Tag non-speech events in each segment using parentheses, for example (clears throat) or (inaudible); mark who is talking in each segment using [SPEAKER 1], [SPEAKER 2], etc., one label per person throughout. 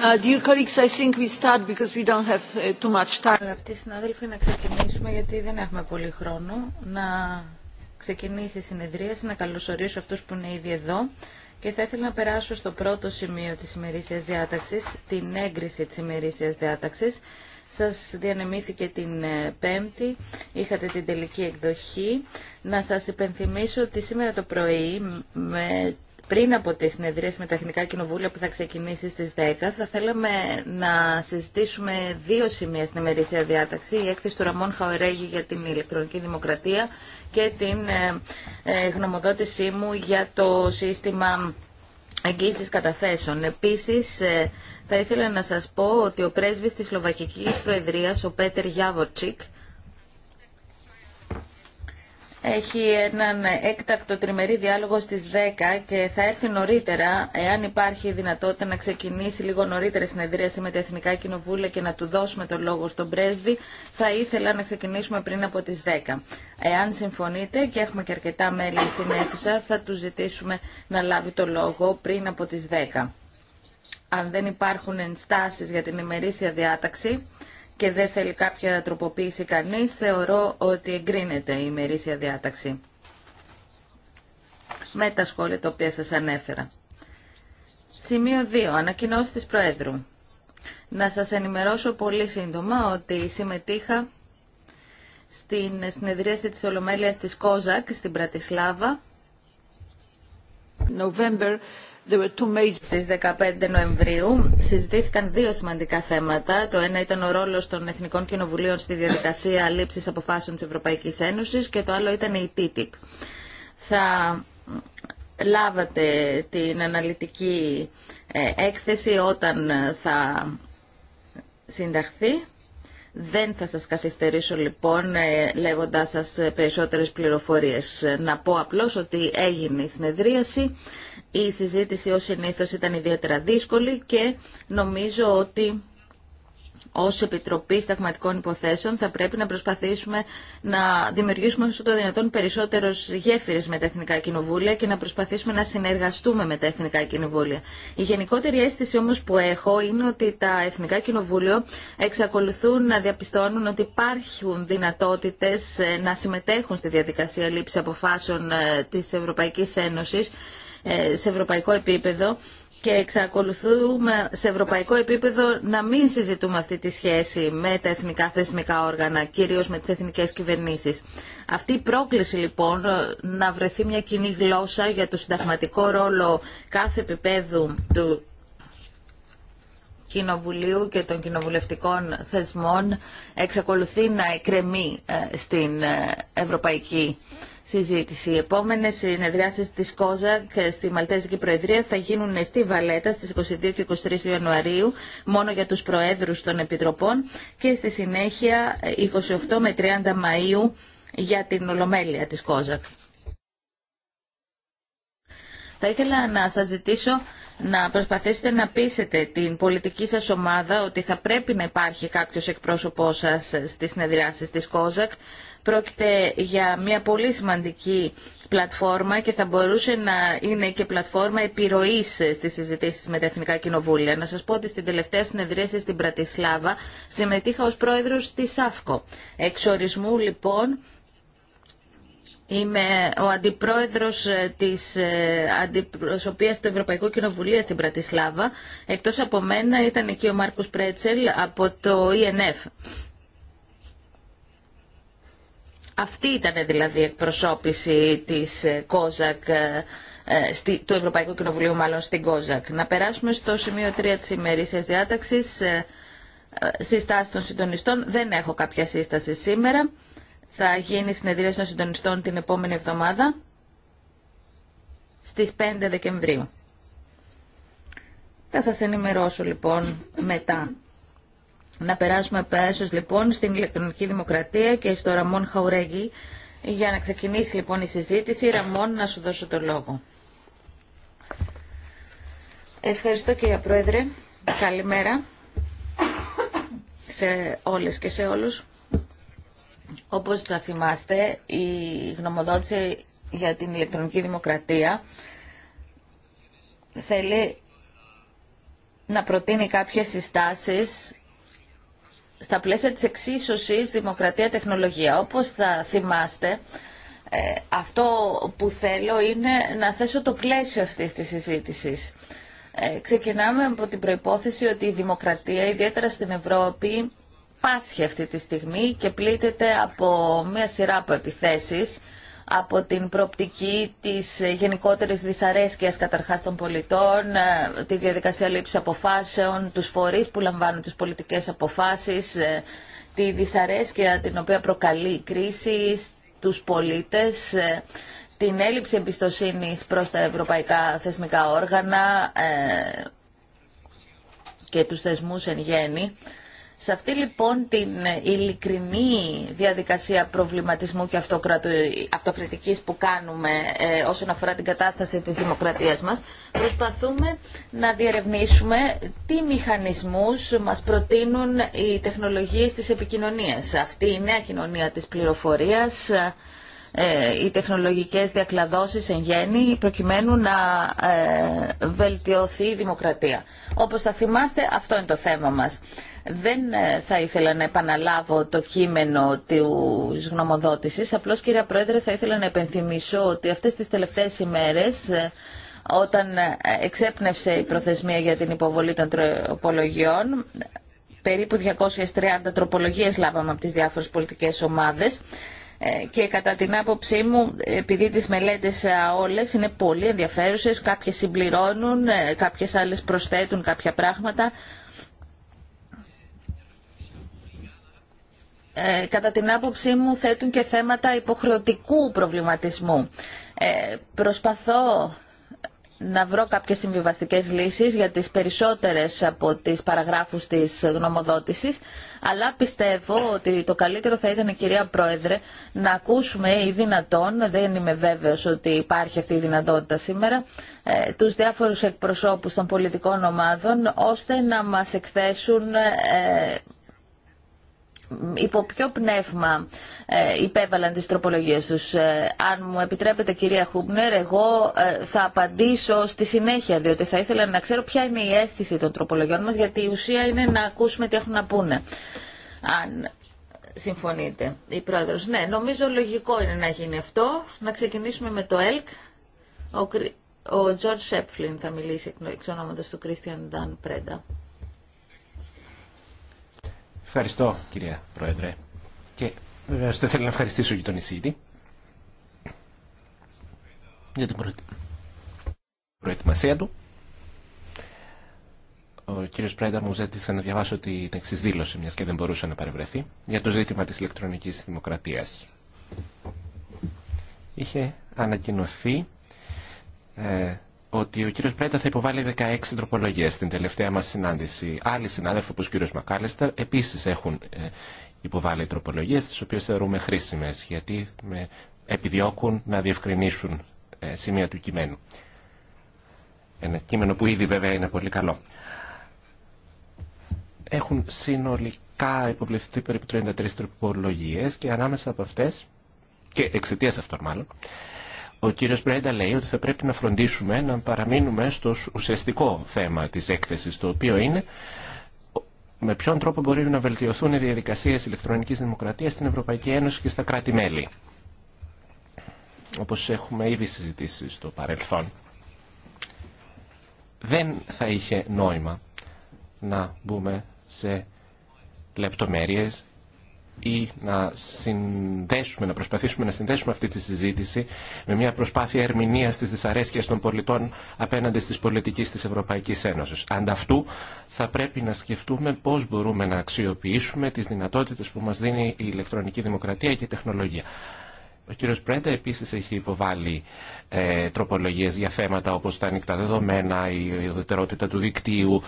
[SPEAKER 1] Αγαπητοί συνάδελφοι, να ξεκινήσουμε γιατί δεν έχουμε πολύ χρόνο. Να ξεκινήσει η συνεδρίαση, να καλωσορίσω αυτούς που είναι ήδη εδώ και θα ήθελα να περάσω στο πρώτο σημείο της ημερήσιας διάταξης, την έγκριση της ημερήσιας διάταξης. Σας διανεμήθηκε την ε, Πέμπτη, είχατε την τελική εκδοχή. Να σας υπενθυμίσω ότι σήμερα το πρωί με πριν από τις συνεδρίες με τα Εθνικά Κοινοβούλια που θα ξεκινήσει στις 10, θα θέλαμε να συζητήσουμε δύο σημεία στην ημερήσια διάταξη, η έκθεση του Ραμών Χαουρέγη για την ηλεκτρονική δημοκρατία και την ε, ε, γνωμοδότησή μου για το σύστημα εγγύησης καταθέσεων. Επίσης, ε, θα ήθελα να σας πω ότι ο πρέσβης της Σλοβακικής Προεδρίας, ο Πέτερ Γιάβορτσικ, έχει έναν έκτακτο τριμερή διάλογο στις 10 και θα έρθει νωρίτερα, εάν υπάρχει δυνατότητα να ξεκινήσει λίγο νωρίτερα η συνεδρίαση με τα Εθνικά Κοινοβούλια και να του δώσουμε το λόγο στον πρέσβη, θα ήθελα να ξεκινήσουμε πριν από τις 10. Εάν συμφωνείτε και έχουμε και αρκετά μέλη στην αίθουσα, θα του ζητήσουμε να λάβει το λόγο πριν από τις 10. Αν δεν υπάρχουν ενστάσεις για την ημερήσια διάταξη, και δεν θέλει κάποια τροποποίηση κανείς, θεωρώ ότι εγκρίνεται η ημερήσια διάταξη με τα σχόλια τα οποία σας ανέφερα. Σημείο 2. Ανακοινώσει της Προέδρου. Να σας ενημερώσω πολύ σύντομα ότι συμμετείχα στην συνεδρίαση της Ολομέλειας της Κόζακ στην Πρατισλάβα November Στι 15 Νοεμβρίου συζητήθηκαν δύο σημαντικά θέματα. Το ένα ήταν ο ρόλο των Εθνικών Κοινοβουλίων στη διαδικασία λήψη αποφάσεων τη Ευρωπαϊκή Ένωση και το άλλο ήταν η TTIP. Θα λάβατε την αναλυτική ε, έκθεση όταν θα συνταχθεί. Δεν θα σας καθυστερήσω λοιπόν ε, λέγοντάς σας ε, περισσότερες πληροφορίες. Ε, να πω απλώς ότι έγινε η συνεδρίαση, η συζήτηση ως συνήθως ήταν ιδιαίτερα δύσκολη και νομίζω ότι ως Επιτροπή Σταγματικών Υποθέσεων θα πρέπει να προσπαθήσουμε να δημιουργήσουμε όσο το δυνατόν περισσότερο γέφυρες με τα Εθνικά Κοινοβούλια και να προσπαθήσουμε να συνεργαστούμε με τα Εθνικά Κοινοβούλια. Η γενικότερη αίσθηση όμως που έχω είναι ότι τα Εθνικά Κοινοβούλια εξακολουθούν να διαπιστώνουν ότι υπάρχουν δυνατότητες ε, να συμμετέχουν στη διαδικασία λήψη αποφάσεων ε, της Ευρωπαϊκής Ένωσης ε, σε ευρωπαϊκό επίπεδο και εξακολουθούμε σε ευρωπαϊκό επίπεδο να μην συζητούμε αυτή τη σχέση με τα εθνικά θεσμικά όργανα, κυρίως με τις εθνικές κυβερνήσεις. Αυτή η πρόκληση λοιπόν να βρεθεί μια κοινή γλώσσα για το συνταγματικό ρόλο κάθε επίπεδου του Κοινοβουλίου και των κοινοβουλευτικών θεσμών εξακολουθεί να εκκρεμεί ε, στην ε, Ευρωπαϊκή συζήτηση. Οι επόμενε συνεδριάσει τη ΚΟΖΑΚ στη Μαλτέζικη Προεδρία θα γίνουν στη Βαλέτα στι 22 και 23 Ιανουαρίου, μόνο για του Προέδρου των Επιτροπών και στη συνέχεια 28 ε, με 30 Μαου για την Ολομέλεια της ΚΟΖΑΚ. Θα ήθελα να σας ζητήσω να προσπαθήσετε να πείσετε την πολιτική σας ομάδα ότι θα πρέπει να υπάρχει κάποιος εκπρόσωπός σας στις συνεδριάσεις της ΚΟΖΑΚ. Πρόκειται για μια πολύ σημαντική πλατφόρμα και θα μπορούσε να είναι και πλατφόρμα επιρροής στις συζητήσεις με τα Εθνικά Κοινοβούλια. Να σας πω ότι στην τελευταία συνεδρίαση στην Πρατισλάβα συμμετείχα ως πρόεδρος της ΑΦΚΟ. Εξορισμού λοιπόν Είμαι ο αντιπρόεδρος της ε, αντιπροσωπείας του Ευρωπαϊκού Κοινοβουλίου στην Πρατισλάβα. Εκτός από μένα ήταν εκεί ο Μάρκος Πρέτσελ από το ΕΝΕΦ. E Αυτή ήταν δηλαδή η εκπροσώπηση της ε, ΚΟΖΑΚ, ε, του Ευρωπαϊκού Κοινοβουλίου μάλλον στην ΚΟΖΑΚ. Να περάσουμε στο σημείο 3 της ημερήσιας διάταξης, συστάσεις των συντονιστών. Δεν έχω κάποια σύσταση σήμερα θα γίνει συνεδρία των συντονιστών την επόμενη εβδομάδα στις 5 Δεκεμβρίου. Θα σας ενημερώσω λοιπόν μετά. Να περάσουμε πέσως λοιπόν στην ηλεκτρονική δημοκρατία και στο Ραμόν Χαουρέγγι για να ξεκινήσει λοιπόν η συζήτηση. Ραμόν, να σου δώσω το λόγο. Ευχαριστώ κύριε Πρόεδρε. Καλημέρα σε όλες και σε όλους. Όπως θα θυμάστε, η γνωμοδότηση για την ηλεκτρονική δημοκρατία θέλει να προτείνει κάποιες συστάσεις στα πλαίσια της εξίσωσης δημοκρατία-τεχνολογία. Όπως θα θυμάστε, ε, αυτό που θέλω είναι να θέσω το πλαίσιο αυτής της συζήτησης. Ε, ξεκινάμε από την προϋπόθεση ότι η δημοκρατία, ιδιαίτερα στην Ευρώπη, πάσχει αυτή τη στιγμή και πλήττεται από μια σειρά από επιθέσεις από την προπτική της γενικότερης δυσαρέσκειας καταρχάς των πολιτών, ε, τη διαδικασία λήψης αποφάσεων, τους φορείς που λαμβάνουν τις πολιτικές αποφάσεις, ε, τη δυσαρέσκεια την οποία προκαλεί η κρίση, τους πολίτες, ε, την έλλειψη εμπιστοσύνης προς τα ευρωπαϊκά θεσμικά όργανα και τους θεσμούς εν γέννη. Σε αυτή λοιπόν την ειλικρινή διαδικασία προβληματισμού και αυτοκριτικής που κάνουμε ε, όσον αφορά την κατάσταση της δημοκρατίας μας, προσπαθούμε να διερευνήσουμε τι μηχανισμούς μας προτείνουν οι τεχνολογίες της επικοινωνίας. Αυτή η νέα κοινωνία της πληροφορίας, ε, οι τεχνολογικές διακλαδώσεις εν γέννη προκειμένου να ε, βελτιωθεί η δημοκρατία. Όπως θα θυμάστε αυτό είναι το θέμα μας. Δεν ε, θα ήθελα να επαναλάβω το κείμενο της γνωμοδότησης. Απλώς, κύριε Πρόεδρε, θα ήθελα να επενθυμίσω ότι αυτές τις τελευταίες ημέρες ε, όταν ε, εξέπνευσε η προθεσμία για την υποβολή των τροπολογιών, περίπου 230 τροπολογίες λάβαμε από τις διάφορες πολιτικές ομάδες και κατά την άποψή μου, επειδή τις μελέτες όλες είναι πολύ ενδιαφέρουσες, κάποιες συμπληρώνουν, κάποιες άλλες προσθέτουν κάποια πράγματα, Ε, κατά την άποψή μου θέτουν και θέματα υποχρεωτικού προβληματισμού. Ε, προσπαθώ να βρω κάποιες συμβιβαστικές λύσεις για τις περισσότερες από τις παραγράφους της γνωμοδότησης, αλλά πιστεύω ότι το καλύτερο θα ήταν, κυρία Πρόεδρε, να ακούσουμε ή δυνατόν, δεν είμαι βέβαιος ότι υπάρχει αυτή η δυνατότητα σήμερα, ε, τους διάφορους εκπροσώπους των πολιτικών ομάδων, ώστε να μας εκθέσουν ε, υπό ποιο πνεύμα ε, υπέβαλαν τις τροπολογίες τους. Ε, αν μου επιτρέπετε κυρία Χούμπνερ, εγώ ε, θα απαντήσω στη συνέχεια, διότι θα ήθελα να ξέρω ποια είναι η αίσθηση των τροπολογιών μας, γιατί η ουσία είναι να ακούσουμε τι έχουν να πούνε. Αν συμφωνείτε, η Πρόεδρος. Ναι, νομίζω λογικό είναι να γίνει αυτό. Να ξεκινήσουμε με το ΕΛΚ. Ο Τζορτ Σέπφλιν θα μιλήσει εξ ονόματος του Κρίστιαν Νταν Πρέντα.
[SPEAKER 2] Ευχαριστώ κυρία Πρόεδρε και βεβαίω δεν θέλω να ευχαριστήσω για τον Ισίδη για την προετοιμασία του. Ο κύριος Πρέντα μου ζήτησε να διαβάσω την εξή δήλωση, μιας και δεν μπορούσε να παρευρεθεί, για το ζήτημα της ηλεκτρονικής δημοκρατίας. Είχε ανακοινωθεί ε, ότι ο κύριος Πρέτα θα υποβάλει 16 τροπολογίες στην τελευταία μας συνάντηση. Άλλοι συνάδελφοι όπως ο κύριος Μακάλεστερ επίσης έχουν ε, υποβάλει τροπολογίες τις οποίες θεωρούμε χρήσιμες γιατί με επιδιώκουν να διευκρινίσουν ε, σημεία του κειμένου. Ένα κείμενο που ήδη βέβαια είναι πολύ καλό. Έχουν συνολικά υποβληθεί περίπου 33 τροπολογίες και ανάμεσα από αυτές και εξαιτία αυτών μάλλον, ο κύριος Μπρέντα λέει ότι θα πρέπει να φροντίσουμε να παραμείνουμε στο ουσιαστικό θέμα της έκθεσης, το οποίο είναι με ποιον τρόπο μπορεί να βελτιωθούν οι διαδικασίες ηλεκτρονικής δημοκρατίας στην Ευρωπαϊκή Ένωση και στα κράτη-μέλη. Όπως έχουμε ήδη συζητήσει στο παρελθόν. Δεν θα είχε νόημα να μπούμε σε λεπτομέρειες ή να συνδέσουμε, να προσπαθήσουμε να συνδέσουμε αυτή τη συζήτηση με μια προσπάθεια ερμηνεία τη δυσαρέσκεια των πολιτών απέναντι στι πολιτικέ τη Ευρωπαϊκή Ένωση. Ανταυτού, θα πρέπει να σκεφτούμε πώ μπορούμε να αξιοποιήσουμε τι δυνατότητε που μα δίνει η ηλεκτρονική δημοκρατία και η τεχνολογία. Ο κύριος Πρέντα επίση έχει υποβάλει ε, για θέματα όπως τα ανοιχτά δεδομένα, η ιδιωτερότητα του δικτύου,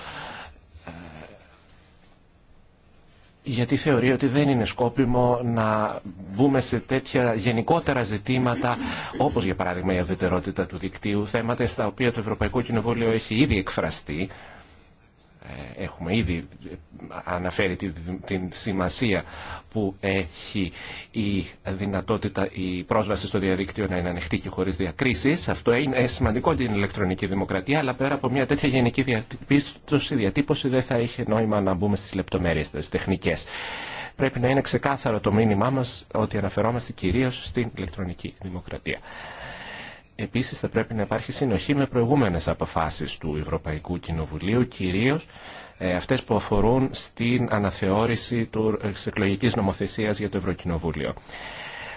[SPEAKER 2] γιατί θεωρεί ότι δεν είναι σκόπιμο να μπούμε σε τέτοια γενικότερα ζητήματα, όπως για παράδειγμα η αδετερότητα του δικτύου, θέματα στα οποία το Ευρωπαϊκό Κοινοβούλιο έχει ήδη εκφραστεί. Ε, έχουμε ήδη αναφέρει την σημασία που έχει η δυνατότητα, η πρόσβαση στο διαδίκτυο να είναι ανοιχτή και χωρί διακρίσει. Αυτό είναι σημαντικό την ηλεκτρονική δημοκρατία, αλλά πέρα από μια τέτοια γενική διατύπωση, διατύπωση δεν θα είχε νόημα να μπούμε στι λεπτομέρειε, στι τεχνικέ. Πρέπει να είναι ξεκάθαρο το μήνυμά μα ότι αναφερόμαστε κυρίω στην ηλεκτρονική δημοκρατία. Επίσης θα πρέπει να υπάρχει συνοχή με προηγούμενες αποφάσεις του Ευρωπαϊκού Κοινοβουλίου, κυρίω ε, αυτές που αφορούν στην αναθεώρηση του ε, εκλογικής νομοθεσίας για το Ευρωκοινοβούλιο.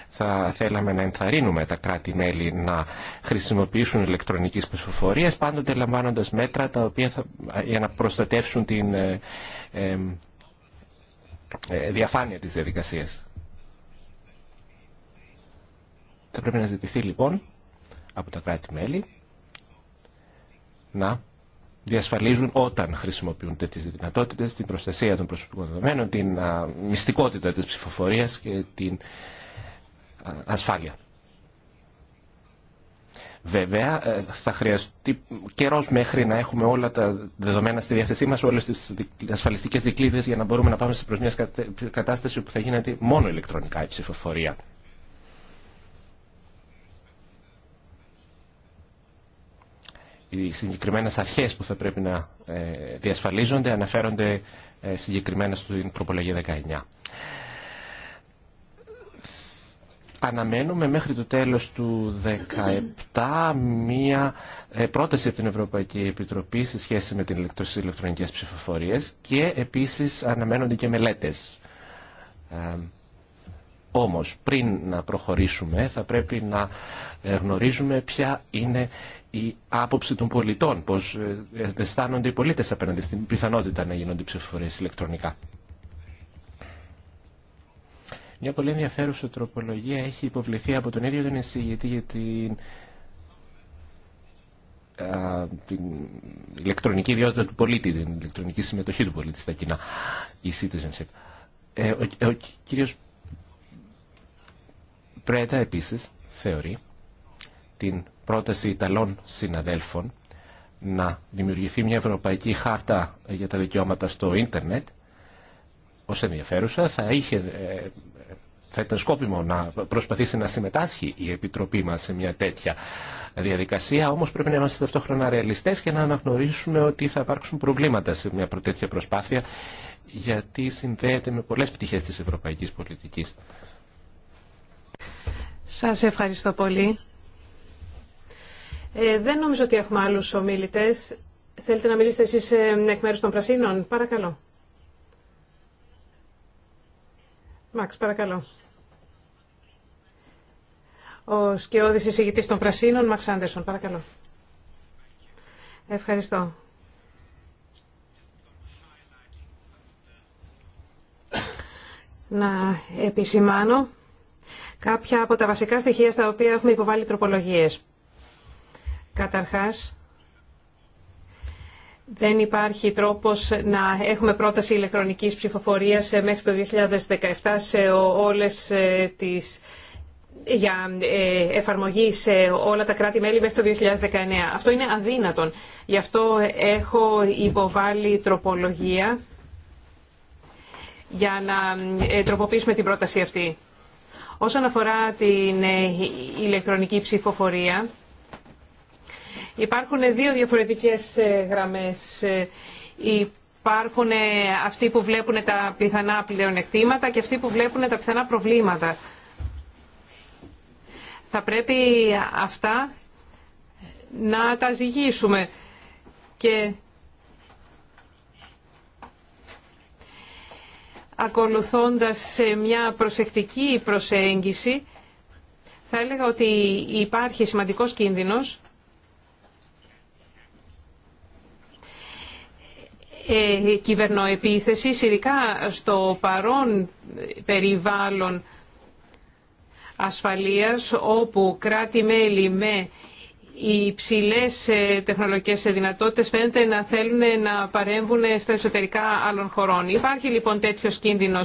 [SPEAKER 2] Θα θέλαμε να ενθαρρύνουμε τα κράτη-μέλη να χρησιμοποιήσουν ηλεκτρονικής πληροφορίε, πάντοτε λαμβάνοντας μέτρα τα οποία θα, ε, για να προστατεύσουν την ε, διαφάνεια της διαδικασίας. Θα πρέπει να ζητηθεί λοιπόν από τα κράτη-μέλη να διασφαλίζουν όταν χρησιμοποιούν τέτοιες δυνατότητες την προστασία των προσωπικών δεδομένων, την μυστικότητα της ψηφοφορίας και την ασφάλεια. Βέβαια, ε, θα χρειαστεί καιρό μέχρι να έχουμε όλα τα δεδομένα στη διάθεσή μα, όλε τι ασφαλιστικέ δικλείδε, για να μπορούμε να πάμε προ μια κατάσταση που θα γίνεται μόνο ηλεκτρονικά η ψηφοφορία. οι συγκεκριμένες αρχές που θα πρέπει να ε, διασφαλίζονται αναφέρονται ε, συγκεκριμένα στην τροπολογία 19. Αναμένουμε μέχρι το τέλος του 2017 μία ε, πρόταση από την Ευρωπαϊκή Επιτροπή σε σχέση με την ηλεκτρονικές ψηφοφορίες και επίσης αναμένονται και μελέτες όμως πριν να προχωρήσουμε θα πρέπει να ε, γνωρίζουμε ποια είναι η άποψη των πολιτών, πώς ε, ε, αισθάνονται οι πολίτες απέναντι στην πιθανότητα να γίνονται ψηφοφορίες ηλεκτρονικά. Μια πολύ ενδιαφέρουσα τροπολογία έχει υποβληθεί από τον ίδιο τον εισηγητή για την, την ηλεκτρονική ιδιότητα του πολίτη, την ηλεκτρονική συμμετοχή του πολίτη στα κοινά, η citizenship. Ε, ο Πρέτα επίσης θεωρεί την πρόταση Ιταλών συναδέλφων να δημιουργηθεί μια ευρωπαϊκή χάρτα για τα δικαιώματα στο ίντερνετ ως ενδιαφέρουσα θα, είχε, ε, θα ήταν σκόπιμο να προσπαθήσει να συμμετάσχει η Επιτροπή μας σε μια τέτοια διαδικασία όμως πρέπει να είμαστε ταυτόχρονα ρεαλιστές και να αναγνωρίσουμε ότι θα υπάρξουν προβλήματα σε μια τέτοια προσπάθεια γιατί συνδέεται με πολλές πτυχές της ευρωπαϊκής πολιτικής.
[SPEAKER 3] Σας ευχαριστώ πολύ. Ε, δεν νομίζω ότι έχουμε άλλους ομιλητές. Θέλετε να μιλήσετε εσείς ε, εκ μέρους των Πρασίνων. Παρακαλώ. Μαξ, παρακαλώ. Ο σκιώδης εισηγητής των Πρασίνων, Μαξ Άντερσον, παρακαλώ. Ευχαριστώ. Να επισημάνω κάποια από τα βασικά στοιχεία στα οποία έχουμε υποβάλει τροπολογίες. Καταρχάς, δεν υπάρχει τρόπος να έχουμε πρόταση ηλεκτρονικής ψηφοφορίας ε, μέχρι το 2017 σε όλες ε, τις για ε, εφαρμογή σε όλα τα κράτη-μέλη μέχρι το 2019. Αυτό είναι αδύνατον. Γι' αυτό έχω υποβάλει τροπολογία για να τροποποιήσουμε την πρόταση αυτή. Όσον αφορά την ε, ηλεκτρονική ψηφοφορία, υπάρχουν δύο διαφορετικές ε, γραμμές. Ε, υπάρχουν αυτοί που βλέπουν τα πιθανά πλεονεκτήματα και αυτοί που βλέπουν τα πιθανά προβλήματα. Θα πρέπει αυτά να τα ζυγίσουμε και ακολουθώντας μια προσεκτική προσέγγιση, θα έλεγα ότι υπάρχει σημαντικός κίνδυνος ε, κυβερνοεπίθεσης, ειδικά στο παρόν περιβάλλον ασφαλείας, όπου κράτη-μέλη με οι υψηλέ ε, τεχνολογικέ δυνατότητε φαίνεται να θέλουν να παρέμβουν στα εσωτερικά άλλων χωρών. Υπάρχει λοιπόν τέτοιος κίνδυνο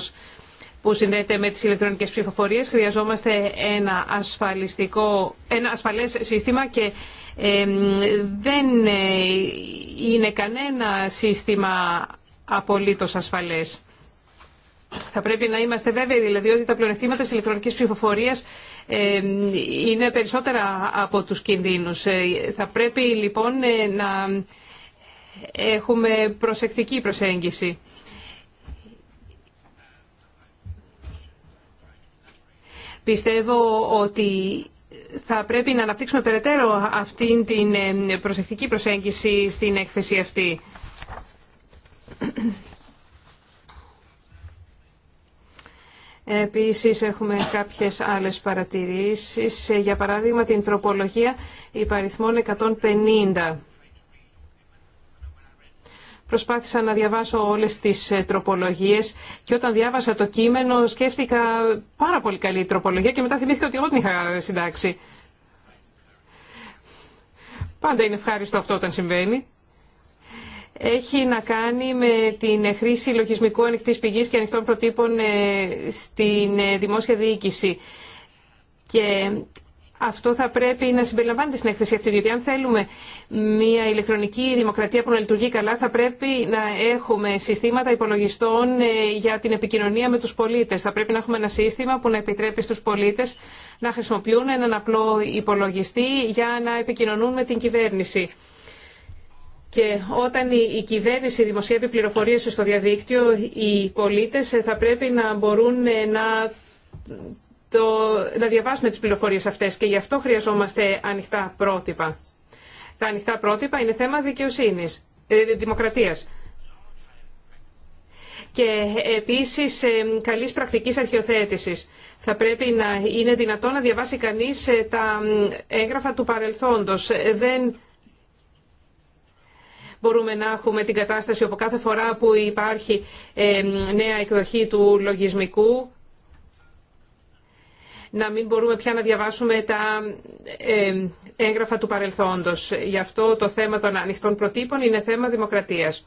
[SPEAKER 3] που συνδέεται με τις ηλεκτρονικές ψηφοφορίε. Χρειαζόμαστε ένα, ασφαλιστικό, ένα ασφαλές σύστημα και δεν ε, είναι κανένα σύστημα απολύτως ασφαλές. Θα πρέπει να είμαστε βέβαιοι δηλαδή ότι τα πλεονεκτήματα της ηλεκτρονικής ψηφοφορίας ε, είναι περισσότερα από τους κινδύνους. Ε, θα πρέπει λοιπόν ε, να έχουμε προσεκτική προσέγγιση. Πιστεύω ότι θα πρέπει να αναπτύξουμε περαιτέρω αυτή την προσεκτική προσέγγιση στην έκθεση αυτή. Επίσης έχουμε κάποιες άλλες παρατηρήσεις, ε, για παράδειγμα την τροπολογία υπαριθμών 150. Προσπάθησα να διαβάσω όλες τις ε, τροπολογίες και όταν διάβασα το κείμενο σκέφτηκα πάρα πολύ καλή τροπολογία και μετά θυμήθηκα ότι εγώ την είχα συντάξει. Πάντα είναι ευχάριστο αυτό όταν συμβαίνει έχει να κάνει με την χρήση λογισμικού ανοιχτή πηγή και ανοιχτών προτύπων ε, στην ε, δημόσια διοίκηση. Και αυτό θα πρέπει να συμπεριλαμβάνεται στην έκθεση αυτή, γιατί αν θέλουμε μια ηλεκτρονική δημοκρατία που να λειτουργεί καλά, θα πρέπει να έχουμε συστήματα υπολογιστών ε, για την επικοινωνία με τους πολίτες. Θα πρέπει να έχουμε ένα σύστημα που να επιτρέπει στους πολίτες να χρησιμοποιούν έναν απλό υπολογιστή για να επικοινωνούν με την κυβέρνηση. Και όταν η κυβέρνηση δημοσιεύει πληροφορίες στο διαδίκτυο, οι πολίτες θα πρέπει να μπορούν ε, να, το, να διαβάσουν τις πληροφορίες αυτές και γι' αυτό χρειαζόμαστε ανοιχτά πρότυπα. Τα ανοιχτά πρότυπα είναι θέμα δικαιοσύνης, ε, δημοκρατίας. Και επίσης ε, καλής πρακτικής αρχαιοθέτησης. Θα πρέπει να είναι δυνατό να διαβάσει κανείς τα έγγραφα του παρελθόντος. Δεν μπορούμε να έχουμε την κατάσταση όπου κάθε φορά που υπάρχει νέα εκδοχή του λογισμικού να μην μπορούμε πια να διαβάσουμε τα έγγραφα του παρελθόντος. Γι' αυτό το θέμα των ανοιχτών προτύπων είναι θέμα δημοκρατίας.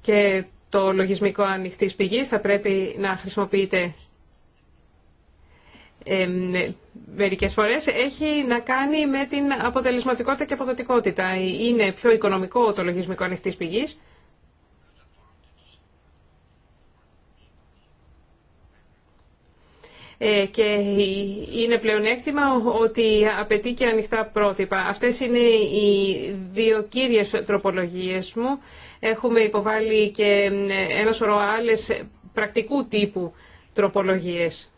[SPEAKER 3] Και το λογισμικό ανοιχτής πηγής θα πρέπει να χρησιμοποιείται ε, μερικές φορές έχει να κάνει με την αποτελεσματικότητα και αποδοτικότητα. Είναι πιο οικονομικό το λογισμικό ανοιχτή πηγής. Ε, και είναι πλεονέκτημα ότι απαιτεί και ανοιχτά πρότυπα. Αυτές είναι οι δύο κύριες τροπολογίες μου. Έχουμε υποβάλει και ένα σωρό άλλες πρακτικού τύπου τροπολογίες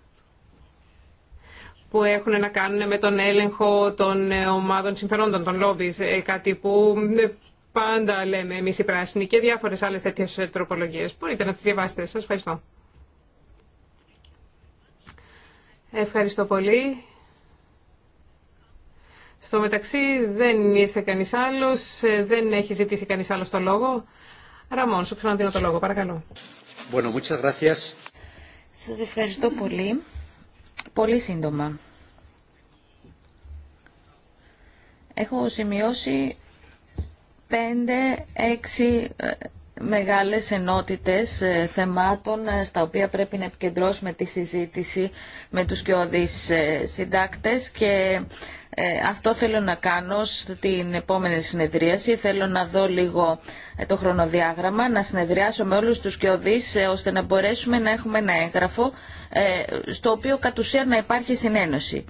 [SPEAKER 3] που έχουν να κάνουν με τον έλεγχο των ε, ομάδων συμφερόντων, των λόμπις, ε, κάτι που ε, πάντα λέμε εμείς οι πράσινοι και διάφορες άλλες τέτοιες τροπολογίες. Μπορείτε να τις διαβάσετε. Σας ευχαριστώ. Ευχαριστώ πολύ. Στο μεταξύ δεν ήρθε κανείς άλλος, δεν έχει ζητήσει κανείς άλλος το λόγο. Ραμόν, σου ξαναδίνω το λόγο, παρακαλώ. Bueno, Σας ευχαριστώ πολύ.
[SPEAKER 1] Πολύ σύντομα. Έχω σημειώσει πέντε, έξι ε, μεγάλες ενότητες ε, θεμάτων ε, στα οποία πρέπει να επικεντρώσουμε τη συζήτηση με τους κοιόδης συντάκτες και αυτό θέλω να κάνω στην επόμενη συνεδρίαση. Θέλω να δω λίγο το χρονοδιάγραμμα, να συνεδριάσω με όλους τους κοιόδης ώστε να μπορέσουμε να έχουμε ένα έγγραφο ε, στο οποίο κατ' ουσίαν να υπάρχει συνένωση.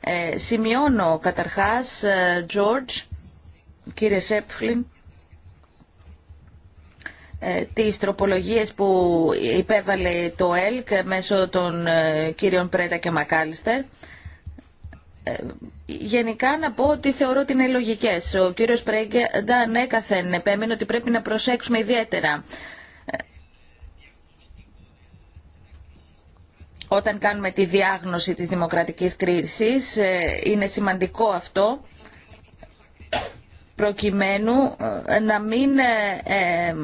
[SPEAKER 1] Ε, σημειώνω καταρχάς, ε, George, κύριε Σέπφλιν, τις τροπολογίες που υπέβαλε το ΕΛΚ μέσω των κύριων Πρέτα και Μακάλιστερ. Γενικά να πω ότι θεωρώ ότι είναι λογικές. Ο κύριος Πρέγκα ναι, ανέκαθεν επέμεινε ότι πρέπει να προσέξουμε ιδιαίτερα όταν κάνουμε τη διάγνωση της δημοκρατικής κρίσης. Ε, είναι σημαντικό αυτό προκειμένου ε, να μην ε,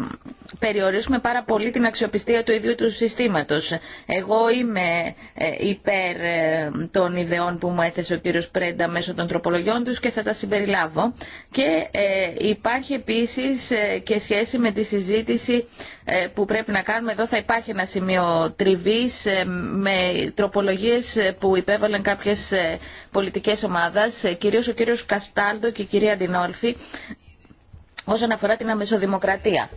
[SPEAKER 1] περιορίσουμε πάρα πολύ την αξιοπιστία του ίδιου του συστήματος. Εγώ είμαι ε, υπέρ ε, των ιδεών που μου έθεσε ο κύριος Πρέντα μέσω των τροπολογιών τους και θα τα συμπεριλάβω. Και ε, υπάρχει επίσης και σχέση με τη συζήτηση που πρέπει να κάνουμε. Εδώ θα υπάρχει ένα σημείο τριβής με τροπολογίες που υπέβαλαν κάποιες πολιτικές ομάδες, κυρίως ο κύριος Καστάλτο και η κυρία Αντινόλφη, όσον αφορά την αμεσοδημοκρατία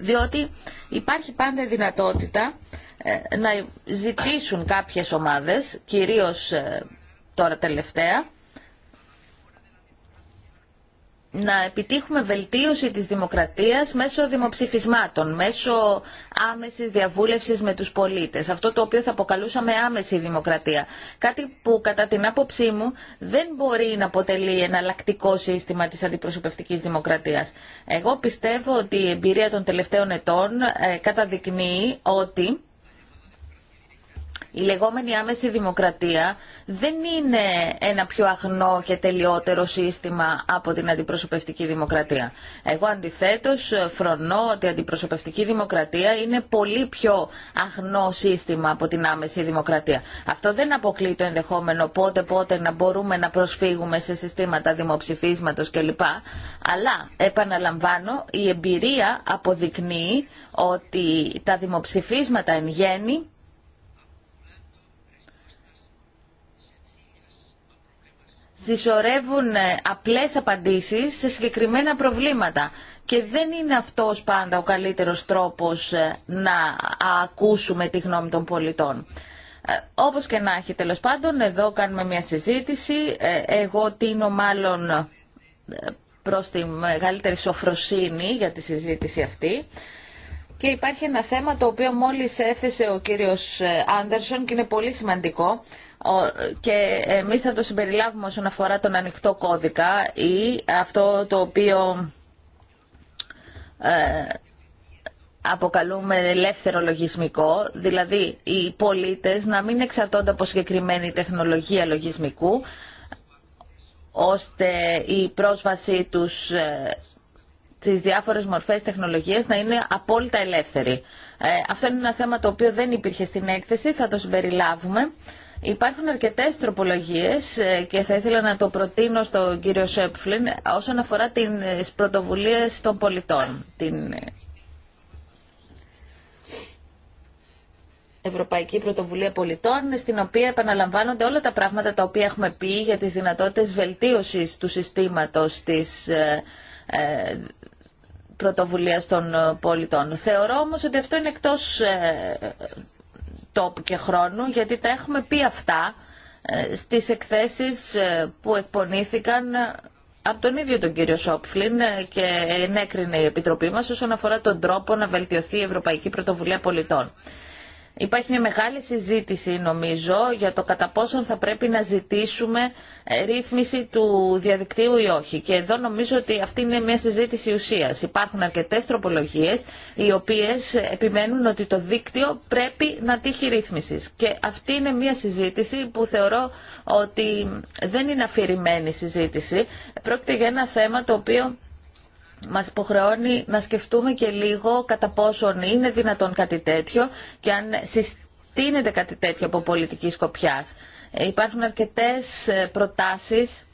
[SPEAKER 1] διότι υπάρχει πάντα δυνατότητα ε, να ζητήσουν κάποιες ομάδες, κυρίως ε, τώρα τελευταία, να επιτύχουμε βελτίωση της δημοκρατίας μέσω δημοψηφισμάτων, μέσω άμεσης διαβούλευσης με τους πολίτες. Αυτό το οποίο θα αποκαλούσαμε άμεση δημοκρατία. Κάτι που κατά την άποψή μου δεν μπορεί να αποτελεί εναλλακτικό σύστημα της αντιπροσωπευτικής δημοκρατίας. Εγώ πιστεύω ότι η εμπειρία των τελευταίων ετών ε, καταδεικνύει ότι η λεγόμενη άμεση δημοκρατία δεν είναι ένα πιο αγνό και τελειότερο σύστημα από την αντιπροσωπευτική δημοκρατία. Εγώ αντιθέτως φρονώ ότι η αντιπροσωπευτική δημοκρατία είναι πολύ πιο αχνό σύστημα από την άμεση δημοκρατία. Αυτό δεν αποκλεί το ενδεχόμενο πότε πότε να μπορούμε να προσφύγουμε σε συστήματα δημοψηφίσματος κλπ. Αλλά επαναλαμβάνω η εμπειρία αποδεικνύει ότι τα δημοψηφίσματα εν γέννη συσσωρεύουν ε, απλές απαντήσεις σε συγκεκριμένα προβλήματα. Και δεν είναι αυτός πάντα ο καλύτερος τρόπος ε, να ακούσουμε τη γνώμη των πολιτών. Ε, όπως και να έχει τέλος πάντων, εδώ κάνουμε μια συζήτηση. Εγώ τίνω μάλλον προς τη μεγαλύτερη σοφροσύνη για τη συζήτηση αυτή. Και υπάρχει ένα θέμα το οποίο μόλις έθεσε ο κύριος Άντερσον και είναι πολύ σημαντικό και εμείς θα το συμπεριλάβουμε όσον αφορά τον ανοιχτό κώδικα ή αυτό το οποίο ε, αποκαλούμε ελεύθερο λογισμικό, δηλαδή οι πολίτες να μην εξαρτώνται από συγκεκριμένη τεχνολογία λογισμικού, ώστε η πρόσβαση τους ε, στις διάφορες μορφές τεχνολογίας να είναι απόλυτα ελεύθερη. Ε, αυτό είναι ένα θέμα το οποίο δεν υπήρχε στην έκθεση, θα το συμπεριλάβουμε. Υπάρχουν αρκετέ τροπολογίες ε, και θα ήθελα να το προτείνω στον κύριο Σέπφλιν όσον αφορά ε, τι πρωτοβουλίε των πολιτών. Την ε, Ευρωπαϊκή Πρωτοβουλία Πολιτών, στην οποία επαναλαμβάνονται όλα τα πράγματα τα οποία έχουμε πει για τις δυνατότητες βελτίωσης του συστήματος της πρωτοβουλίας των πολιτών. Θεωρώ όμως ότι αυτό είναι εκτός τόπου και χρόνου, γιατί τα έχουμε πει αυτά ε, στις εκθέσεις ε, που εκπονήθηκαν ε, από τον ίδιο τον κύριο Σόπφλιν και ενέκρινε η Επιτροπή μας όσον αφορά τον τρόπο να βελτιωθεί η Ευρωπαϊκή Πρωτοβουλία Πολιτών. Υπάρχει μια μεγάλη συζήτηση νομίζω για το κατά πόσον θα πρέπει να ζητήσουμε ε, ρύθμιση του διαδικτύου ή όχι. Και εδώ νομίζω ότι αυτή είναι μια συζήτηση ουσία. Υπάρχουν αρκετέ τροπολογίε, οι οποίες επιμένουν ότι το δίκτυο πρέπει να τύχει ρύθμιση. Και αυτή είναι μια συζήτηση που θεωρώ ότι δεν είναι αφηρημένη συζήτηση. Πρόκειται για ένα θέμα το οποίο μας υποχρεώνει να σκεφτούμε και λίγο κατά πόσον είναι δυνατόν κάτι τέτοιο και αν συστήνεται κάτι τέτοιο από πολιτική σκοπιά. Ε, υπάρχουν αρκετές ε, προτάσεις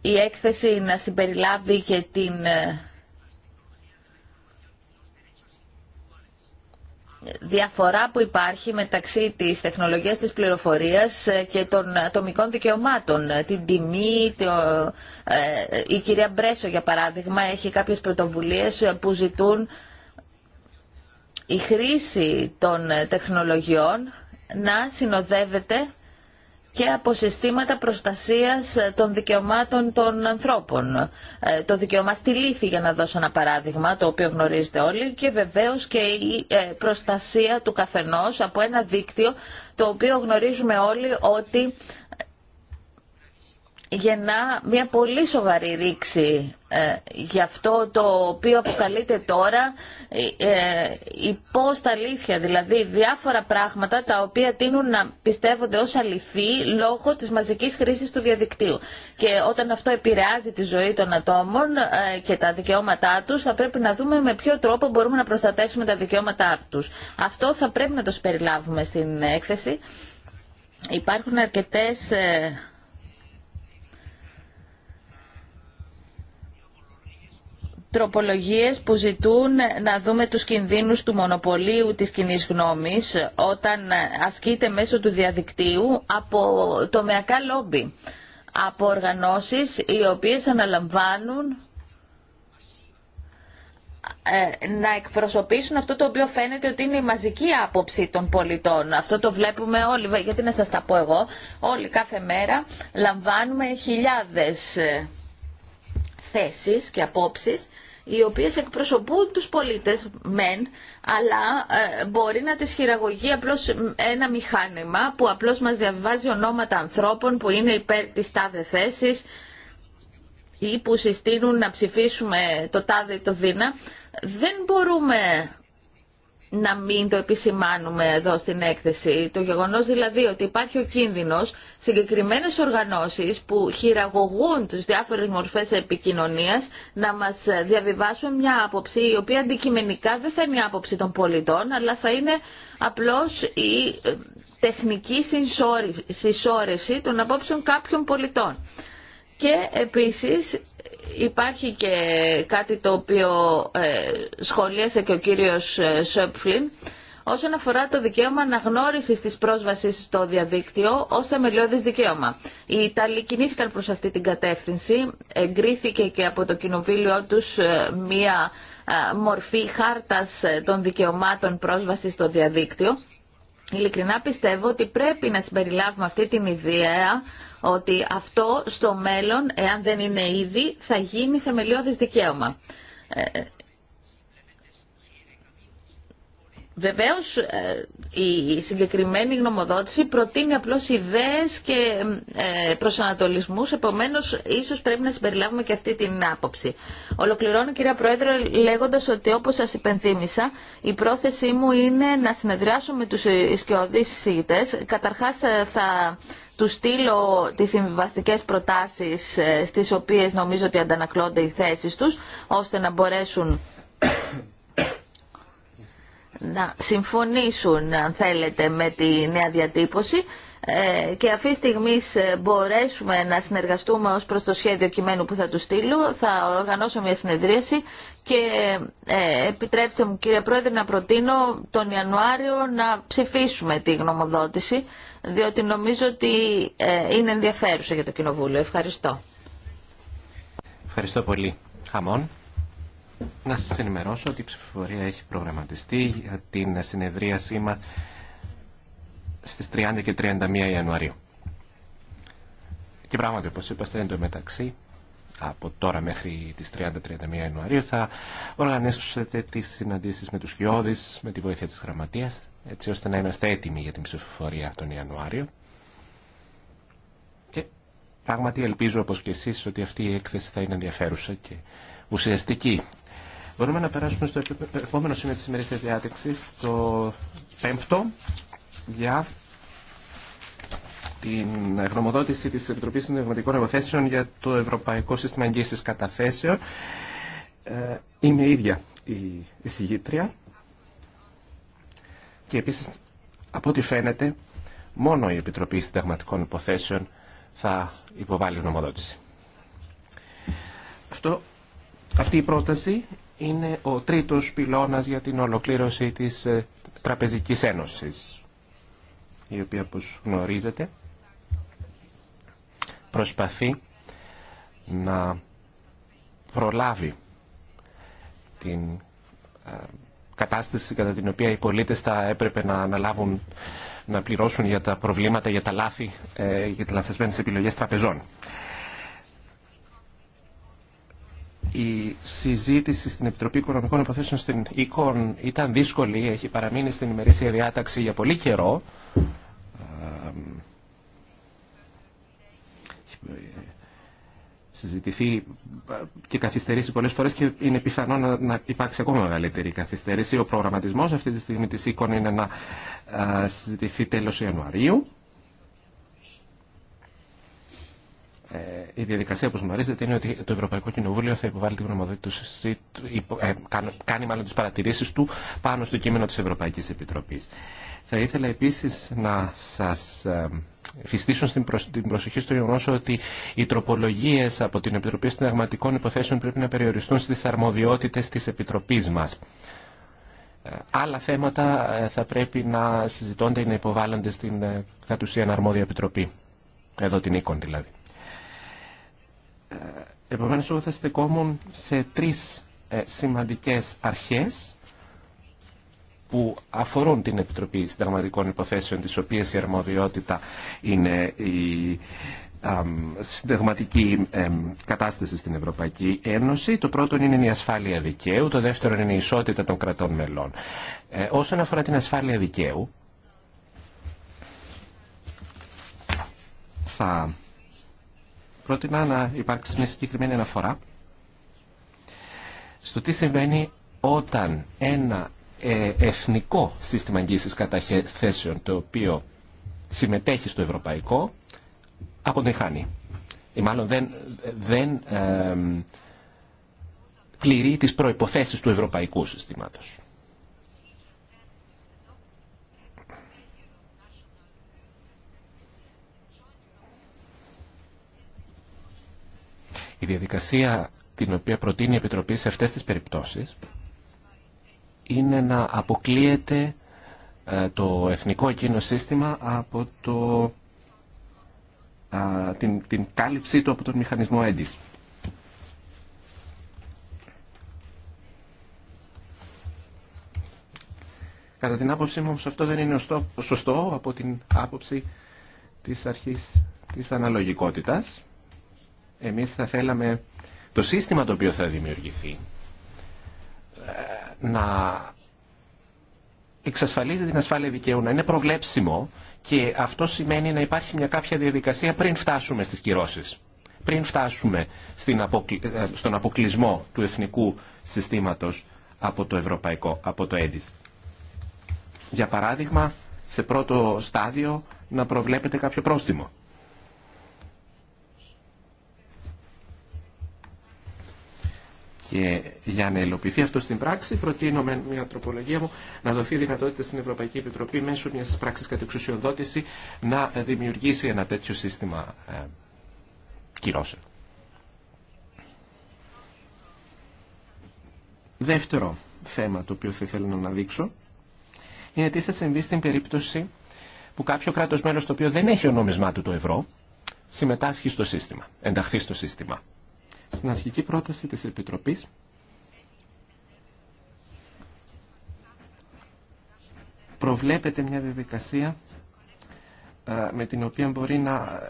[SPEAKER 1] η έκθεση να συμπεριλάβει και την ε, διαφορά που υπάρχει μεταξύ της τεχνολογίας της πληροφορίας ε, και των ατομικών δικαιωμάτων. Ε, την τιμή, ε, η κυρία Μπρέσο για παράδειγμα έχει κάποιες πρωτοβουλίες που ζητούν η χρήση των τεχνολογιών να συνοδεύεται και από συστήματα προστασίας των δικαιωμάτων των ανθρώπων. Ε, το δικαίωμα στη για να δώσω ένα παράδειγμα, το οποίο γνωρίζετε όλοι, και βεβαίως και η ε, προστασία του καθενός από ένα δίκτυο, το οποίο γνωρίζουμε όλοι ότι γεννά μια πολύ σοβαρή ρήξη ε, για αυτό το οποίο αποκαλείται τώρα ε, ε στα αλήθεια, δηλαδή διάφορα πράγματα τα οποία τείνουν να πιστεύονται ως αληθή λόγω της μαζικής χρήσης του διαδικτύου. Και όταν αυτό επηρεάζει τη ζωή των ατόμων ε, και τα δικαιώματά τους, θα πρέπει να δούμε με ποιο τρόπο μπορούμε να προστατεύσουμε τα δικαιώματά τους. Αυτό θα πρέπει να το περιλάβουμε στην έκθεση. Υπάρχουν αρκετές... τροπολογίες που ζητούν να δούμε τους κινδύνους του μονοπωλίου της κοινή γνώμης όταν ασκείται μέσω του διαδικτύου από τομεακά λόμπι, από οργανώσεις οι οποίες αναλαμβάνουν ε, να εκπροσωπήσουν αυτό το οποίο φαίνεται ότι είναι η μαζική άποψη των πολιτών. Αυτό το βλέπουμε όλοι, γιατί να σας τα πω εγώ, όλοι κάθε μέρα λαμβάνουμε χιλιάδες ε, θέσεις και απόψεις οι οποίες εκπροσωπούν τους πολίτες, μεν, αλλά ε, μπορεί να τις χειραγωγεί απλώς ένα μηχάνημα που απλώς μας διαβάζει ονόματα ανθρώπων που είναι υπέρ της τάδε θέσης ή που συστήνουν να ψηφίσουμε το τάδε ή το δίνα. Δεν μπορούμε να μην το επισημάνουμε εδώ στην έκθεση. Το γεγονός δηλαδή ότι υπάρχει ο κίνδυνος συγκεκριμένες οργανώσεις που χειραγωγούν τις διάφορες μορφές επικοινωνίας να μας διαβιβάσουν μια άποψη η οποία αντικειμενικά δεν θα είναι η άποψη των πολιτών αλλά θα είναι απλώς η ε, τεχνική συσσόρευση των απόψεων κάποιων πολιτών. Και επίσης υπάρχει και κάτι το οποίο ε, σχολίασε και ο κύριος ε, Σόπφλιν όσον αφορά το δικαίωμα αναγνώριση της πρόσβασης στο διαδίκτυο ως θεμελιώδης δικαίωμα. Οι Ιταλοί κινήθηκαν προς αυτή την κατεύθυνση, εγκρίθηκε και από το κοινοβούλιο τους ε, μία μορφή χάρτας των δικαιωμάτων πρόσβασης στο διαδίκτυο. Ειλικρινά πιστεύω ότι πρέπει να συμπεριλάβουμε αυτή την ιδέα ότι αυτό στο μέλλον, εάν δεν είναι ήδη, θα γίνει θεμελιώδης δικαίωμα. Ε, Βεβαίω, ε, η συγκεκριμένη γνωμοδότηση προτείνει απλώς ιδέες και ε, προσανατολισμούς. Επομένως, ίσως πρέπει να συμπεριλάβουμε και αυτή την άποψη. Ολοκληρώνω, κυρία Πρόεδρε, λέγοντας ότι όπως σα υπενθύμησα, η πρόθεσή μου είναι να συνεδριάσω με του ισχυωδείς συζήτητες. Καταρχάς, θα του στείλω τι συμβιβαστικέ προτάσεις ε, στις οποίες νομίζω ότι αντανακλώνται οι θέσει τους, ώστε να μπορέσουν (coughs) να συμφωνήσουν, αν θέλετε, με τη νέα διατύπωση ε, και αυτή τη στιγμή ε, μπορέσουμε να συνεργαστούμε ως προς το σχέδιο κειμένου που θα του στείλω. Θα οργανώσω μια συνεδρίαση και επιτρέψτε μου κύριε Πρόεδρε να προτείνω τον Ιανουάριο να ψηφίσουμε τη γνωμοδότηση διότι νομίζω ότι ε, είναι ενδιαφέρουσα για το Κοινοβούλιο. Ευχαριστώ.
[SPEAKER 2] Ευχαριστώ πολύ. Χαμόν. Να σας ενημερώσω ότι η ψηφοφορία έχει προγραμματιστεί για την συνεδρία σήμα στις 30 και 31 Ιανουαρίου. Και πράγματι, όπως είπαστε, εν τω μεταξύ, από τώρα μέχρι τις 30-31 Ιανουαρίου θα οργανώσετε τις συναντήσεις με τους Χιώδης, με τη βοήθεια της Γραμματείας έτσι ώστε να είμαστε έτοιμοι για την ψηφοφορία τον Ιανουάριο. Και πράγματι ελπίζω όπως και εσείς ότι αυτή η έκθεση θα είναι ενδιαφέρουσα και ουσιαστική. Μπορούμε να περάσουμε στο επόμενο σημείο της ημερήσια διάταξης, το πέμπτο, για την γνωμοδότηση της Επιτροπής Συνδευματικών Εγωθέσεων για το Ευρωπαϊκό Σύστημα Εγγύησης Καταθέσεων. Ε, είμαι ίδια η συγγήτρια και επίσης, από ό,τι φαίνεται, μόνο η Επιτροπή Συνταγματικών Υποθέσεων θα υποβάλει νομοδότηση. Αυτό, αυτή η πρόταση είναι ο τρίτος πυλώνας για την ολοκλήρωση της ε, Τραπεζικής Ένωσης, η οποία, όπως γνωρίζετε, προσπαθεί να προλάβει την ε, κατάσταση κατά την οποία οι πολίτες θα έπρεπε να αναλάβουν να πληρώσουν για τα προβλήματα, για τα λάθη, ε, για τι λανθασμένε επιλογές τραπεζών. Η συζήτηση στην Επιτροπή Οικονομικών Υποθέσεων στην ΕΚΟΝ ήταν δύσκολη, έχει παραμείνει στην ημερήσια διάταξη για πολύ καιρό ε, συζητηθεί ε, και καθυστερήσει πολλές φορές και είναι πιθανό να, υπάρξει ακόμα μεγαλύτερη καθυστέρηση. Ο προγραμματισμός αυτή τη στιγμή της ΕΚΟΝ είναι να ε, συζητηθεί τέλος Ιανουαρίου. Ε, η διαδικασία που γνωρίζετε είναι ότι το Ευρωπαϊκό Κοινοβούλιο θα υποβάλει την γνωμοδότησή κάνει μάλλον τις παρατηρήσεις του πάνω στο κείμενο της Ευρωπαϊκής Επιτροπής. Θα ήθελα επίσης να σας ε, φυστήσουν στην προσοχή στο γεγονό ότι οι τροπολογίες από την Επιτροπή Συνταγματικών Υποθέσεων πρέπει να περιοριστούν στις αρμοδιότητες της Επιτροπής μας. Ε, άλλα θέματα ε, θα πρέπει να συζητώνται ή να υποβάλλονται στην κατ' ουσίαν αρμόδια Επιτροπή. Εδώ την οίκον δηλαδή. Επομένως, εγώ θα στεκόμουν σε τρεις σημαντικές αρχές που αφορούν την Επιτροπή Συνταγματικών Υποθέσεων, τις οποίες η αρμοδιότητα είναι η συνταγματική κατάσταση στην Ευρωπαϊκή Ένωση. Το πρώτο είναι η ασφάλεια δικαίου, το δεύτερο είναι η ισότητα των κρατών μελών. Ε, όσον αφορά την ασφάλεια δικαίου, θα πρότεινα να υπάρξει μια συγκεκριμένη αναφορά στο τι συμβαίνει όταν ένα ε, εθνικό σύστημα εγγύησης καταθέσεων το οποίο συμμετέχει στο ευρωπαϊκό αποτυγχάνει ή μάλλον δεν, δεν ε, πληρεί τις προϋποθέσεις του ευρωπαϊκού συστήματος. Η διαδικασία την οποία προτείνει η Επιτροπή σε αυτές τις περιπτώσεις είναι να αποκλείεται ε, το εθνικό εκείνο σύστημα από το, την, την κάλυψή του από τον μηχανισμό έντις. Κατά την άποψή μου αυτό δεν είναι σωστό από την άποψη της αρχής της αναλογικότητας. Εμείς θα θέλαμε το σύστημα το οποίο θα δημιουργηθεί ε, να εξασφαλίζει την ασφάλεια δικαίου, να είναι προβλέψιμο και αυτό σημαίνει να υπάρχει μια κάποια διαδικασία πριν φτάσουμε στις κυρώσεις. Πριν φτάσουμε στην ε, στον αποκλεισμό του εθνικού συστήματος από το ευρωπαϊκό, από το ΕΔΙΣ. Για παράδειγμα, σε πρώτο στάδιο να προβλέπετε κάποιο πρόστιμο. Και για να υλοποιηθεί αυτό στην πράξη, προτείνω με μια τροπολογία μου να δοθεί δυνατότητα στην Ευρωπαϊκή Επιτροπή μέσω μια πράξη εξουσιοδότηση να δημιουργήσει ένα τέτοιο σύστημα ε, κυρώσεων. Δεύτερο θέμα το οποίο θα ήθελα να αναδείξω είναι τι θα συμβεί στην περίπτωση που κάποιο κράτος μέλος το οποίο δεν έχει ο νόμισμά του το ευρώ συμμετάσχει στο σύστημα, ενταχθεί στο σύστημα. Στην αρχική πρόταση της Επιτροπής προβλέπεται μια διαδικασία ε, με την οποία μπορεί να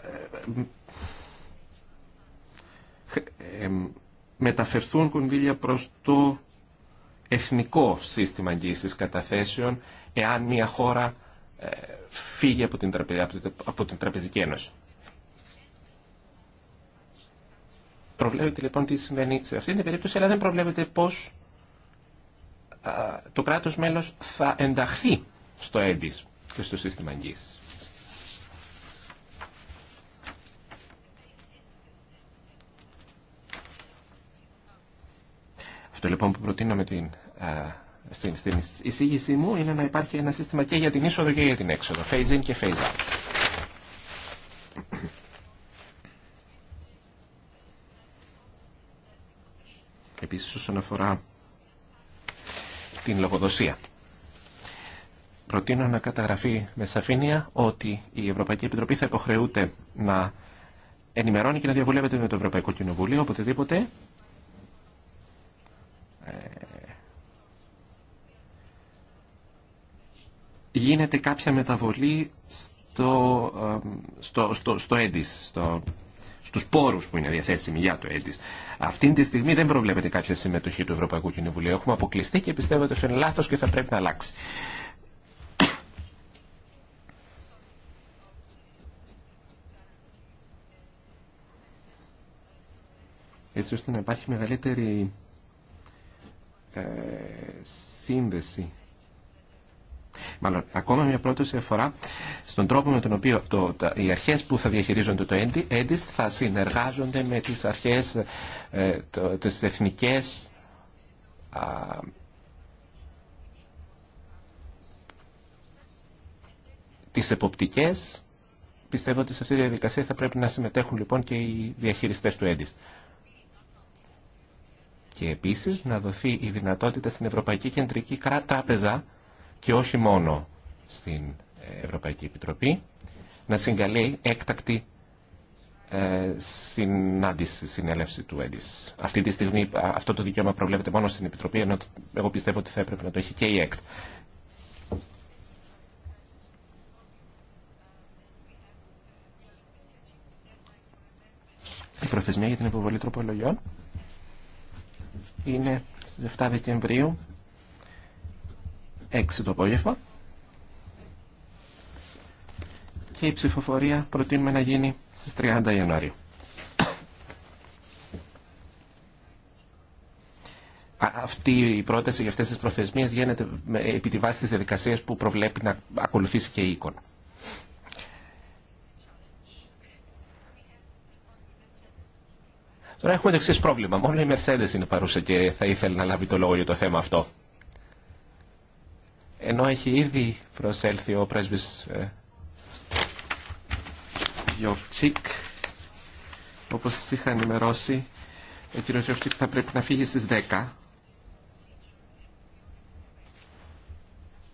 [SPEAKER 2] ε, ε, μεταφερθούν κονδύλια προς το εθνικό σύστημα εγγύησης καταθέσεων εάν μια χώρα φύγει από την, από την Τραπεζική Ένωση. Προβλέπετε λοιπόν τι συμβαίνει σε αυτή την περίπτωση, αλλά δεν προβλέπετε πώ το κράτο μέλος θα ενταχθεί στο έντι και στο σύστημα εγγύηση. Αυτό λοιπόν που προτείνω με την, στην, στην εισήγησή μου είναι να υπάρχει ένα σύστημα και για την είσοδο και για την έξοδο. Phase in και phase out. Επίσης όσον αφορά την λογοδοσία. Προτείνω να καταγραφεί με σαφήνεια ότι η Ευρωπαϊκή Επιτροπή θα υποχρεούται να ενημερώνει και να διαβουλεύεται με το Ευρωπαϊκό Κοινοβούλιο οποτεδήποτε ε, γίνεται κάποια μεταβολή στο, ε, στο, στο, στο έντις, στο στους πόρους που είναι διαθέσιμοι για το ΕΝΤΙΣ. Αυτή τη στιγμή δεν προβλέπεται κάποια συμμετοχή του Ευρωπαϊκού Κοινοβουλίου. Έχουμε αποκλειστεί και πιστεύω ότι είναι λάθος και θα πρέπει να αλλάξει. έτσι ώστε να υπάρχει μεγαλύτερη ε, σύνδεση Μάλλον, ακόμα μια πρόταση αφορά στον τρόπο με τον οποίο τα, οι αρχές που θα διαχειρίζονται το έντις θα συνεργάζονται με τις αρχέ ε, τι εθνικέ. εποπτικές. Πιστεύω ότι σε αυτή τη διαδικασία θα πρέπει να συμμετέχουν λοιπόν και οι διαχειριστές του έντις. Και επίσης να δοθεί η δυνατότητα στην Ευρωπαϊκή Κεντρική Τράπεζα και όχι μόνο στην ε, Ευρωπαϊκή Επιτροπή, να συγκαλεί έκτακτη ε, συνάντηση, συνέλευση του ΕΔΙΣ. Αυτή τη στιγμή αυτό το δικαίωμα προβλέπεται μόνο στην Επιτροπή, ενώ εγώ πιστεύω ότι θα έπρεπε να το έχει και η ΕΚΤ. Η προθεσμία για την υποβολή τροπολογιών είναι στις 7 Δεκεμβρίου 6 το απόγευμα. Και η ψηφοφορία προτείνουμε να γίνει στις 30 Ιανουαρίου. Αυτή η πρόταση για αυτές τις προθεσμίες γίνεται επί τη βάση της διαδικασίας που προβλέπει να ακολουθήσει και η εικόνα. Τώρα έχουμε το πρόβλημα. Μόνο η Mercedes είναι παρούσα και θα ήθελε να λάβει το λόγο για το θέμα αυτό ενώ έχει ήδη προσέλθει ο πρέσβης ε, Γιώφτσικ, όπως σας είχα ενημερώσει, ο κύριος Γιώφτσικ θα πρέπει να φύγει στις 10.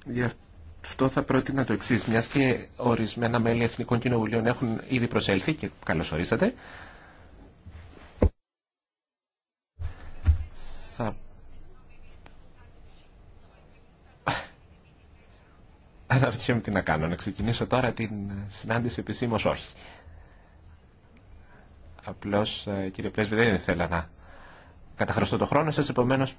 [SPEAKER 2] Γι' αυτό θα πρότεινα το εξή, μια και ορισμένα μέλη Εθνικών Κοινοβουλίων έχουν ήδη προσέλθει και καλώς ορίσατε. Αναρωτιέμαι τι να κάνω, να ξεκινήσω τώρα την συνάντηση επισήμως όχι. Απλώς, ε, κύριε Πρέσβη, δεν ήθελα να καταχρωστώ το χρόνο σας, επομένως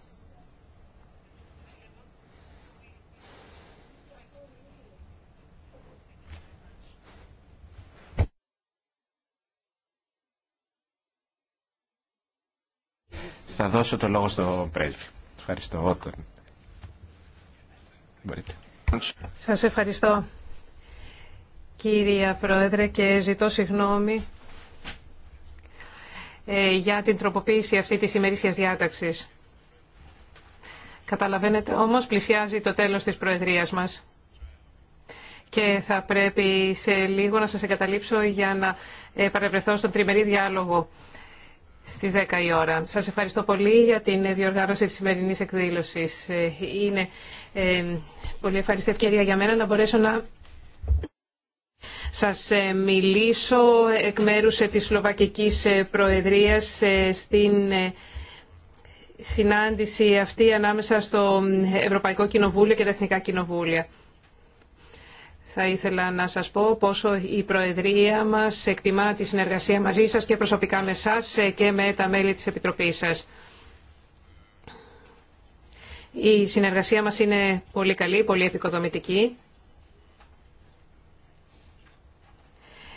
[SPEAKER 2] θα δώσω το λόγο στο πρέσβη. Ευχαριστώ. Όταν μπορείτε.
[SPEAKER 3] Σας ευχαριστώ κύρια Πρόεδρε και ζητώ συγγνώμη ε, για την τροποποίηση αυτή της ημερήσιας διάταξης. Καταλαβαίνετε όμως πλησιάζει το τέλος της Προεδρίας μας και θα πρέπει σε λίγο να σας εγκαταλείψω για να ε, παρευρεθώ στον τριμερή διάλογο στις 10 η ώρα. Σας ευχαριστώ πολύ για την διοργάνωση της σημερινής εκδήλωσης. Ε, είναι ε, πολύ ευχαριστή ευκαιρία για μένα να μπορέσω να σας ε, μιλήσω εκ μέρους ε, της Σλοβακικής Προεδρίας στην συνάντηση αυτή ανάμεσα στο Ευρωπαϊκό Κοινοβούλιο και τα Εθνικά Κοινοβούλια. Θα ήθελα να σας πω πόσο η Προεδρία μας εκτιμά τη συνεργασία μαζί σας και προσωπικά με σας και με τα μέλη της Επιτροπής σας. Η συνεργασία μας είναι πολύ καλή, πολύ επικοδομητική.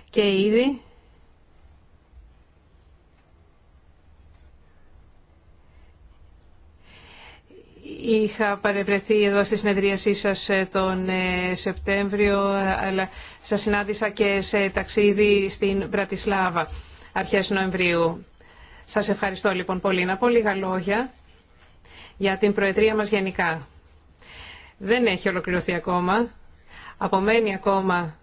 [SPEAKER 3] Και ήδη είχα παρευρεθεί εδώ στη συνεδρίασή σας ε, τον ε, Σεπτέμβριο, αλλά σας συνάντησα και σε ταξίδι στην Βρατισλάβα αρχές Νοεμβρίου. Σας ευχαριστώ λοιπόν πολύ. Να πω λίγα λόγια για την Προεδρία μας γενικά. Δεν έχει ολοκληρωθεί ακόμα. Απομένει ακόμα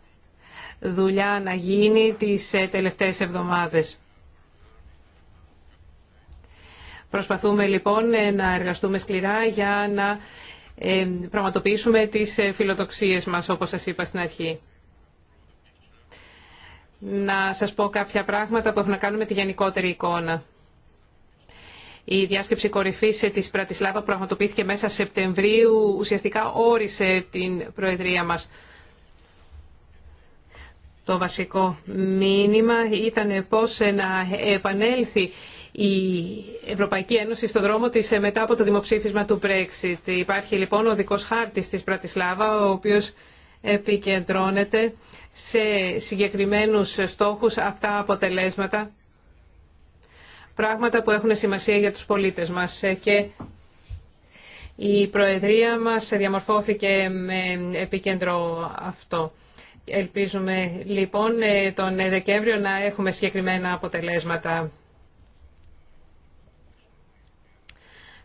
[SPEAKER 3] δουλειά να γίνει τις ε, τελευταίες εβδομάδες. Προσπαθούμε λοιπόν ε, να εργαστούμε σκληρά για να ε, πραγματοποιήσουμε τις φιλοτοξίες μας, όπως σας είπα στην αρχή. Να σας πω κάποια πράγματα που έχουν να κάνουν με τη γενικότερη εικόνα. Η διάσκεψη κορυφή της Πρατισλάβα πραγματοποιήθηκε μέσα Σεπτεμβρίου, ουσιαστικά όρισε την Προεδρία μας. Το βασικό μήνυμα ήταν πώς να επανέλθει η Ευρωπαϊκή Ένωση στον δρόμο της μετά από το δημοψήφισμα του Brexit. Υπάρχει λοιπόν ο δικός χάρτης της Πρατισλάβα, ο οποίος επικεντρώνεται σε συγκεκριμένους στόχους από αποτελέσματα πράγματα που έχουν σημασία για τους πολίτες μας. Ε, και η Προεδρία μας διαμορφώθηκε με επίκεντρο αυτό. Ελπίζουμε λοιπόν ε, τον Δεκέμβριο να έχουμε συγκεκριμένα αποτελέσματα.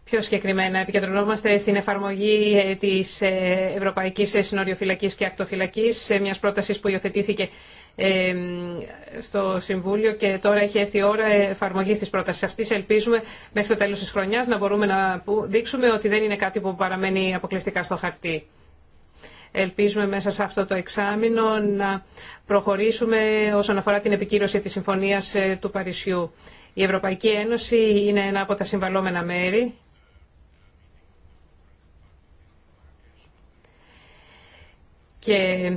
[SPEAKER 3] Πιο συγκεκριμένα, επικεντρωνόμαστε στην εφαρμογή ε, της ε, Ευρωπαϊκής ε, Συνοριοφυλακής και Ακτοφυλακής, μιας πρότασης που υιοθετήθηκε στο Συμβούλιο και τώρα έχει έρθει η ώρα εφαρμογής της πρότασης αυτής. Ελπίζουμε μέχρι το τέλος της χρονιάς να μπορούμε να δείξουμε ότι δεν είναι κάτι που παραμένει αποκλειστικά στο χαρτί. Ελπίζουμε μέσα σε αυτό το εξάμεινο να προχωρήσουμε όσον αφορά την επικύρωση της Συμφωνίας του Παρισιού. Η Ευρωπαϊκή Ένωση είναι ένα από τα συμβαλώμενα μέρη Και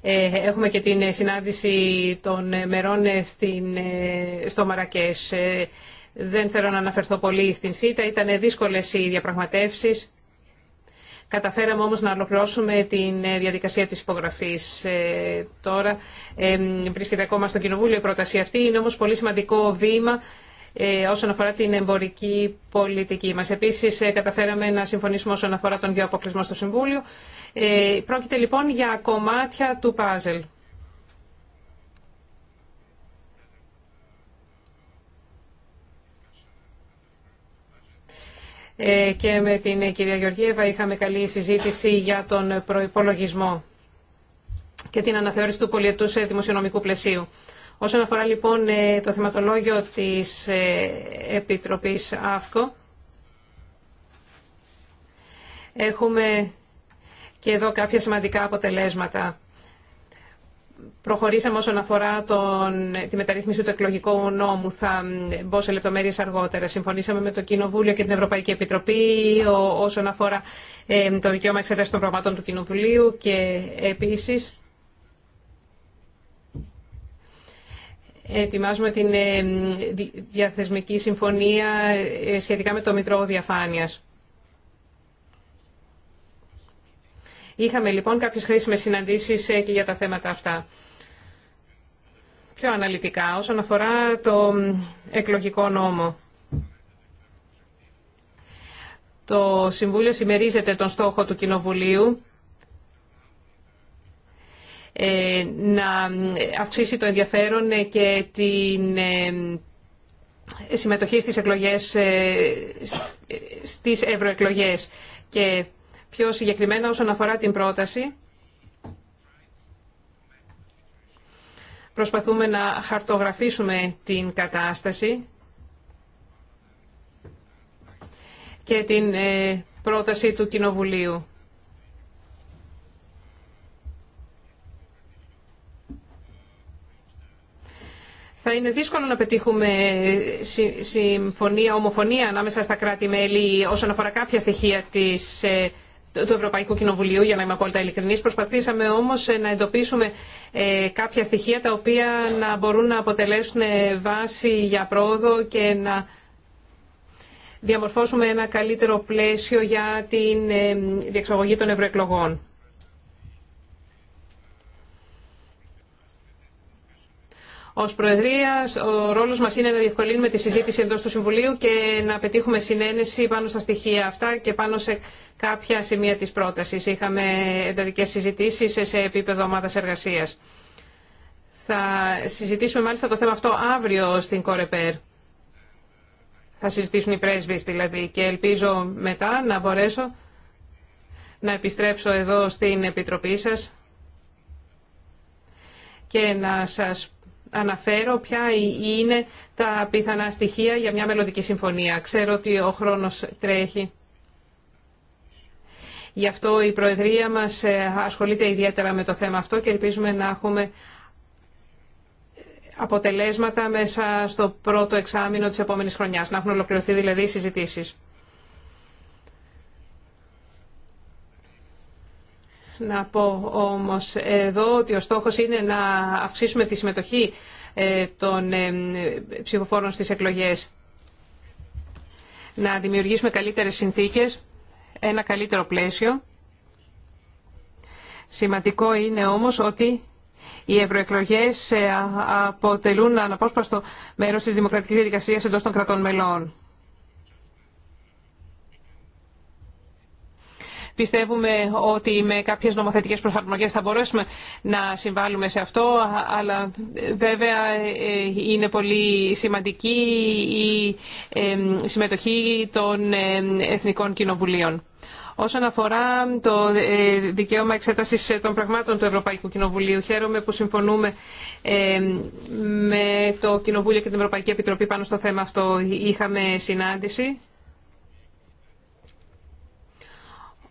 [SPEAKER 3] ε, έχουμε και την συνάντηση των μερών ε, στο Μαρακές. Ε, δεν θέλω να αναφερθώ πολύ στην ΣΥΤΑ. Ήταν δύσκολες οι διαπραγματεύσεις. Καταφέραμε όμως να ολοκληρώσουμε την διαδικασία της υπογραφής. τώρα βρίσκεται ακόμα στο Κοινοβούλιο η πρόταση αυτή. Είναι όμως πολύ σημαντικό βήμα ε, όσον αφορά την εμπορική πολιτική μας. Επίσης ε, καταφέραμε να συμφωνήσουμε όσον αφορά τον αποκλεισμό στο Συμβούλιο. Ε, πρόκειται λοιπόν για κομμάτια του πάζελ. και με την κυρία Γεωργίευα είχαμε καλή συζήτηση για τον προϋπολογισμό και την αναθεώρηση του πολιετούς δημοσιονομικού πλαισίου. Όσον αφορά λοιπόν ε, το θεματολόγιο της ε, Επιτροπής ΑΦΚΟ, έχουμε και εδώ κάποια σημαντικά αποτελέσματα. Προχωρήσαμε όσον αφορά τον, τη μεταρρύθμιση του εκλογικού νόμου. Θα μπω σε λεπτομέρειε αργότερα. Συμφωνήσαμε με το Κοινοβούλιο και την Ευρωπαϊκή Επιτροπή όσον αφορά ε, το δικαίωμα εξέταση των πραγμάτων του Κοινοβουλίου και επίση ετοιμάζουμε την ε, διαθεσμική συμφωνία ε, σχετικά με το Μητρό Διαφάνειας. Είχαμε λοιπόν κάποιες χρήσιμες συναντήσεις ε, και για τα θέματα αυτά. Πιο αναλυτικά όσον αφορά το εκλογικό νόμο. Το Συμβούλιο συμμερίζεται τον στόχο του Κοινοβουλίου ε, να αυξήσει το ενδιαφέρον και την ε, συμμετοχή στις εκλογές, ε, στις ευρωεκλογές. Και πιο συγκεκριμένα όσον αφορά την πρόταση, προσπαθούμε να χαρτογραφήσουμε την κατάσταση και την πρόταση του Κοινοβουλίου. θα είναι δύσκολο να πετύχουμε συμφωνία, ομοφωνία ανάμεσα στα κράτη-μέλη όσον αφορά κάποια στοιχεία της ε, του Ευρωπαϊκού Κοινοβουλίου, για να είμαι απόλυτα ειλικρινή. Προσπαθήσαμε όμω ε, να εντοπίσουμε ε, κάποια στοιχεία τα οποία να μπορούν να αποτελέσουν βάση για πρόοδο και να διαμορφώσουμε ένα καλύτερο πλαίσιο για την διεξαγωγή των ευρωεκλογών. Ω Προεδρία, ο ρόλο μα είναι να διευκολύνουμε τη συζήτηση εντό του Συμβουλίου και να πετύχουμε συνένεση πάνω στα στοιχεία αυτά και πάνω σε κάποια σημεία τη πρόταση. Είχαμε εντατικέ συζητήσει σε επίπεδο ομάδα εργασία. Θα συζητήσουμε μάλιστα το θέμα αυτό αύριο στην Κορεπέρ. Θα συζητήσουν οι πρέσβεις δηλαδή και ελπίζω μετά να μπορέσω να επιστρέψω εδώ στην Επιτροπή σας και να σας αναφέρω ποια είναι τα πιθανά στοιχεία για μια μελλοντική συμφωνία. Ξέρω ότι ο χρόνος τρέχει. Γι' αυτό η Προεδρία μας ε, ασχολείται ιδιαίτερα με το θέμα αυτό και ελπίζουμε να έχουμε αποτελέσματα μέσα στο πρώτο εξάμεινο της επόμενης χρονιάς, να έχουν ολοκληρωθεί δηλαδή οι συζητήσεις. να πω όμως εδώ ότι ο στόχος είναι να αυξήσουμε τη συμμετοχή ε, των ε, ψηφοφόρων στις εκλογές. Να δημιουργήσουμε καλύτερες συνθήκες, ένα καλύτερο πλαίσιο. Σημαντικό είναι όμως ότι οι ευρωεκλογές ε, αποτελούν αναπόσπαστο μέρος της δημοκρατικής διαδικασίας εντός των κρατών μελών. Πιστεύουμε ότι με κάποιες νομοθετικές προσαρμογές θα μπορέσουμε να συμβάλλουμε σε αυτό, αλλά βέβαια ε, είναι πολύ σημαντική η ε, συμμετοχή των ε, Εθνικών Κοινοβουλίων. Όσον αφορά το δικαίωμα εξέτασης των πραγμάτων του Ευρωπαϊκού Κοινοβουλίου, χαίρομαι που συμφωνούμε με το Κοινοβούλιο και την Ευρωπαϊκή Επιτροπή πάνω στο θέμα αυτό. Είχαμε συνάντηση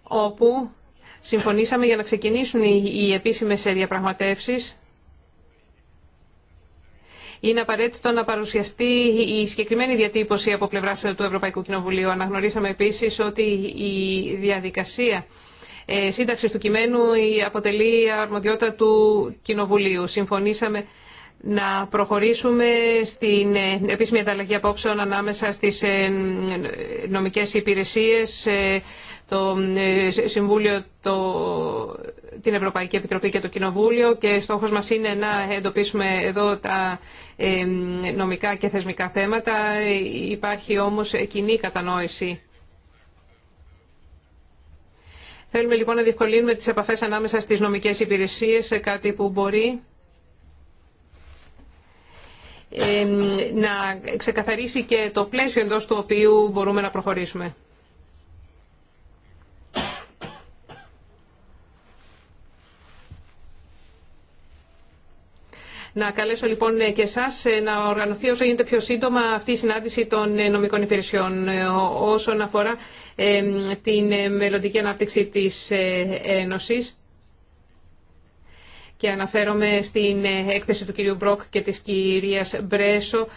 [SPEAKER 3] όπου συμφωνήσαμε για να ξεκινήσουν οι επίσημες διαπραγματεύσεις είναι απαραίτητο να παρουσιαστεί η συγκεκριμένη διατύπωση από πλευρά του Ευρωπαϊκού Κοινοβουλίου. Αναγνωρίσαμε επίση ότι η διαδικασία ε, σύνταξη του κειμένου αποτελεί αρμοδιότητα του Κοινοβουλίου. Συμφωνήσαμε να προχωρήσουμε στην ε, επίσημη ανταλλαγή απόψεων ανάμεσα στις ε, νομικές υπηρεσίες το ε, Συμβούλιο, το, την Ευρωπαϊκή Επιτροπή και το Κοινοβούλιο και στόχος μας είναι να εντοπίσουμε εδώ τα ε, νομικά και θεσμικά θέματα. Υπάρχει όμως κοινή κατανόηση. Θέλουμε λοιπόν να διευκολύνουμε τις επαφές ανάμεσα στις νομικές υπηρεσίες, κάτι που μπορεί ε, να ξεκαθαρίσει και το πλαίσιο εντός του οποίου μπορούμε να προχωρήσουμε. Να καλέσω λοιπόν και εσά ε, να οργανωθεί όσο γίνεται πιο σύντομα αυτή η συνάντηση των ε, νομικών υπηρεσιών ε, όσον αφορά την μελλοντική ανάπτυξη της Ένωση. Και αναφέρομαι στην έκθεση του κυρίου Μπροκ και της κυρίας Μπρέσο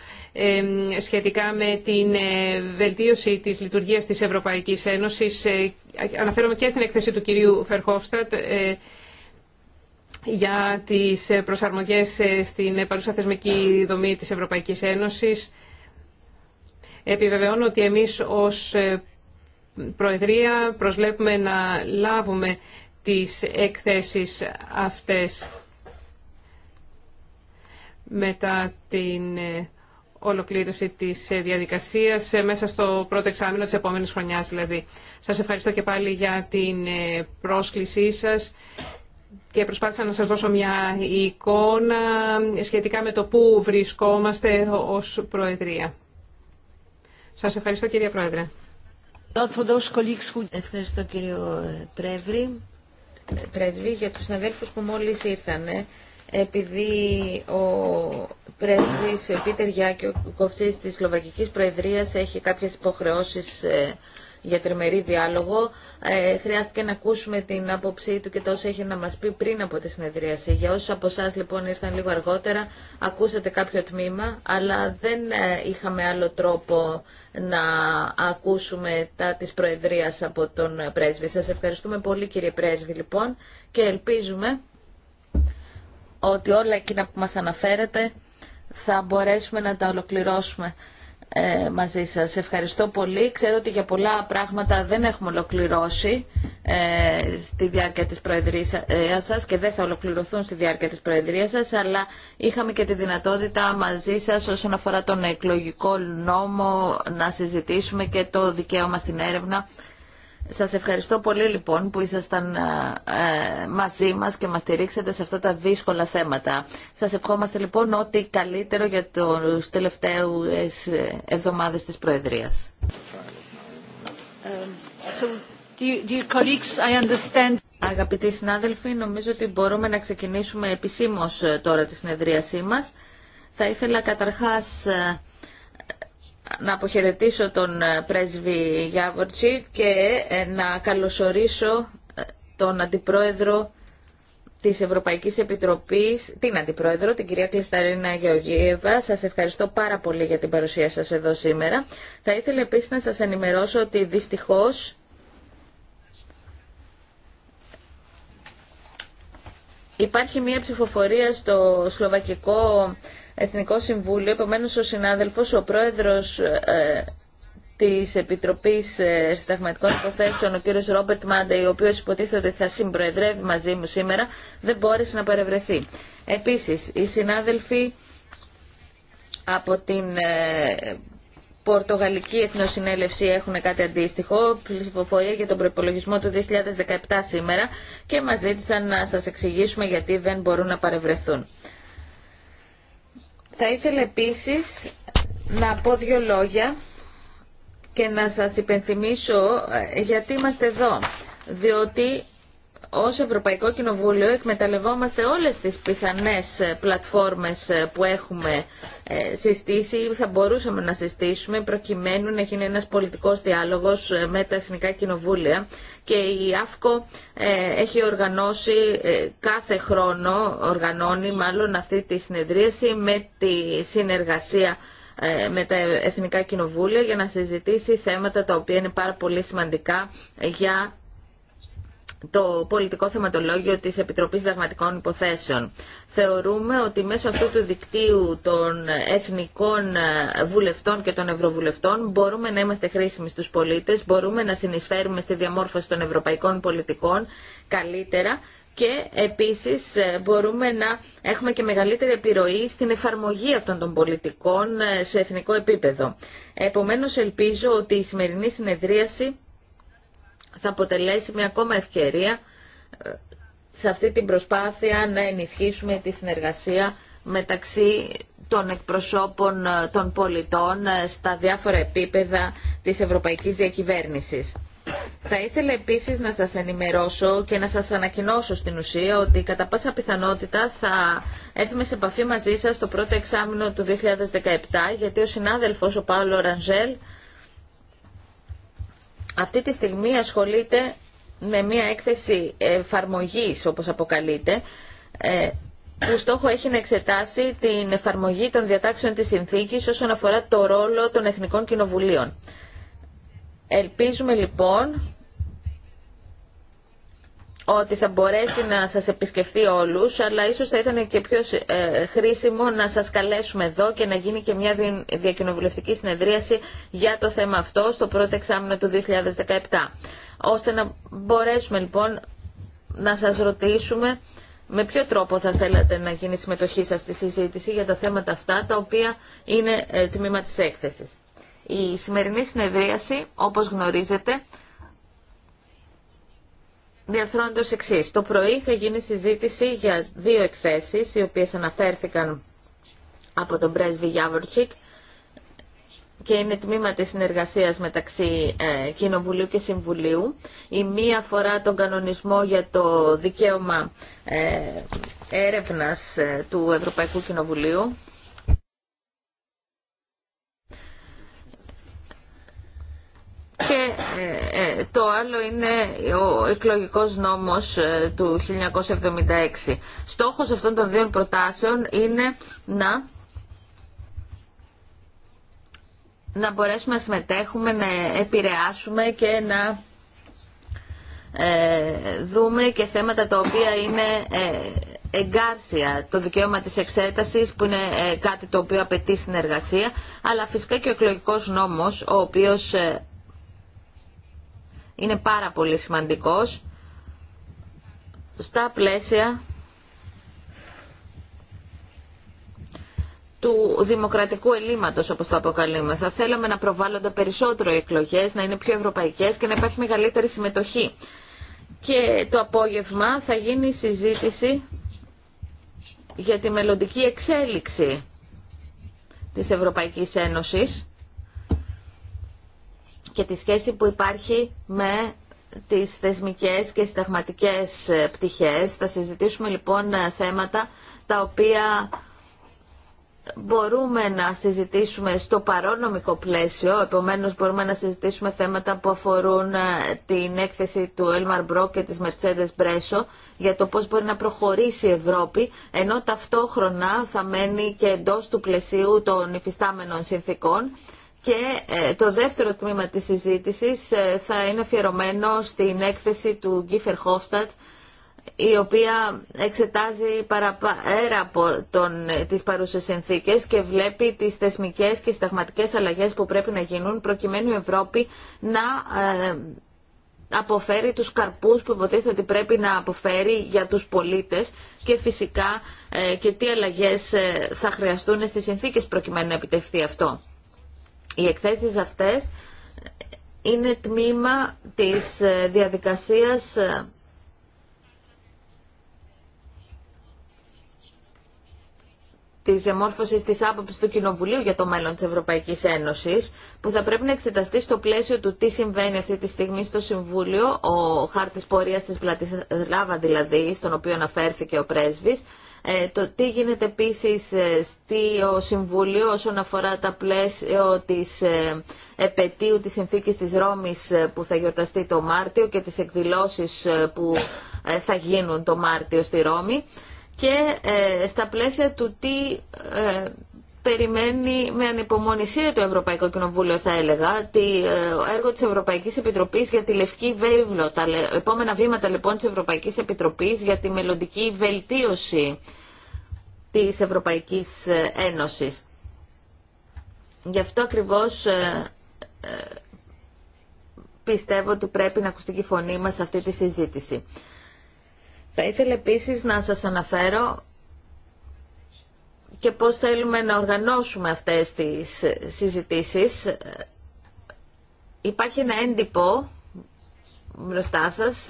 [SPEAKER 3] σχετικά με την βελτίωση της λειτουργίας της Ευρωπαϊκής Ένωσης. Αναφέρομαι και στην έκθεση του κυρίου Φερχόφστατ για τις ε, προσαρμογές ε, στην παρούσα θεσμική δομή της Ευρωπαϊκής Ένωσης. Επιβεβαιώνω ότι εμείς ως ε, Προεδρία προσβλέπουμε να λάβουμε τις εκθέσεις αυτές μετά την ολοκλήρωση της διαδικασίας μέσα στο πρώτο εξάμεινο της επόμενης χρονιάς δηλαδή. Σας ευχαριστώ και πάλι για την πρόσκλησή σας και προσπάθησα να σας δώσω μια εικόνα σχετικά με το πού βρισκόμαστε ως Προεδρία. Σας ευχαριστώ κυρία Πρόεδρε. Ευχαριστώ κύριο Πρέβρη,
[SPEAKER 1] Πρέσβη για τους συναδέλφους που μόλις ήρθαν. Επειδή ο πρέσβης Πίτερ Γιάκη, ο κοφτής της Σλοβακικής Προεδρίας, έχει κάποιες υποχρεώσεις ε, για τριμερή διάλογο. Ε, χρειάστηκε να ακούσουμε την άποψή του και τόσο έχει να μας πει πριν από τη συνεδρίαση. Για όσους από εσά λοιπόν ήρθαν λίγο αργότερα, ακούσατε κάποιο τμήμα, αλλά δεν ε, είχαμε άλλο τρόπο να ακούσουμε τα της Προεδρίας από τον Πρέσβη. Σας ευχαριστούμε πολύ κύριε Πρέσβη λοιπόν και ελπίζουμε ότι όλα εκείνα που μας αναφέρετε θα μπορέσουμε να τα ολοκληρώσουμε. Ε, μαζί σας. Ευχαριστώ πολύ. Ξέρω ότι για πολλά πράγματα δεν έχουμε ολοκληρώσει ε, στη διάρκεια της Προεδρίας σας και δεν θα ολοκληρωθούν στη διάρκεια της Προεδρίας σας, αλλά είχαμε και τη δυνατότητα μαζί σας όσον αφορά τον εκλογικό νόμο να συζητήσουμε και το δικαίωμα στην έρευνα. Σας ευχαριστώ πολύ λοιπόν που ήσασταν ε, μαζί μας και μας στηρίξατε σε αυτά τα δύσκολα θέματα. Σας ευχόμαστε λοιπόν ό,τι καλύτερο για τους τελευταίους ε, εβδομάδες της Προεδρίας. Αγαπητοί συνάδελφοι, νομίζω ότι μπορούμε να ξεκινήσουμε επισήμως ε, τώρα τη συνεδρίασή μας. Θα ήθελα καταρχάς να αποχαιρετήσω τον ε, πρέσβη Γιάβορτσι και ε, να καλωσορίσω ε, τον Αντιπρόεδρο της Ευρωπαϊκής Επιτροπής, την Αντιπρόεδρο, την κυρία Κλεισταρίνα Γεωργίευα. Σας ευχαριστώ πάρα πολύ για την παρουσία σας εδώ σήμερα. Θα ήθελα επίσης να σας ενημερώσω ότι δυστυχώς υπάρχει μία ψηφοφορία στο Σλοβακικό Εθνικό Συμβούλιο. επομένω ο συνάδελφο, ο πρόεδρο ε, της Επιτροπής ε, Συνταγματικών Υποθέσεων, ο κύριος Ρόμπερτ Μάντε, ο οποίο υποτίθεται ότι θα συμπροεδρεύει μαζί μου σήμερα, δεν μπόρεσε να παρευρεθεί. Επίση, οι συνάδελφοι από την ε, Πορτογαλική Εθνοσυνέλευση έχουν κάτι αντίστοιχο, ψηφοφορία για τον προπολογισμό του 2017 σήμερα και μας ζήτησαν να σας εξηγήσουμε γιατί δεν μπορούν να παρευρεθούν. Θα ήθελα επίσης να πω δύο λόγια και να σας υπενθυμίσω ε, γιατί είμαστε εδώ. Διότι ως Ευρωπαϊκό Κοινοβούλιο εκμεταλλευόμαστε όλες τις πιθανές ε, πλατφόρμες ε, που έχουμε ε, συστήσει ή θα μπορούσαμε να συστήσουμε προκειμένου να γίνει ένας πολιτικός διάλογος με τα Εθνικά Κοινοβούλια και η ΑΦΚΟ έχει οργανώσει κάθε χρόνο, οργανώνει μάλλον αυτή τη συνεδρίαση με τη συνεργασία με τα Εθνικά Κοινοβούλια για να συζητήσει θέματα τα οποία είναι πάρα πολύ σημαντικά για το πολιτικό θεματολόγιο της Επιτροπής Δαγματικών Υποθέσεων. Θεωρούμε ότι μέσω αυτού του δικτύου των εθνικών βουλευτών και των ευρωβουλευτών μπορούμε να είμαστε χρήσιμοι στους πολίτες, μπορούμε να συνεισφέρουμε στη διαμόρφωση των ευρωπαϊκών πολιτικών καλύτερα και επίσης ε, μπορούμε να έχουμε και μεγαλύτερη επιρροή στην εφαρμογή αυτών των πολιτικών ε, σε εθνικό επίπεδο. Επομένως ελπίζω ότι η σημερινή συνεδρίαση θα αποτελέσει μια ακόμα ευκαιρία ε, σε αυτή την προσπάθεια να ενισχύσουμε τη συνεργασία μεταξύ των εκπροσώπων ε, των πολιτών ε, στα διάφορα επίπεδα της Ευρωπαϊκής Διακυβέρνησης. Θα ήθελα επίσης να σας ενημερώσω και να σας ανακοινώσω στην ουσία ότι κατά πάσα πιθανότητα θα έρθουμε σε επαφή μαζί σας το πρώτο εξάμεινο του 2017 γιατί ο συνάδελφος ο Πάολο Ρανζέλ αυτή τη στιγμή ασχολείται με μια έκθεση εφαρμογής, όπως αποκαλείται, ε, που στόχο έχει να εξετάσει την εφαρμογή των διατάξεων της συνθήκης όσον αφορά το ρόλο των Εθνικών Κοινοβουλίων. Ελπίζουμε λοιπόν ότι θα μπορέσει να σας επισκεφθεί όλους, αλλά ίσως θα ήταν και πιο ε, χρήσιμο να σας καλέσουμε εδώ και να γίνει και μια διακοινοβουλευτική συνεδρίαση για το θέμα αυτό στο πρώτο εξάμεινο του 2017. Ώστε να μπορέσουμε λοιπόν να σας ρωτήσουμε με ποιο τρόπο θα θέλατε να γίνει η συμμετοχή σας στη συζήτηση για τα θέματα αυτά, τα οποία είναι ε, τμήμα της έκθεσης. Η σημερινή συνεδρίαση, όπως γνωρίζετε, το εξή. Το πρωί θα γίνει συζήτηση για δύο εκθέσεις, οι οποίες αναφέρθηκαν από τον πρέσβη Γιάβορτσικ και είναι τμήμα της συνεργασίας μεταξύ ε, Κοινοβουλίου και Συμβουλίου. Η μία αφορά τον κανονισμό για το δικαίωμα ε, έρευνας ε, του Ευρωπαϊκού Κοινοβουλίου Και ε, ε, το άλλο είναι ο εκλογικός νόμος ε, του 1976. Στόχος αυτών των δύο προτάσεων είναι να να μπορέσουμε να συμμετέχουμε, να επηρεάσουμε και να δούμε και θέματα τα οποία είναι εγκάρσια το δικαίωμα της εξέτασης που είναι κάτι το οποίο απαιτεί συνεργασία αλλά φυσικά και ο εκλογικός νόμος ο οποίος είναι πάρα πολύ σημαντικός στα πλαίσια του δημοκρατικού ελλείμματος όπως το αποκαλούμε. Θα θέλαμε να προβάλλονται περισσότερο οι εκλογές, να είναι πιο ευρωπαϊκές και να υπάρχει μεγαλύτερη συμμετοχή. Και το απόγευμα θα γίνει συζήτηση για τη μελλοντική εξέλιξη της Ευρωπαϊκής Ένωσης και τη σχέση που υπάρχει με τις θεσμικές και συνταγματικές ε, πτυχές. Θα συζητήσουμε λοιπόν ε, θέματα τα οποία μπορούμε να συζητήσουμε στο παρόνομικό πλαίσιο, επομένως μπορούμε να συζητήσουμε θέματα που αφορούν ε, την έκθεση του Έλμαρ Μπρόκ και της Mercedes Μπρέσο για το πώς μπορεί να προχωρήσει η Ευρώπη, ενώ ταυτόχρονα θα μένει και εντός του πλαισίου των υφιστάμενων συνθήκων και ε, το δεύτερο τμήμα της συζήτησης ε, θα είναι αφιερωμένο στην έκθεση του Γκίφερ Χόφστατ, η οποία εξετάζει παραπέρα από τον, ε, τις παρούσες συνθήκες και βλέπει τις θεσμικές και σταγματικές αλλαγές που πρέπει να γίνουν προκειμένου η Ευρώπη να αποφέρει τους καρπούς που υποτίθεται ότι πρέπει να αποφέρει για τους πολίτες και φυσικά και τι αλλαγές θα χρειαστούν στις συνθήκες προκειμένου να επιτευχθεί αυτό. Οι εκθέσεις αυτές είναι τμήμα της ε, διαδικασίας ε, της διαμόρφωση της άποψη του Κοινοβουλίου για το μέλλον της Ευρωπαϊκής Ένωσης που θα πρέπει να εξεταστεί στο πλαίσιο του τι συμβαίνει αυτή τη στιγμή στο Συμβούλιο, ο χάρτης πορείας της Πλατισλάβα δηλαδή, στον οποίο αναφέρθηκε ο πρέσβης ε, το τι γίνεται επίσης ε, στο Συμβουλίο όσον αφορά τα πλαίσια της ε, επαιτίου της συνθήκης της Ρώμης που θα γιορταστεί το Μάρτιο και τις εκδηλώσεις που θα γίνουν το Μάρτιο στη Ρώμη και στα πλαίσια του τι περιμένει με ανυπομονησία το Ευρωπαϊκό Κοινοβούλιο, θα έλεγα, το ε, έργο της Ευρωπαϊκής Επιτροπής για τη Λευκή Βέβλο, τα επόμενα βήματα λοιπόν της Ευρωπαϊκής Επιτροπής για τη μελλοντική βελτίωση της Ευρωπαϊκής ε, Ένωσης. Γι' αυτό ακριβώς ε, πιστεύω ότι πρέπει να ακουστεί και η φωνή μας σε αυτή τη συζήτηση. Θα ήθελα επίσης να σας αναφέρω και πώς θέλουμε να οργανώσουμε αυτές τις συζητήσεις. Υπάρχει ένα έντυπο μπροστά σας.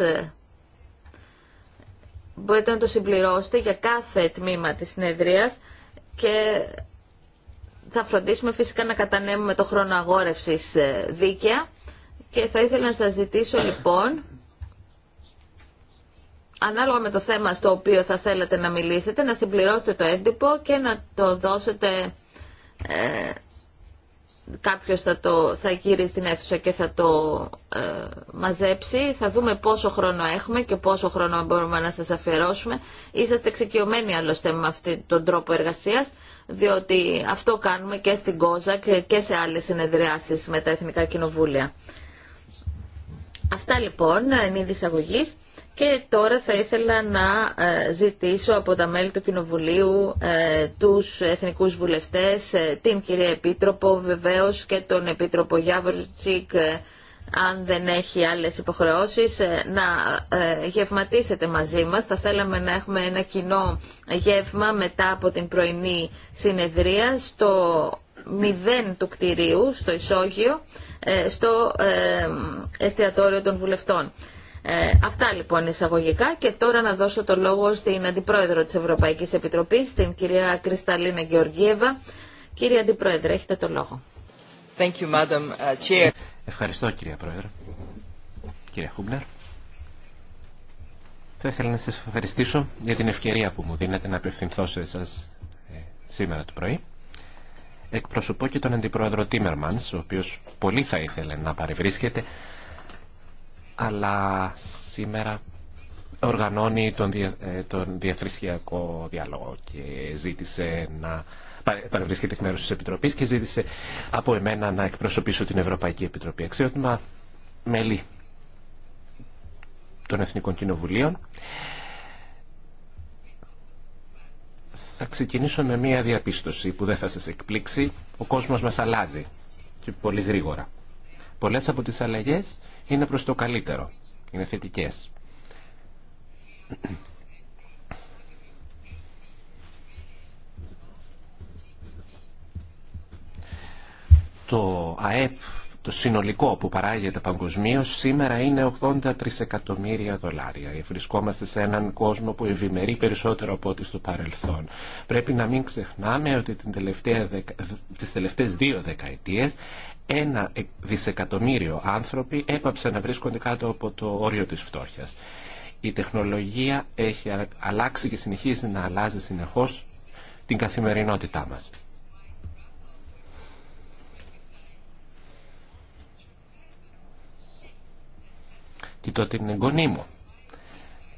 [SPEAKER 1] Μπορείτε να το συμπληρώσετε για κάθε τμήμα της συνεδρίας και θα φροντίσουμε φυσικά να κατανέμουμε το χρόνο αγόρευσης ε, δίκαια και θα ήθελα να σας ζητήσω λοιπόν ανάλογα με το θέμα στο οποίο θα θέλετε να μιλήσετε, να συμπληρώσετε το έντυπο και να το δώσετε... Ε, κάποιος θα, το, θα γύρει στην αίθουσα και θα το ε, μαζέψει. Θα δούμε πόσο χρόνο έχουμε και πόσο χρόνο μπορούμε να σας αφιερώσουμε. Είσαστε εξοικειωμένοι άλλωστε με αυτόν τον τρόπο εργασίας, διότι αυτό κάνουμε και στην ΚΟΖΑ και σε άλλες συνεδριάσεις με τα Εθνικά Κοινοβούλια. Αυτά λοιπόν είναι είδη και τώρα θα ήθελα να ε, ζητήσω από τα μέλη του Κοινοβουλίου ε, τους εθνικούς βουλευτές, ε, την κυρία Επίτροπο βεβαίως και τον Επίτροπο Γιάβρουτσικ αν δεν έχει άλλες υποχρεώσεις να γευματίσετε μαζί μας. Θα θέλαμε να έχουμε ένα κοινό γεύμα μετά από την πρωινή συνεδρία στο μηδέν του κτηρίου, στο Ισόγειο. Ε, στο ε, εστιατόριο των βουλευτών. Ε, αυτά λοιπόν εισαγωγικά και τώρα να δώσω το λόγο στην Αντιπρόεδρο της Ευρωπαϊκής Επιτροπής, την κυρία Κρυσταλίνα Γεωργίεβα. Κύριε Αντιπρόεδρε, έχετε το λόγο. Uh,
[SPEAKER 2] Ευχαριστώ κυρία Πρόεδρε. Κύριε Χούμπνερ. Θα ήθελα να σας ευχαριστήσω για την ευκαιρία που μου δίνετε να απευθυνθώ σε εσάς σήμερα το πρωί εκπροσωπώ και τον Αντιπρόεδρο Τίμερμανς, ο οποίος πολύ θα ήθελε να παρευρίσκεται, αλλά σήμερα οργανώνει τον, ε, τον διαθρησιακό διάλογο και ζήτησε να παρευρίσκεται εκ μέρους της Επιτροπής και ζήτησε από εμένα να εκπροσωπήσω την Ευρωπαϊκή Επιτροπή. Αξιότιμα μέλη των Εθνικών Κοινοβουλίων. Θα ξεκινήσω με μία διαπίστωση που δεν θα σας εκπλήξει. Ο κόσμος μας αλλάζει και πολύ γρήγορα. Πολλές από τις αλλαγές είναι προς το καλύτερο. Είναι θετικές. Το ΑΕΠ το συνολικό που παράγεται παγκοσμίω σήμερα είναι 83 εκατομμύρια δολάρια. Βρισκόμαστε σε έναν κόσμο που ευημερεί περισσότερο από ό,τι στο παρελθόν. Πρέπει να μην ξεχνάμε ότι την τελευταία, τις τελευταίες δύο δεκαετίες ένα δισεκατομμύριο άνθρωποι έπαψαν να βρίσκονται κάτω από το όριο της φτώχειας. Η τεχνολογία έχει αλλάξει και συνεχίζει να αλλάζει συνεχώς την καθημερινότητά μας. κοιτώ την εγγονή μου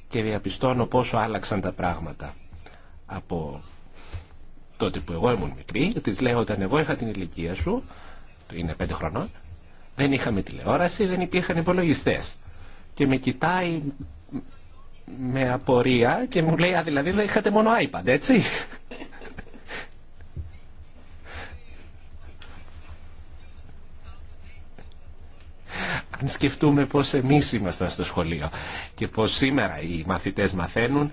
[SPEAKER 2] και διαπιστώνω πόσο άλλαξαν τα πράγματα από τότε που εγώ ήμουν μικρή. Τη λέω όταν εγώ είχα την ηλικία σου, είναι πέντε χρονών, δεν είχαμε τηλεόραση, δεν υπήρχαν υπολογιστέ. Και με κοιτάει με απορία και μου λέει, α, δηλαδή δεν είχατε μόνο iPad, έτσι. αν σκεφτούμε πώς εμείς ήμασταν στο σχολείο και πώς σήμερα οι μαθητές μαθαίνουν,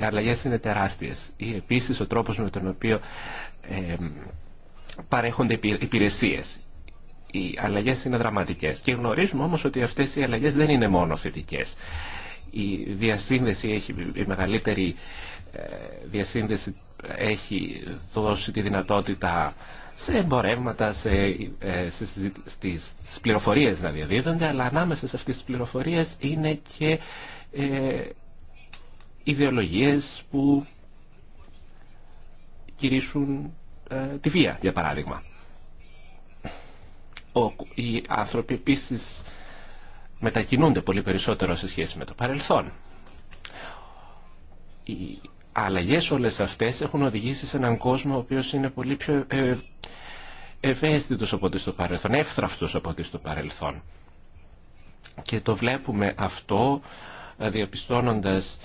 [SPEAKER 2] οι αλλαγές είναι τεράστιες. Ή επίσης ο τρόπος με τον οποίο ε, παρέχονται υπηρεσίες. Οι αλλαγές είναι δραματικές και γνωρίζουμε όμως ότι αυτές οι αλλαγές δεν είναι μόνο θετικές. Η διασύνδεση έχει η μεγαλύτερη ε, διασύνδεση έχει δώσει τη δυνατότητα σε εμπορεύματα, σε, ε, σε, στις, πληροφορίες να διαδίδονται, αλλά ανάμεσα σε αυτές τις πληροφορίες είναι και ε, ιδεολογίες που κηρύσουν ε, τη βία, για παράδειγμα. οι άνθρωποι επίση μετακινούνται πολύ περισσότερο σε σχέση με το παρελθόν αλλαγές όλες αυτές έχουν οδηγήσει σε έναν κόσμο ο οποίος είναι πολύ πιο ε, ευαίσθητος από ό,τι στο παρελθόν, εύθραυτος από ό,τι στο παρελθόν. Και το βλέπουμε αυτό ε, διαπιστώνοντας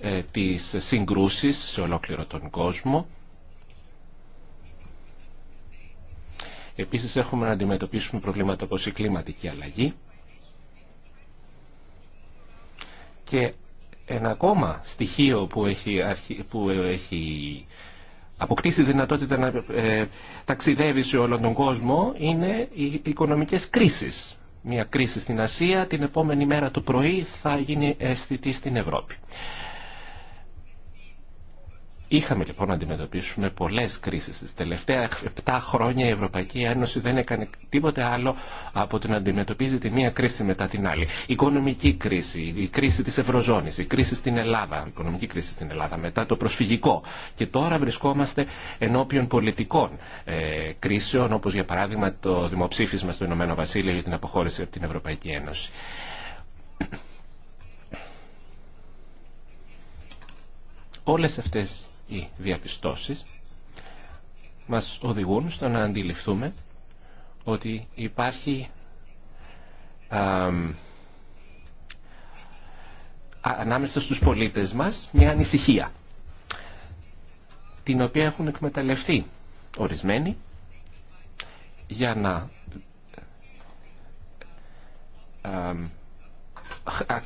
[SPEAKER 2] ε, τις συγκρούσεις σε ολόκληρο τον κόσμο. Επίσης έχουμε να αντιμετωπίσουμε προβλήματα όπως η κλιματική αλλαγή και ένα ακόμα στοιχείο που έχει, που έχει αποκτήσει δυνατότητα να ε, ταξιδεύει σε όλο τον κόσμο είναι οι οικονομικές κρίσεις. Μια κρίση στην Ασία την επόμενη μέρα το πρωί θα γίνει αισθητή στην Ευρώπη. Είχαμε λοιπόν να αντιμετωπίσουμε πολλέ κρίσει. τελευταία 7 χρόνια η Ευρωπαϊκή Ένωση δεν έκανε τίποτε άλλο από το να αντιμετωπίζει τη μία κρίση μετά την άλλη. Η οικονομική κρίση, η κρίση τη Ευρωζώνη, η κρίση στην Ελλάδα, η οικονομική κρίση στην Ελλάδα, μετά το προσφυγικό. Και τώρα βρισκόμαστε ενώπιον πολιτικών ε, κρίσεων, όπω για παράδειγμα το δημοψήφισμα στο Ηνωμένο Βασίλειο για την αποχώρηση από την Ευρωπαϊκή Ένωση. Όλες αυτές οι διαπιστώσεις μας οδηγούν στο να αντιληφθούμε ότι υπάρχει ανάμεσα στους πολίτες μας μια ανησυχία την οποία έχουν εκμεταλλευτεί ορισμένοι για να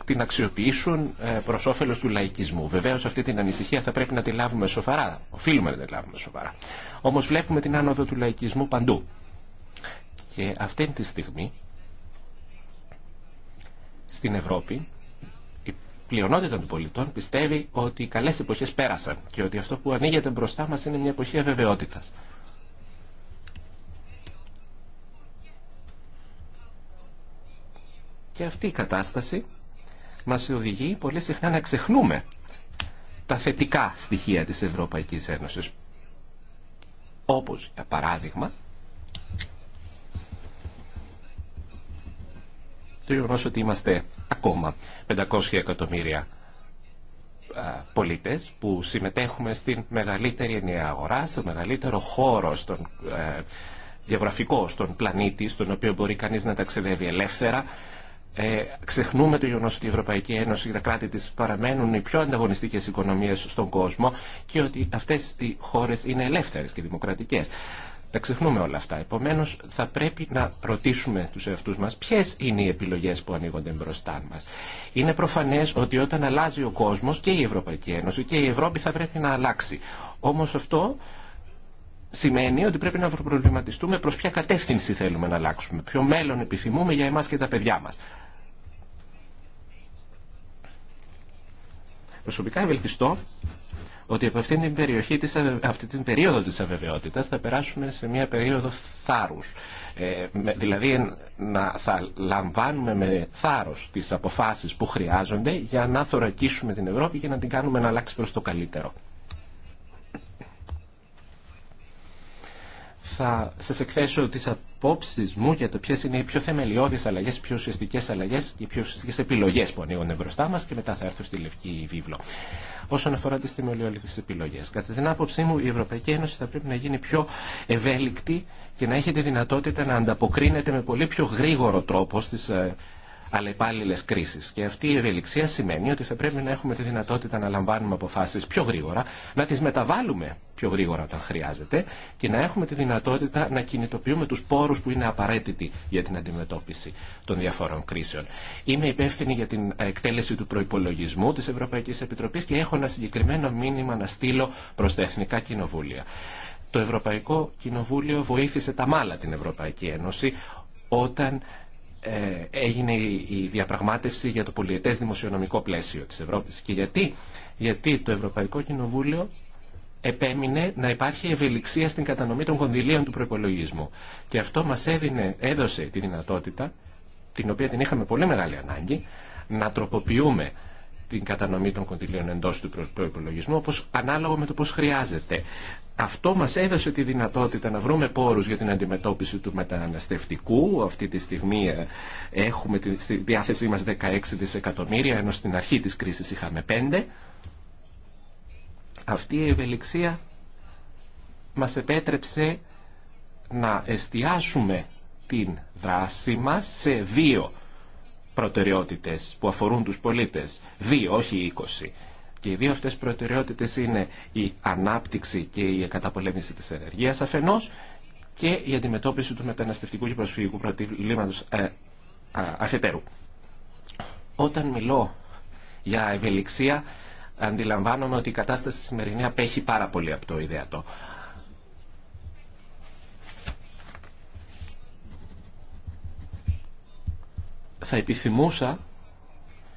[SPEAKER 2] την αξιοποιήσουν ε, προ όφελο του λαϊκισμού. Βεβαίω αυτή την ανησυχία θα πρέπει να τη λάβουμε σοβαρά. Οφείλουμε να τη λάβουμε σοβαρά. Όμω βλέπουμε την άνοδο του λαϊκισμού παντού. Και αυτή τη στιγμή στην Ευρώπη η πλειονότητα των πολιτών πιστεύει ότι οι καλές εποχές πέρασαν και ότι αυτό που ανοίγεται μπροστά μας είναι μια εποχή αβεβαιότητας. Και αυτή η κατάσταση μας οδηγεί πολύ συχνά να ξεχνούμε τα θετικά στοιχεία της Ευρωπαϊκής Ένωσης. Όπως, για παράδειγμα, το γεγονό ότι είμαστε ακόμα 500 εκατομμύρια πολίτες που συμμετέχουμε στην μεγαλύτερη ενιαία αγορά, στο μεγαλύτερο χώρο στον, ε, γεωγραφικό στον πλανήτη, στον οποίο μπορεί κανείς να ταξιδεύει ελεύθερα, ε, ξεχνούμε το γεγονό ότι η Ευρωπαϊκή Ένωση και τα κράτη τη παραμένουν οι πιο ανταγωνιστικέ οικονομίε στον κόσμο και ότι αυτέ οι χώρε είναι ελεύθερε και δημοκρατικέ. Τα ξεχνούμε όλα αυτά. Επομένω, θα πρέπει να ρωτήσουμε του εαυτού μα ποιε είναι οι επιλογέ που ανοίγονται μπροστά μα. Είναι προφανέ ότι όταν αλλάζει ο κόσμο και η Ευρωπαϊκή Ένωση και η Ευρώπη θα πρέπει να αλλάξει. Όμω αυτό σημαίνει ότι πρέπει να προβληματιστούμε προ ποια κατεύθυνση θέλουμε να αλλάξουμε, ποιο μέλλον επιθυμούμε για εμά και τα παιδιά μα. Προσωπικά ευελπιστώ ότι από αυτή την, περιοχή, αυτή την περίοδο της αβεβαιότητας θα περάσουμε σε μια περίοδο θάρρους. Ε, δηλαδή να, θα λαμβάνουμε με θάρρος τις αποφάσεις που χρειάζονται για να θωρακίσουμε την Ευρώπη και να την κάνουμε να αλλάξει προς το καλύτερο. Θα σας εκθέσω τις απόψει μου για το ποιε είναι οι πιο θεμελιώδει αλλαγέ, οι πιο ουσιαστικέ αλλαγέ, οι πιο ουσιαστικέ επιλογέ που ανοίγουν μπροστά μα και μετά θα έρθω στη λευκή βίβλο. Όσον αφορά τι θεμελιώδει επιλογέ, κατά την άποψή μου η Ευρωπαϊκή Ένωση θα πρέπει να γίνει πιο ευέλικτη και να έχει τη δυνατότητα να ανταποκρίνεται με πολύ πιο γρήγορο τρόπο στι ε, αλλά υπάλληλε κρίσει. Και αυτή η ευελιξία σημαίνει ότι θα πρέπει να έχουμε τη δυνατότητα να λαμβάνουμε αποφάσει πιο γρήγορα, να τι μεταβάλουμε πιο γρήγορα όταν χρειάζεται και να έχουμε τη δυνατότητα να κινητοποιούμε του πόρου που είναι απαραίτητοι για την αντιμετώπιση των διαφόρων κρίσεων. Είμαι υπεύθυνη για την εκτέλεση του προπολογισμού τη Ευρωπαϊκή Επιτροπή και έχω ένα συγκεκριμένο μήνυμα να στείλω προ τα εθνικά κοινοβούλια. Το Ευρωπαϊκό Κοινοβούλιο βοήθησε τα μάλα την Ευρωπαϊκή Ένωση όταν ε, έγινε η διαπραγμάτευση για το πολιετές δημοσιονομικό πλαίσιο της Ευρώπης. Και γιατί, γιατί το Ευρωπαϊκό Κοινοβούλιο επέμεινε να υπάρχει ευελιξία στην κατανομή των κονδυλίων του προπολογισμού. Και αυτό μας έδωσε τη δυνατότητα, την οποία την είχαμε πολύ μεγάλη ανάγκη, να τροποποιούμε την κατανομή των κονδυλίων εντός του προπολογισμού, όπως ανάλογα με το πώς χρειάζεται. Αυτό μας έδωσε τη δυνατότητα να βρούμε πόρους για την αντιμετώπιση του μεταναστευτικού. Αυτή τη στιγμή ε, έχουμε στη διάθεσή μα 16 δισεκατομμύρια, ενώ στην αρχή της κρίσης είχαμε 5. Αυτή η ευελιξία μας επέτρεψε να εστιάσουμε την δράση μας σε δύο προτεραιότητες που αφορούν τους πολίτες. Δύο, όχι είκοσι. Και οι δύο αυτές προτεραιότητες είναι η ανάπτυξη και η καταπολέμηση της ενεργείας αφενός και η αντιμετώπιση του μεταναστευτικού και προσφυγικού προβλήματος ε, αφετέρου. Όταν μιλώ για ευελιξία, αντιλαμβάνομαι ότι η κατάσταση σημερινή απέχει πάρα πολύ από το ιδέατο. θα επιθυμούσα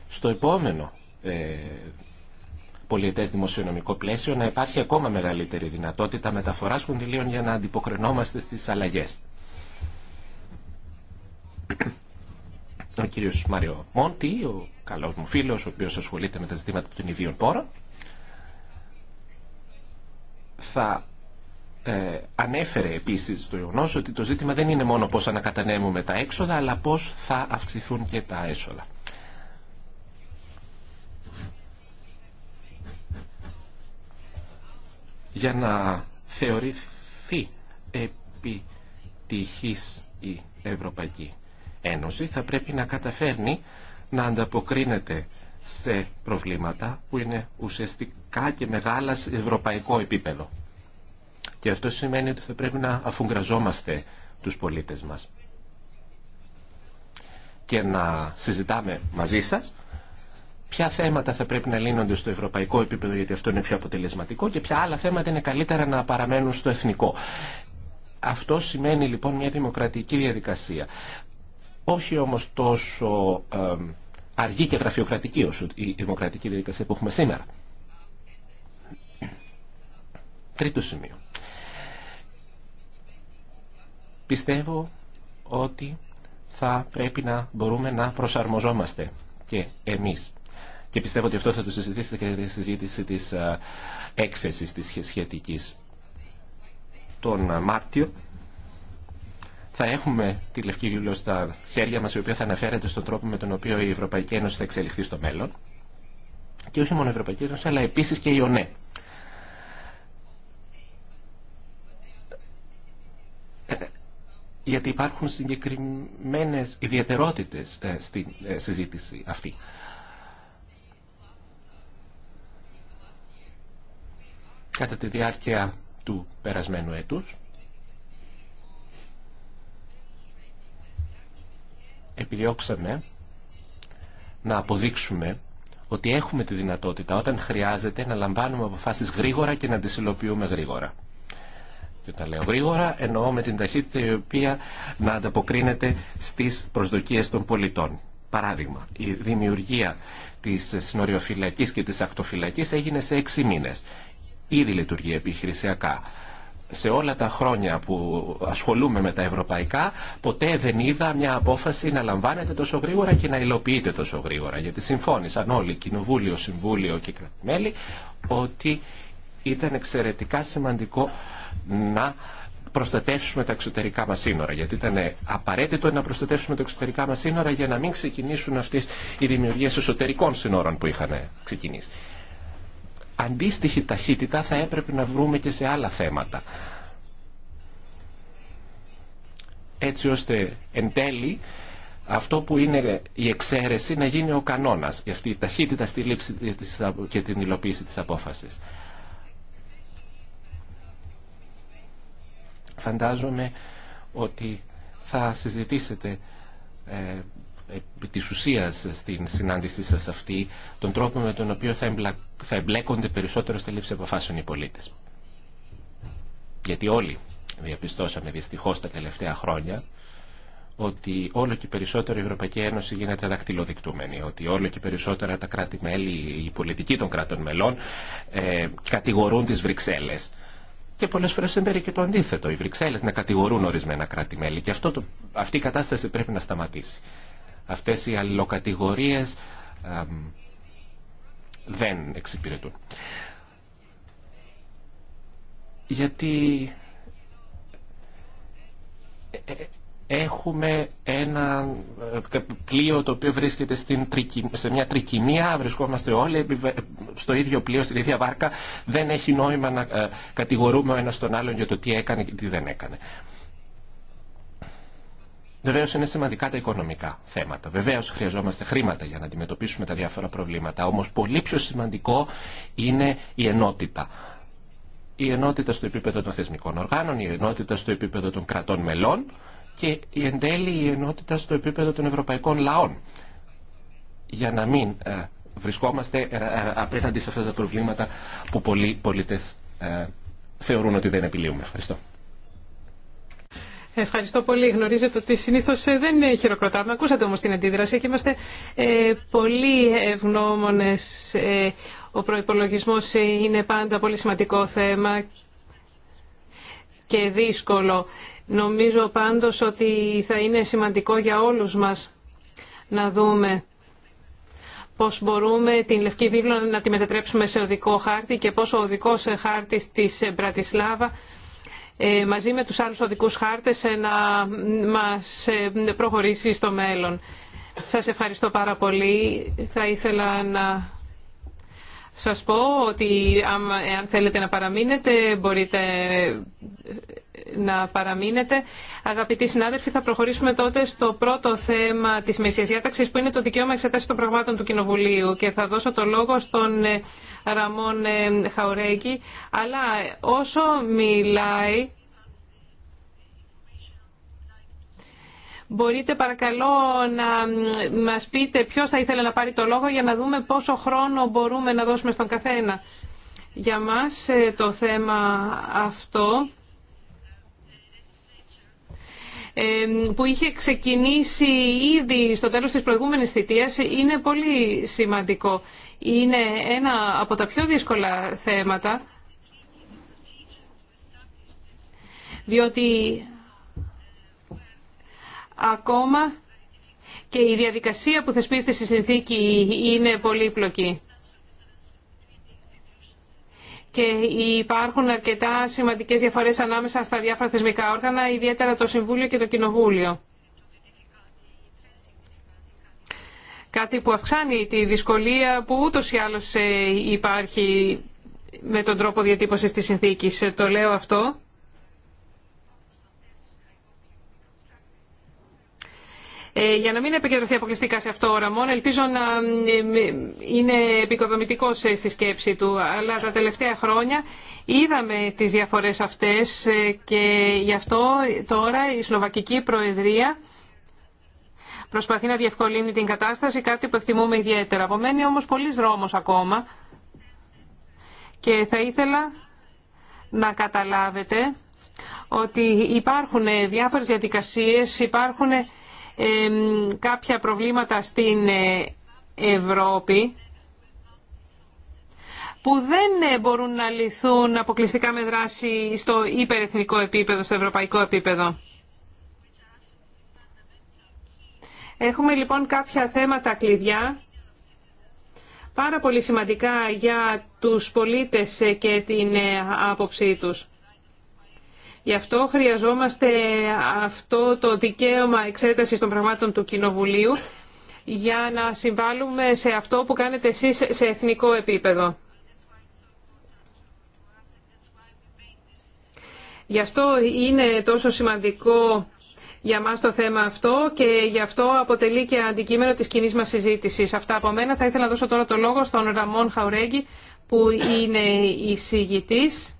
[SPEAKER 2] στο επόμενο ε, πολιετές δημοσιονομικό πλαίσιο να υπάρχει ακόμα μεγαλύτερη δυνατότητα μεταφοράς κοντιλίων για να αντιποκρινόμαστε στις αλλαγές. Ο κύριος Μάριο Μόντι, ο καλός μου φίλος, ο οποίος ασχολείται με τα ζητήματα των ιδίων πόρων, θα ε, ανέφερε επίσης το γεγονό ότι το ζήτημα δεν είναι μόνο πώς ανακατανέμουμε τα έξοδα, αλλά πώς θα αυξηθούν και τα έσοδα. Για να θεωρηθεί επιτυχής η Ευρωπαϊκή Ένωση θα πρέπει να καταφέρνει να ανταποκρίνεται σε προβλήματα που είναι ουσιαστικά και μεγάλα σε ευρωπαϊκό επίπεδο. Και αυτό σημαίνει ότι θα πρέπει να αφουγκραζόμαστε τους πολίτες μας και να συζητάμε μαζί σας ποια θέματα θα πρέπει να λύνονται στο ευρωπαϊκό επίπεδο γιατί αυτό είναι πιο αποτελεσματικό και ποια άλλα θέματα είναι καλύτερα να παραμένουν στο εθνικό. Αυτό σημαίνει λοιπόν μια δημοκρατική διαδικασία. Όχι όμως τόσο αργή και γραφειοκρατική όσο η δημοκρατική διαδικασία που έχουμε σήμερα. Τρίτο σημείο. Πιστεύω ότι θα πρέπει να μπορούμε να προσαρμοζόμαστε και εμείς. Και πιστεύω ότι αυτό θα το συζητήσετε και στη συζήτηση της έκθεσης της σχετικής. Τον Μάρτιο θα έχουμε τη Λευκή Βιβλίο στα χέρια μας, η οποία θα αναφέρεται στον τρόπο με τον οποίο η Ευρωπαϊκή Ένωση θα εξελιχθεί στο μέλλον. Και όχι μόνο η Ευρωπαϊκή Ένωση, αλλά επίσης και η ΟΝΕ. γιατί υπάρχουν συγκεκριμένες ιδιαιτερότητες ε, στην ε, συζήτηση αυτή. Κατά τη διάρκεια του περασμένου έτους, επιδιώξαμε να αποδείξουμε ότι έχουμε τη δυνατότητα όταν χρειάζεται να λαμβάνουμε αποφάσεις γρήγορα και να τις υλοποιούμε γρήγορα και τα λέω γρήγορα, εννοώ με την ταχύτητα η οποία να ανταποκρίνεται στις προσδοκίες των πολιτών. Παράδειγμα, η δημιουργία της συνοριοφυλακής και της ακτοφυλακής έγινε σε έξι μήνες. Ήδη λειτουργεί επιχειρησιακά. Σε όλα τα χρόνια που ασχολούμαι με τα ευρωπαϊκά, ποτέ δεν είδα μια απόφαση να λαμβάνεται τόσο γρήγορα και να υλοποιείται τόσο γρήγορα. Γιατί συμφώνησαν όλοι, Κοινοβούλιο, Συμβούλιο και κρατημέλη, ότι ήταν εξαιρετικά σημαντικό να προστατεύσουμε τα εξωτερικά μας σύνορα. Γιατί ήταν απαραίτητο να προστατεύσουμε τα εξωτερικά μας σύνορα για να μην ξεκινήσουν αυτές οι δημιουργίες εσωτερικών σύνορων που είχαν ξεκινήσει. Αντίστοιχη ταχύτητα θα έπρεπε να βρούμε και σε άλλα θέματα. Έτσι ώστε εν τέλει αυτό που είναι η εξαίρεση να γίνει ο κανόνας. Αυτή η ταχύτητα στη λήψη και την υλοποίηση της απόφασης. φαντάζομαι ότι θα συζητήσετε ε, τη της στην συνάντησή σα αυτή τον τρόπο με τον οποίο θα, θα εμπλέκονται περισσότερο στη λήψη αποφάσεων οι πολίτε. Γιατί όλοι διαπιστώσαμε δυστυχώ τα τελευταία χρόνια ότι όλο και περισσότερο η Ευρωπαϊκή Ένωση γίνεται δακτυλοδεικτούμενη, ότι όλο και περισσότερα τα κράτη-μέλη, η πολιτική των κρατών μελών ε, κατηγορούν τις Βρυξέλλες και πολλέ φορέ συμβαίνει και το αντίθετο. Οι Βρυξέλλε να κατηγορούν ορισμένα κράτη-μέλη και αυτό το, αυτή η κατάσταση πρέπει να σταματήσει. Αυτέ οι αλληλοκατηγορίε δεν εξυπηρετούν. Γιατί ε, ε, έχουμε ένα ε, πλοίο το οποίο βρίσκεται στην, σε μια τρικυμία, βρισκόμαστε όλοι ε, στο ίδιο πλοίο, στην ίδια βάρκα, δεν έχει νόημα να ε, κατηγορούμε ο ένας τον άλλον για το τι έκανε και τι δεν έκανε. Βεβαίω είναι σημαντικά τα οικονομικά θέματα. Βεβαίω χρειαζόμαστε χρήματα για να αντιμετωπίσουμε τα διάφορα προβλήματα. Όμω πολύ πιο σημαντικό είναι η ενότητα. Η ενότητα στο επίπεδο των θεσμικών οργάνων, η ενότητα στο επίπεδο των κρατών μελών, και η εν τέλει η ενότητα στο επίπεδο των ευρωπαϊκών λαών για να μην ε, βρισκόμαστε ε, ε, απέναντι σε αυτά τα προβλήματα που πολλοί πολίτες θεωρούν ότι δεν επιλύουμε. Ευχαριστώ.
[SPEAKER 3] Ευχαριστώ πολύ. Γνωρίζετε ότι συνήθω δεν χειροκροτάμε. Ακούσατε όμω την αντίδραση και είμαστε πολύ ευγνώμονε. ο προπολογισμό είναι πάντα πολύ σημαντικό θέμα και δύσκολο. Νομίζω πάντως ότι θα είναι σημαντικό για όλους μας να δούμε πώς μπορούμε την Λευκή Βίβλο να τη μετατρέψουμε σε οδικό χάρτη και πώς ο οδικός χάρτης της Μπρατισλάβα ε, μαζί με τους άλλους οδικούς χάρτες ε, να μας ε, προχωρήσει στο μέλλον. Σας ευχαριστώ πάρα πολύ. Θα ήθελα να σας πω ότι αν θέλετε να παραμείνετε, μπορείτε να παραμείνετε. Αγαπητοί συνάδελφοι, θα προχωρήσουμε τότε στο πρώτο θέμα της Μεσσίας Διάταξης, που είναι το δικαίωμα εξετάσεις των πραγμάτων του Κοινοβουλίου. Και θα δώσω το λόγο στον ε, Ραμόν ε, Χαουρέκη. Αλλά όσο μιλάει, Μπορείτε παρακαλώ να μας πείτε ποιος θα ήθελε να πάρει το λόγο για να δούμε πόσο χρόνο μπορούμε να δώσουμε στον καθένα. Για μας ε, το θέμα αυτό ε, που είχε ξεκινήσει ήδη στο τέλος της προηγούμενης θητείας είναι πολύ σημαντικό. Είναι ένα από τα πιο δύσκολα θέματα διότι ακόμα και η διαδικασία που θεσπίζεται στη συνθήκη είναι πολύπλοκη. Και υπάρχουν αρκετά σημαντικές διαφορές ανάμεσα στα διάφορα θεσμικά όργανα, ιδιαίτερα το Συμβούλιο και το Κοινοβούλιο. Κάτι που αυξάνει τη δυσκολία που ούτως ή άλλως ε, υπάρχει με τον τρόπο διατύπωσης της συνθήκης. Το λέω αυτό Ε, για να μην επικεντρωθεί αποκλειστικά σε αυτό ώρα μόνο, ελπίζω να είναι επικοδομητικός στη σκέψη του. Αλλά τα τελευταία χρόνια είδαμε τις διαφορές αυτές ε, και γι' αυτό τώρα η Σλοβακική Προεδρία προσπαθεί να διευκολύνει την κατάσταση, κάτι που εκτιμούμε ιδιαίτερα. Απομένει όμως πολύς δρόμος ακόμα και θα ήθελα να καταλάβετε ότι υπάρχουν ε, διάφορες διαδικασίες, υπάρχουν κάποια προβλήματα στην ε, Ευρώπη που δεν ε, μπορούν να λυθούν αποκλειστικά με δράση στο υπερεθνικό επίπεδο, στο ευρωπαϊκό επίπεδο. Έχουμε λοιπόν κάποια θέματα κλειδιά, πάρα πολύ σημαντικά για τους πολίτες ε, και την άποψή τους. Γι' αυτό χρειαζόμαστε αυτό το δικαίωμα εξέτασης των πραγμάτων του Κοινοβουλίου για να συμβάλλουμε σε αυτό που κάνετε εσείς σε εθνικό επίπεδο. Γι' αυτό είναι τόσο σημαντικό για μας το θέμα αυτό και γι' αυτό αποτελεί και αντικείμενο της κοινή μας συζήτησης. Αυτά από μένα. Θα ήθελα να δώσω τώρα το λόγο στον Ραμόν Χαουρέγγι που είναι συγητής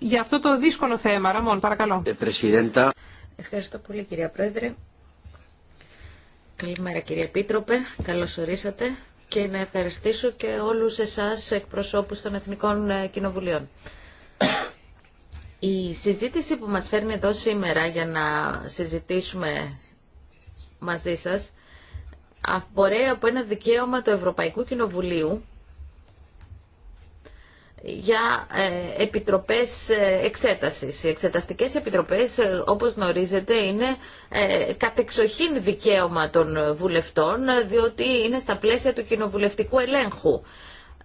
[SPEAKER 3] για αυτό το δύσκολο θέμα. Ραμόν, παρακαλώ. Ε, Ευχαριστώ πολύ κυρία Πρόεδρε.
[SPEAKER 1] Καλημέρα κυρία Επίτροπε, καλώς ορίσατε και να ευχαριστήσω και όλους εσάς εκπροσώπους των Εθνικών ε, Κοινοβουλίων. Η συζήτηση που μας φέρνει εδώ σήμερα για να συζητήσουμε μαζί σας απορρέει από ένα δικαίωμα του Ευρωπαϊκού Κοινοβουλίου για ε, επιτροπές ε, εξέτασης. Οι εξεταστικές επιτροπές, ε, όπως γνωρίζετε, είναι κατεξοχήν δικαίωμα των βουλευτών, διότι είναι στα πλαίσια του κοινοβουλευτικού ελέγχου.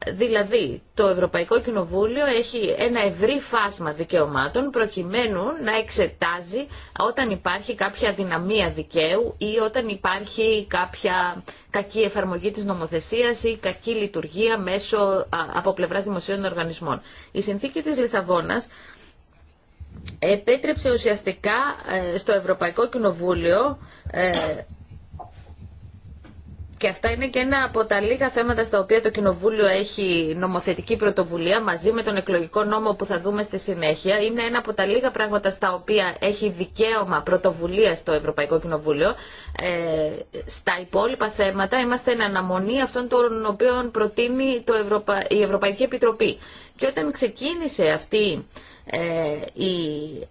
[SPEAKER 1] Δηλαδή, το Ευρωπαϊκό Κοινοβούλιο έχει ένα ευρύ φάσμα δικαιωμάτων προκειμένου να εξετάζει όταν υπάρχει κάποια δυναμία δικαίου ή όταν υπάρχει κάποια κακή εφαρμογή της νομοθεσίας ή κακή λειτουργία μέσω από πλευράς δημοσίων οργανισμών. Η συνθήκη της Λισαβόνας επέτρεψε ουσιαστικά ε, στο Ευρωπαϊκό Κοινοβούλιο ε, και αυτά είναι και ένα από τα λίγα θέματα στα οποία το Κοινοβούλιο έχει νομοθετική πρωτοβουλία μαζί με τον εκλογικό νόμο που θα δούμε στη συνέχεια. Είναι ένα από τα λίγα πράγματα στα οποία έχει δικαίωμα πρωτοβουλία στο Ευρωπαϊκό Κοινοβούλιο. Ε, στα υπόλοιπα θέματα είμαστε εν αναμονή αυτών των οποίων προτείνει η Ευρωπαϊκή Επιτροπή. Και όταν ξεκίνησε αυτή ε, η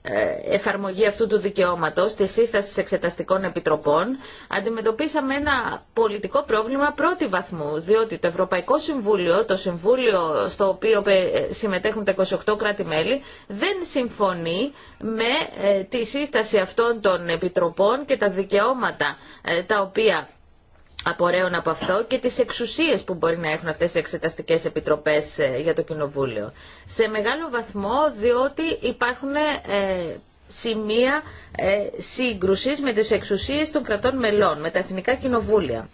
[SPEAKER 1] ε, εφαρμογή αυτού του δικαιώματος τη σύσταση εξεταστικών επιτροπών αντιμετωπίσαμε ένα πολιτικό πρόβλημα πρώτη βαθμού διότι το Ευρωπαϊκό Συμβούλιο, το Συμβούλιο στο οποίο ε, συμμετέχουν τα 28 κράτη-μέλη δεν συμφωνεί με τη σύσταση αυτών των επιτροπών και τα δικαιώματα τα οποία απορρέουν από αυτό και τις εξουσίες που μπορεί να έχουν αυτές οι εξεταστικές επιτροπές ε, για το Κοινοβούλιο. Σε μεγάλο βαθμό διότι υπάρχουν ε, σημεία ε, σύγκρουσης με τις εξουσίες των κρατών μελών, με τα εθνικά κοινοβούλια.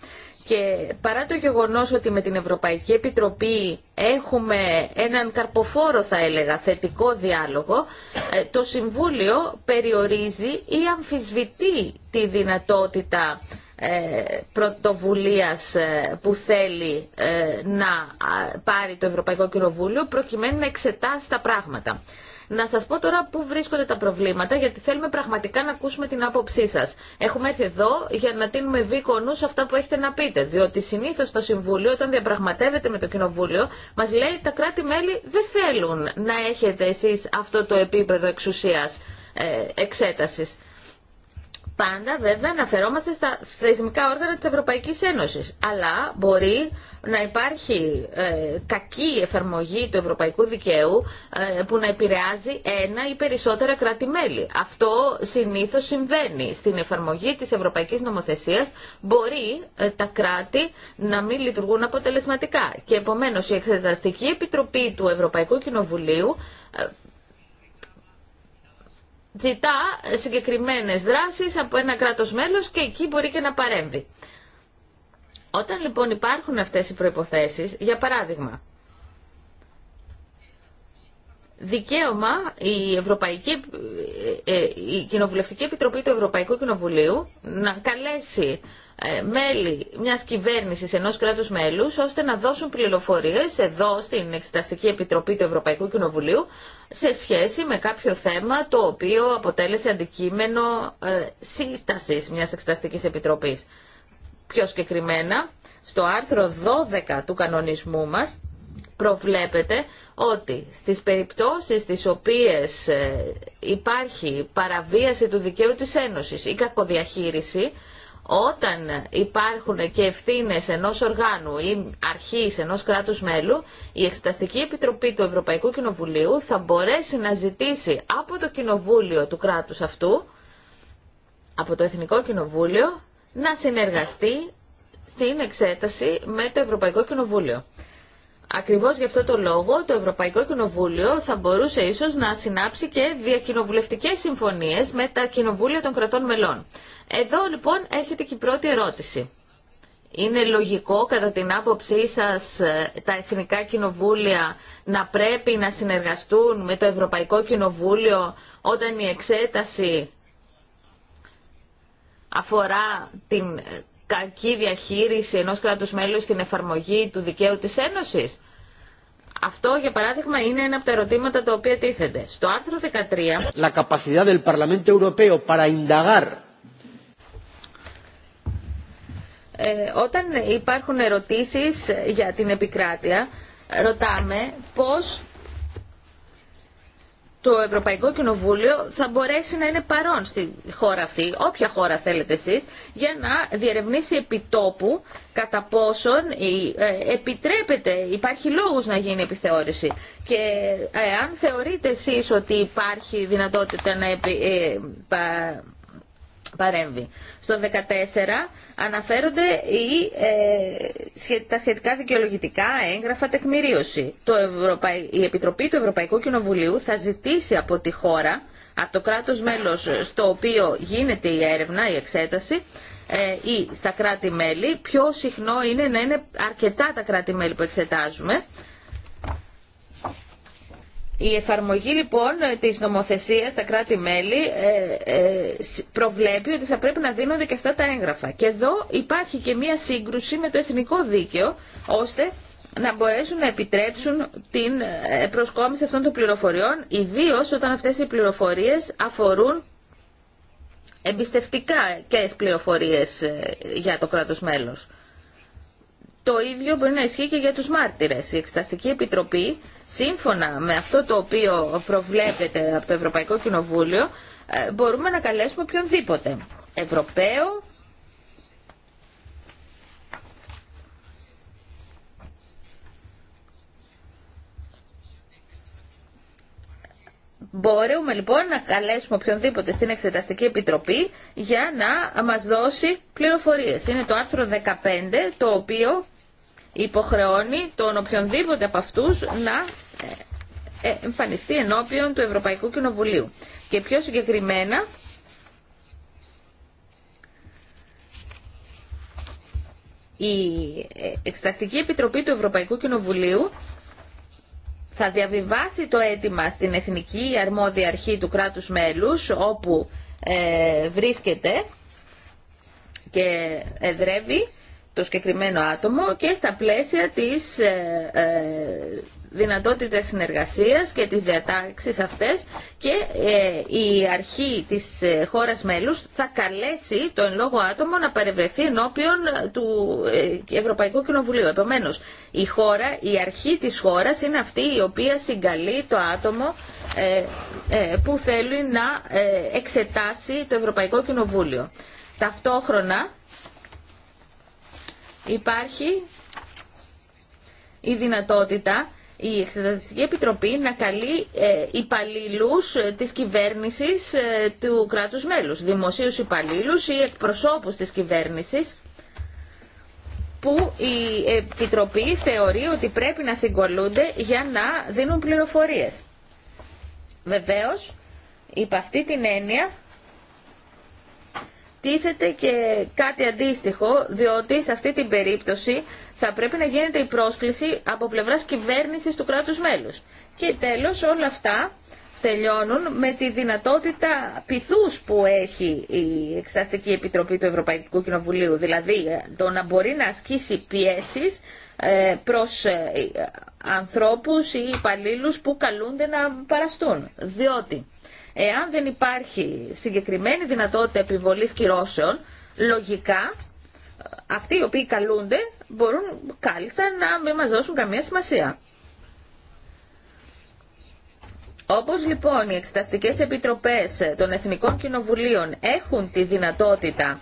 [SPEAKER 1] Και παρά το γεγονός ότι με την Ευρωπαϊκή Επιτροπή έχουμε έναν καρποφόρο θα έλεγα θετικό διάλογο, το Συμβούλιο περιορίζει ή αμφισβητεί τη δυνατότητα ε, πρωτοβουλίας ε, που θέλει ε, να πάρει το Ευρωπαϊκό Κοινοβούλιο προκειμένου να εξετάσει τα πράγματα. Να σας πω τώρα πού βρίσκονται τα προβλήματα, γιατί θέλουμε πραγματικά να ακούσουμε την άποψή σας. Έχουμε έρθει εδώ για να τίνουμε βίκο σε αυτά που έχετε να πείτε, διότι συνήθως το Συμβούλιο, όταν διαπραγματεύεται με το Κοινοβούλιο, μας λέει τα κράτη-μέλη δεν θέλουν να έχετε εσείς αυτό το επίπεδο εξουσίας ε, εξέτασης. Πάντα βέβαια αναφερόμαστε στα θεσμικά όργανα της Ευρωπαϊκής Ένωσης. Αλλά μπορεί να υπάρχει ε, κακή εφαρμογή του ευρωπαϊκού δικαίου ε, που να επηρεάζει ένα ή περισσότερα κράτη-μέλη. Αυτό συνήθως συμβαίνει. Στην εφαρμογή της ευρωπαϊκής νομοθεσίας μπορεί ε, τα κράτη να μην λειτουργούν αποτελεσματικά. Και επομένως η Εξεταστική Επιτροπή του Ευρωπαϊκού Κοινοβουλίου ζητά συγκεκριμένες δράσεις από ένα κράτος μέλος και εκεί μπορεί και να παρέμβει. Όταν λοιπόν υπάρχουν αυτές οι προϋποθέσεις, για παράδειγμα, δικαίωμα η, Ευρωπαϊκή, ε, ε, η Κοινοβουλευτική Επιτροπή του Ευρωπαϊκού Κοινοβουλίου να καλέσει ε, μέλη μια κυβέρνηση ενό κράτου μέλους ώστε να δώσουν πληροφορίε εδώ στην Εξεταστική Επιτροπή του Ευρωπαϊκού Κοινοβουλίου σε σχέση με κάποιο θέμα το οποίο αποτέλεσε αντικείμενο ε, σύσταση μιας Εξεταστική Επιτροπής. Πιο συγκεκριμένα, στο άρθρο 12 του κανονισμού μας προβλέπεται ότι στις περιπτώσεις στις οποίες ε, υπάρχει παραβίαση του δικαίου της Ένωσης ή κακοδιαχείριση όταν υπάρχουν και ευθύνε ενός οργάνου ή αρχής ενός κράτους μέλου, η Εξεταστική Επιτροπή του Ευρωπαϊκού Κοινοβουλίου θα μπορέσει να ζητήσει από το κοινοβούλιο του κράτους αυτού, από το Εθνικό Κοινοβούλιο, να συνεργαστεί στην εξέταση με το Ευρωπαϊκό Κοινοβούλιο. Ακριβώς γι' αυτό το λόγο το Ευρωπαϊκό Κοινοβούλιο θα μπορούσε ίσως να συνάψει και διακοινοβουλευτικές συμφωνίες με τα κοινοβούλια των κρατών μελών. Εδώ λοιπόν έρχεται και η πρώτη ερώτηση. Είναι λογικό κατά την άποψή σας ε, τα εθνικά κοινοβούλια να πρέπει να συνεργαστούν με το Ευρωπαϊκό Κοινοβούλιο όταν η εξέταση αφορά την ε, κακή διαχείριση ενός κράτους μέλους στην εφαρμογή του δικαίου της Ένωσης. Αυτό, για παράδειγμα, είναι ένα από τα ερωτήματα τα οποία τίθενται. Στο άρθρο 13...
[SPEAKER 2] La capacidad del Parlamento Europeo para indagar
[SPEAKER 1] Ε, όταν υπάρχουν ερωτήσεις για την επικράτεια, ρωτάμε πώς το Ευρωπαϊκό Κοινοβούλιο θα μπορέσει να είναι παρόν στη χώρα αυτή, όποια χώρα θέλετε εσείς, για να διερευνήσει επιτόπου κατά πόσον ε, επιτρέπεται, υπάρχει λόγος να γίνει επιθεώρηση. Και ε, αν θεωρείτε εσείς ότι υπάρχει δυνατότητα να επι παρέμβει. Στο 14 αναφέρονται οι, ε, τα σχετικά δικαιολογητικά έγγραφα τεκμηρίωση. Το Ευρωπαϊ... Η Επιτροπή του Ευρωπαϊκού Κοινοβουλίου θα ζητήσει από τη χώρα, από το κράτος μέλος στο οποίο γίνεται η έρευνα, η εξέταση, ε, ή στα κράτη-μέλη, πιο συχνό είναι να είναι αρκετά τα κράτη-μέλη που εξετάζουμε, η εφαρμογή λοιπόν της νομοθεσίας στα κράτη-μέλη ε, ε, προβλέπει ότι θα πρέπει να δίνονται και αυτά τα έγγραφα. Και εδώ υπάρχει και μία σύγκρουση με το εθνικό δίκαιο, ώστε να μπορέσουν να επιτρέψουν την ε, προσκόμιση αυτών των πληροφοριών, ιδίω όταν αυτές οι πληροφορίες αφορούν εμπιστευτικά και τις πληροφορίες για το κράτος μέλος. Το ίδιο μπορεί να ισχύει και για τους μάρτυρες. Η Εξεταστική Επιτροπή, σύμφωνα με αυτό το οποίο προβλέπεται από το Ευρωπαϊκό Κοινοβούλιο, ε, μπορούμε να καλέσουμε οποιονδήποτε. Ευρωπαίο Μπορούμε λοιπόν να καλέσουμε οποιονδήποτε στην Εξεταστική Επιτροπή για να μας δώσει πληροφορίες. Είναι το άρθρο 15 το οποίο υποχρεώνει τον οποιονδήποτε από αυτούς να ε, ε, εμφανιστεί ενώπιον του Ευρωπαϊκού Κοινοβουλίου. Και πιο συγκεκριμένα η ε, Εξεταστική Επιτροπή του Ευρωπαϊκού Κοινοβουλίου θα διαβιβάσει το αίτημα στην Εθνική Αρμόδια Αρχή του κράτους μέλους όπου ε, βρίσκεται και εδρεύει το συγκεκριμένο άτομο και στα πλαίσια της ε, ε, δυνατότητες συνεργασίας και τις διατάξεις αυτές και ε, η αρχή της ε, χώρας μέλους θα καλέσει το εν λόγω άτομο να παρευρεθεί ενώπιον του ε, Ευρωπαϊκού Κοινοβουλίου. Επομένως, η χώρα, η αρχή της χώρας είναι αυτή η οποία συγκαλεί το άτομο που θέλει να εξετάσει το Ευρωπαϊκό Κοινοβούλιο. Ταυτόχρονα υπάρχει η δυνατότητα η Εξεταστική Επιτροπή να καλεί ε, υπαλλήλου ε, της κυβέρνησης ε, του κράτους μέλους, δημοσίου υπαλλήλου ή εκπροσώπους της κυβέρνησης, που η Επιτροπή θεωρεί ότι πρέπει να συγκολούνται για να δίνουν πληροφορίες. Βεβαίως, υπ' αυτή την έννοια, τίθεται και κάτι αντίστοιχο, διότι σε αυτή την περίπτωση θα πρέπει να γίνεται η πρόσκληση από πλευρά κυβέρνηση του κράτους μέλους. Και τέλος όλα αυτά τελειώνουν με τη δυνατότητα πυθού που έχει η Εξεταστική Επιτροπή του Ευρωπαϊκού Κοινοβουλίου. Δηλαδή ε, το να μπορεί να ασκήσει πιέσει ε, προς ε, ανθρώπους ή υπαλλήλους που καλούνται να παραστούν. Διότι εάν δεν υπάρχει συγκεκριμένη δυνατότητα επιβολής κυρώσεων, λογικά αυτοί οι οποίοι καλούνται μπορούν κάλλιστα να μην μας δώσουν καμία σημασία. Όπως λοιπόν οι εξεταστικές επιτροπές των Εθνικών Κοινοβουλίων έχουν τη δυνατότητα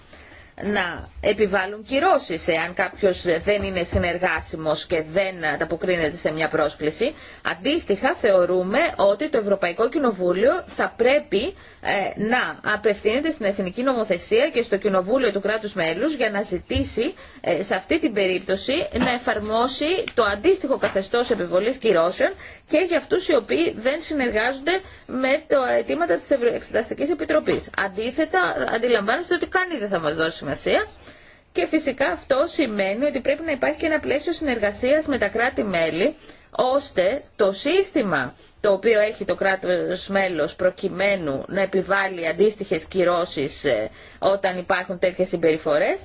[SPEAKER 1] να επιβάλλουν κυρώσεις εάν κάποιος δεν είναι συνεργάσιμος και δεν ανταποκρίνεται σε μια πρόσκληση. Αντίστοιχα θεωρούμε ότι το Ευρωπαϊκό Κοινοβούλιο θα πρέπει ε, να απευθύνεται στην Εθνική Νομοθεσία και στο Κοινοβούλιο του κράτους μέλους για να ζητήσει ε, σε αυτή την περίπτωση να εφαρμόσει το αντίστοιχο καθεστώς επιβολής κυρώσεων και για αυτούς οι οποίοι δεν συνεργάζονται με τα αιτήματα της Ευρωεξεταστικής Επιτροπής. Αντίθετα, αντιλαμβάνεστε ότι κανεί δεν θα μας δώσει και φυσικά αυτό σημαίνει ότι πρέπει να υπάρχει και ένα πλαίσιο συνεργασίας με τα κράτη-μέλη, ώστε το σύστημα το οποίο έχει το κράτος μέλος προκειμένου να επιβάλλει αντίστοιχες κυρώσεις ε, όταν υπάρχουν τέτοιες συμπεριφορές,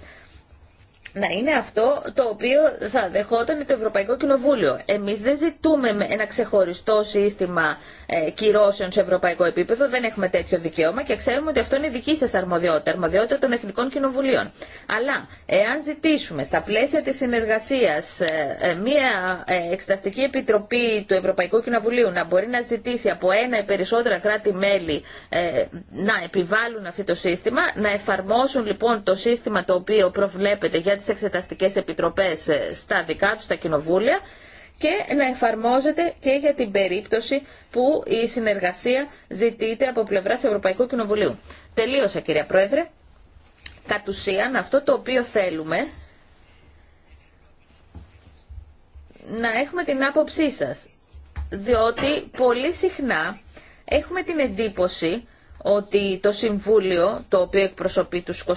[SPEAKER 1] να είναι αυτό το οποίο θα δεχόταν το Ευρωπαϊκό Κοινοβούλιο. Εμείς δεν ζητούμε ένα ξεχωριστό σύστημα ε, κυρώσεων σε ευρωπαϊκό επίπεδο, δεν έχουμε τέτοιο δικαίωμα και ξέρουμε ότι αυτό είναι δική σας αρμοδιότητα, αρμοδιότητα των Εθνικών Κοινοβουλίων. Αλλά εάν ζητήσουμε στα πλαίσια της συνεργασίας ε, ε, μια εξεταστική επιτροπή του Ευρωπαϊκού Κοινοβουλίου να μπορεί να ζητήσει από ένα ή περισσότερα κράτη-μέλη να επιβάλλουν αυτό το σύστημα, να εφαρμόσουν λοιπόν το σύστημα το οποίο προβλέπεται για τις εξεταστικές επιτροπές ε, στα δικά τους στα κοινοβούλια και να εφαρμόζεται και για την περίπτωση που η συνεργασία ζητείται από πλευράς Ευρωπαϊκού Κοινοβουλίου. Τελείωσα κυρία Πρόεδρε. Κατ' ουσίαν αυτό το οποίο θέλουμε να έχουμε την άποψή σας. Διότι πολύ συχνά έχουμε την εντύπωση ότι το Συμβούλιο, το οποίο εκπροσωπεί τους 28,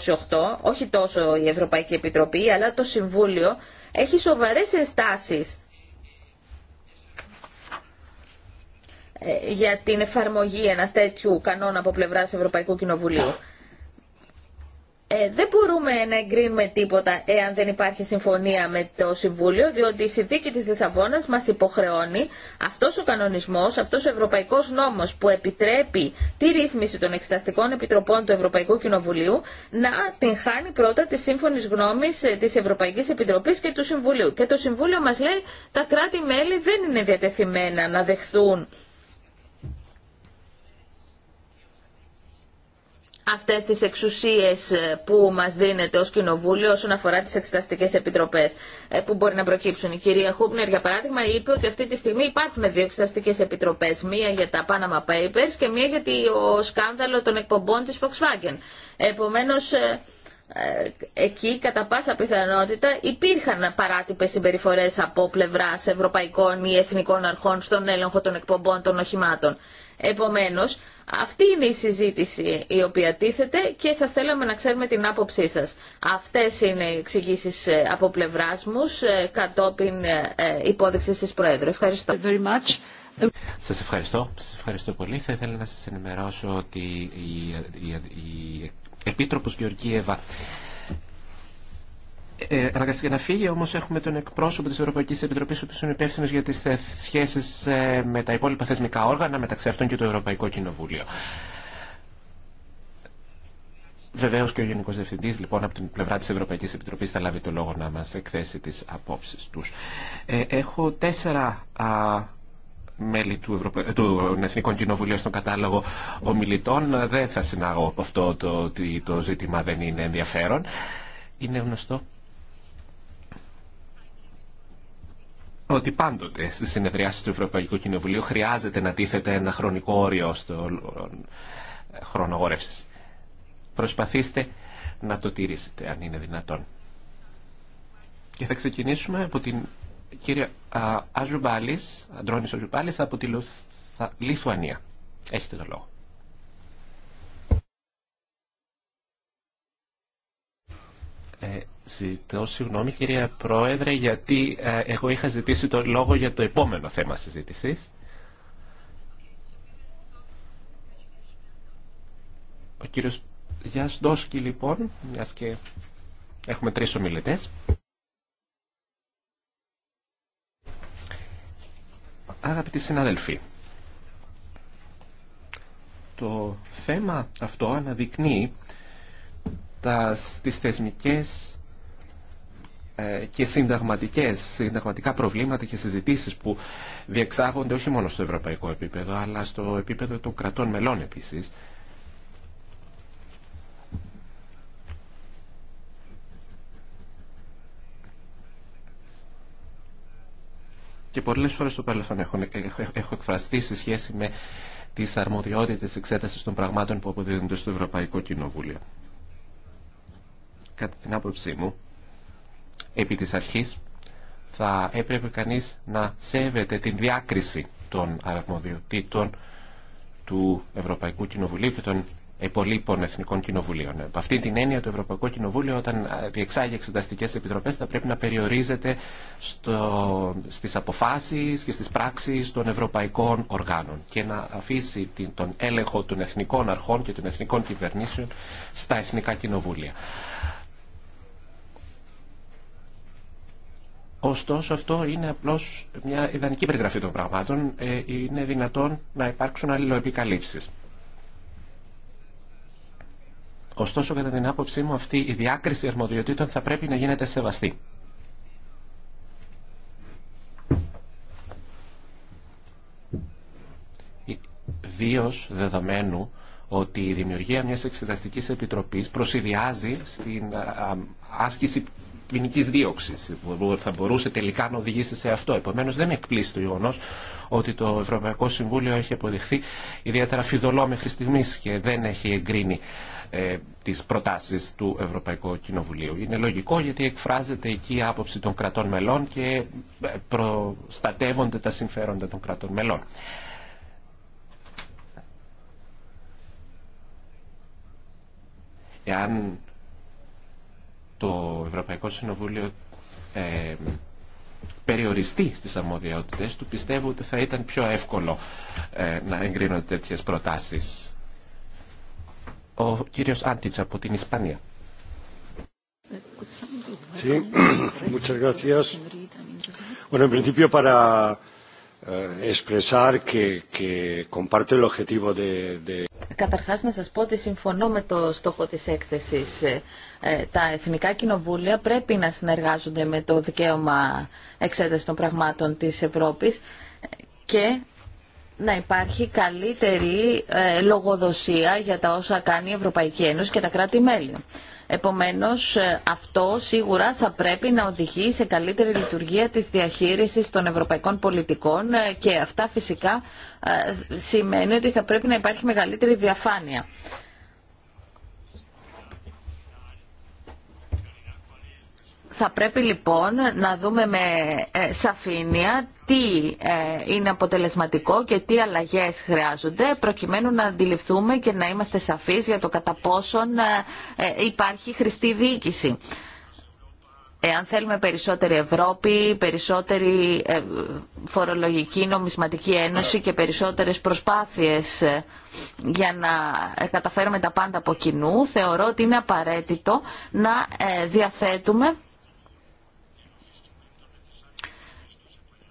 [SPEAKER 1] όχι τόσο η Ευρωπαϊκή Επιτροπή, αλλά το Συμβούλιο έχει σοβαρές ενστάσεις ε, για την εφαρμογή ένας τέτοιου κανόνα από πλευράς Ευρωπαϊκού Κοινοβουλίου. Ε, δεν μπορούμε να εγκρίνουμε τίποτα εάν δεν υπάρχει συμφωνία με το Συμβούλιο, διότι η συνθήκη της Λισαβόνας μας υποχρεώνει αυτός ο κανονισμός, αυτός ο ευρωπαϊκός νόμος που επιτρέπει τη ρύθμιση των εξεταστικών επιτροπών του Ευρωπαϊκού Κοινοβουλίου να την χάνει πρώτα τη σύμφωνη γνώμη ε, της Ευρωπαϊκής Επιτροπής και του Συμβουλίου. Και το Συμβούλιο μας λέει τα κράτη-μέλη δεν είναι διατεθειμένα να δεχθούν αυτές τις εξουσίες ε, που μας δίνεται ως Κοινοβούλιο όσον αφορά τις εξεταστικές επιτροπές ε, που μπορεί να προκύψουν. Η κυρία Χούπνερ για παράδειγμα, είπε ότι αυτή τη στιγμή υπάρχουν δύο εξεταστικές επιτροπές, μία για τα Panama Papers και μία για το σκάνδαλο των εκπομπών της Volkswagen. Επομένως, ε, ε, εκεί κατά πάσα πιθανότητα υπήρχαν παράτυπες συμπεριφορές από πλευράς ευρωπαϊκών ή εθνικών αρχών στον έλεγχο των εκπομπών των οχημάτων. Επομένως, αυτή είναι η συζήτηση η οποία τίθεται και θα θέλαμε να ξέρουμε την άποψή σας. Αυτές είναι οι εξηγήσει ε, από πλευρά μου ε, κατόπιν υπόδειξης της Προέδρου. Ευχαριστώ.
[SPEAKER 2] Σας ευχαριστώ. Σας ευχαριστώ πολύ. Θα ήθελα να σας ενημερώσω ότι η, η, η Επίτροπος Γεωργίευα ε, αναγκαστήκε να φύγει, όμως έχουμε τον εκπρόσωπο της Ευρωπαϊκής Επιτροπής, ο οποίος είναι υπεύθυνος για τις σχέσεις ε, με τα υπόλοιπα θεσμικά όργανα, μεταξύ αυτών και το Ευρωπαϊκό Κοινοβούλιο. Βεβαίω και ο Γενικό Διευθυντή, λοιπόν, από την πλευρά τη Ευρωπαϊκή Επιτροπή θα λάβει το λόγο να μα εκθέσει τι απόψει του. Ε, έχω τέσσερα α, μέλη του, Ευρωπα... Ε, του Κοινοβουλίου στον κατάλογο ομιλητών. Δεν θα συνάγω από αυτό το ότι το ζήτημα δεν είναι ενδιαφέρον. Είναι γνωστό ότι πάντοτε στις συνεδριάσεις του Ευρωπαϊκού Κοινοβουλίου χρειάζεται να τίθεται ένα χρονικό όριο στο χρονογόρευσης. Προσπαθήστε να το τηρήσετε αν είναι δυνατόν. Και θα ξεκινήσουμε από την κύριε Αζουμπάλη, Αντρώνης Αζουμπάλη από τη Λιθουανία. Έχετε το λόγο. Ε, ζητώ συγγνώμη κυρία Πρόεδρε γιατί ε, εγώ είχα ζητήσει το λόγο για το επόμενο θέμα συζήτησης. Ο κύριος Γιάννης Ντόσκι λοιπόν, μιας και έχουμε τρεις ομιλητές. Αγαπητοί συνάδελφοι, το θέμα αυτό αναδεικνύει τα, τις θεσμικές ε, και συνταγματικές, συνταγματικά προβλήματα και συζητήσεις που διεξάγονται όχι μόνο στο ευρωπαϊκό επίπεδο αλλά στο επίπεδο των κρατών μελών επίσης και πολλές φορές στο παρελθόν έχω, ε, ε, έχω εκφραστεί σε σχέση με τις αρμοδιότητες εξέτασης των πραγμάτων που αποδίδονται στο Ευρωπαϊκό Κοινοβούλιο. Κατά την άποψή μου, επί της αρχής, θα έπρεπε κανείς να σέβεται την διάκριση των αρμοδιοτήτων του Ευρωπαϊκού Κοινοβουλίου και των υπολείπων εθνικών κοινοβουλίων. Από αυτή την έννοια το Ευρωπαϊκό Κοινοβούλιο όταν διεξάγει εξεταστικές επιτροπές θα πρέπει να περιορίζεται στο, στις αποφάσεις και στις πράξεις των ευρωπαϊκών οργάνων και να αφήσει τον έλεγχο των εθνικών αρχών και των εθνικών κυβερνήσεων στα εθνικά κοινοβούλια. Ωστόσο αυτό είναι απλώς μια ιδανική περιγραφή των πραγμάτων. Ε, είναι δυνατόν να υπάρξουν αλληλοεπικαλύψεις. Ωστόσο, κατά την άποψή μου, αυτή η διάκριση αρμοδιοτήτων θα πρέπει να γίνεται σεβαστή. Βίως δεδομένου ότι η δημιουργία μιας εξεταστικής επιτροπής προσυδειάζει στην άσκηση ποινική δίωξη που θα μπορούσε τελικά να οδηγήσει σε αυτό. Επομένω, δεν εκπλήσει το γεγονό ότι το Ευρωπαϊκό Συμβούλιο έχει αποδειχθεί ιδιαίτερα φιδωλό μέχρι στιγμή και δεν έχει εγκρίνει ε, τι προτάσει του Ευρωπαϊκού Κοινοβουλίου. Είναι λογικό γιατί εκφράζεται εκεί η άποψη των κρατών μελών και ε, προστατεύονται τα συμφέροντα των κρατών μελών. Εάν το Ευρωπαϊκό Συνοβούλιο ε, περιοριστεί στις αρμοδιότητες του, πιστεύω ότι θα ήταν πιο εύκολο ε, να εγκρίνονται τέτοιες προτάσεις. Ο κύριος Άντιτς από την Ισπανία.
[SPEAKER 4] Sí, (clears throat) muchas gracias. Bueno, en principio para eh, expresar que, que comparto el objetivo de, de...
[SPEAKER 1] Καταρχάς να σας πω ότι συμφωνώ με το στόχο της έκθεσης ε, τα εθνικά κοινοβούλια πρέπει να συνεργάζονται με το δικαίωμα εξέταση των πραγμάτων της Ευρώπης και να υπάρχει καλύτερη ε, λογοδοσία για τα όσα κάνει η Ευρωπαϊκή Ένωση και τα κράτη-μέλη. Επομένως, ε, αυτό σίγουρα θα πρέπει να οδηγεί σε καλύτερη λειτουργία της διαχείρισης των ευρωπαϊκών πολιτικών και αυτά φυσικά σημαίνει ότι θα πρέπει να υπάρχει μεγαλύτερη διαφάνεια. Θα πρέπει λοιπόν να δούμε με ε, σαφήνεια τι ε, είναι αποτελεσματικό και τι αλλαγές χρειάζονται προκειμένου να αντιληφθούμε και να είμαστε σαφείς για το κατά πόσον ε, υπάρχει χρηστή διοίκηση. Εάν θέλουμε περισσότερη Ευρώπη, περισσότερη φορολογική νομισματική ένωση και περισσότερες προσπάθειες για να καταφέρουμε τα πάντα από κοινού, θεωρώ ότι είναι απαραίτητο να διαθέτουμε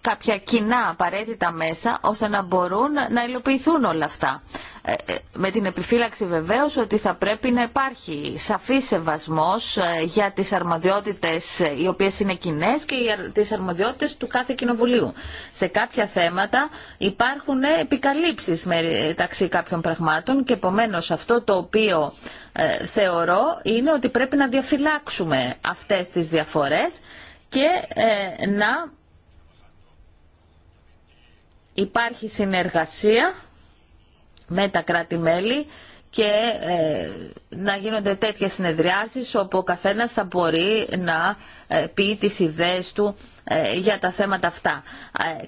[SPEAKER 1] κάποια κοινά απαραίτητα μέσα ώστε να μπορούν να υλοποιηθούν όλα αυτά. Ε, ε, με την επιφύλαξη βεβαίως ότι θα πρέπει να υπάρχει σαφής σεβασμός ε, για τις αρμοδιότητες οι οποίες είναι κοινέ και τις αρμοδιότητες του κάθε κοινοβουλίου. Σε κάποια θέματα υπάρχουν επικαλύψεις μεταξύ κάποιων πραγμάτων και επομένως αυτό το οποίο θεωρώ είναι ότι πρέπει να διαφυλάξουμε αυτές τις διαφορές και να υπάρχει συνεργασία με τα κράτη-μέλη και ε, να γίνονται τέτοιες συνεδριάσεις όπου ο καθένας θα μπορεί να ε, πει τις ιδέες του ε, για τα θέματα αυτά.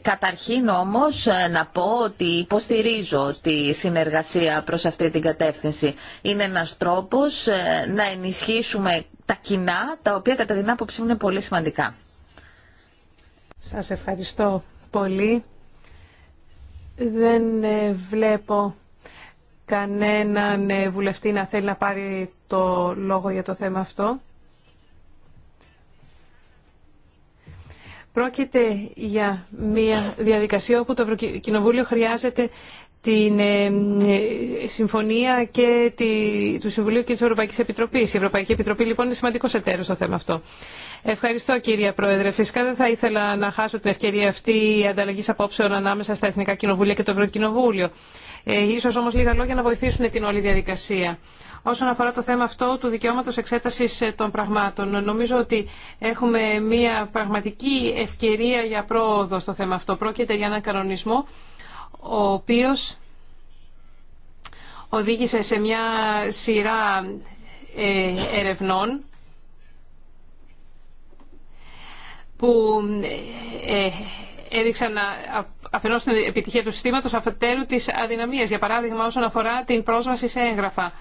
[SPEAKER 1] Καταρχήν όμως να πω ότι υποστηρίζω τη συνεργασία προς αυτή την κατεύθυνση. Είναι ένας τρόπος να ενισχύσουμε τα κοινά, τα οποία κατά την άποψή μου είναι πολύ
[SPEAKER 3] σημαντικά. Σας ευχαριστώ πολύ. Δεν ε, βλέπω κανέναν ε, βουλευτή να θέλει να πάρει το λόγο για το θέμα αυτό. Πρόκειται για μια διαδικασία όπου το Ευρωκοινοβούλιο χρειάζεται την ε, ε, συμφωνία και του Συμβουλίου και της Ευρωπαϊκής Επιτροπής. Η Ευρωπαϊκή Επιτροπή λοιπόν είναι σημαντικός εταίρος στο θέμα αυτό. Ευχαριστώ κύριε Πρόεδρε. Φυσικά δεν θα ήθελα να χάσω την ευκαιρία αυτή η ανταλλαγή απόψεων ανάμεσα στα Εθνικά Κοινοβούλια και το Ευρωκοινοβούλιο. Ε, ίσως όμως λίγα λόγια να βοηθήσουν την όλη διαδικασία. Όσον αφορά το θέμα αυτό του δικαιώματος εξέταση ε, των πραγμάτων, νομίζω ότι έχουμε μια πραγματική ευκαιρία για πρόοδο στο θέμα αυτό. Πρόκειται για έναν κανονισμό ο οποίος οδήγησε σε μια σειρά ε, ερευνών που ε, έδειξαν αφενός την επιτυχία του συστήματος, αφετέρου τις αδυναμίες, για παράδειγμα όσον αφορά την πρόσβαση σε έγγραφα.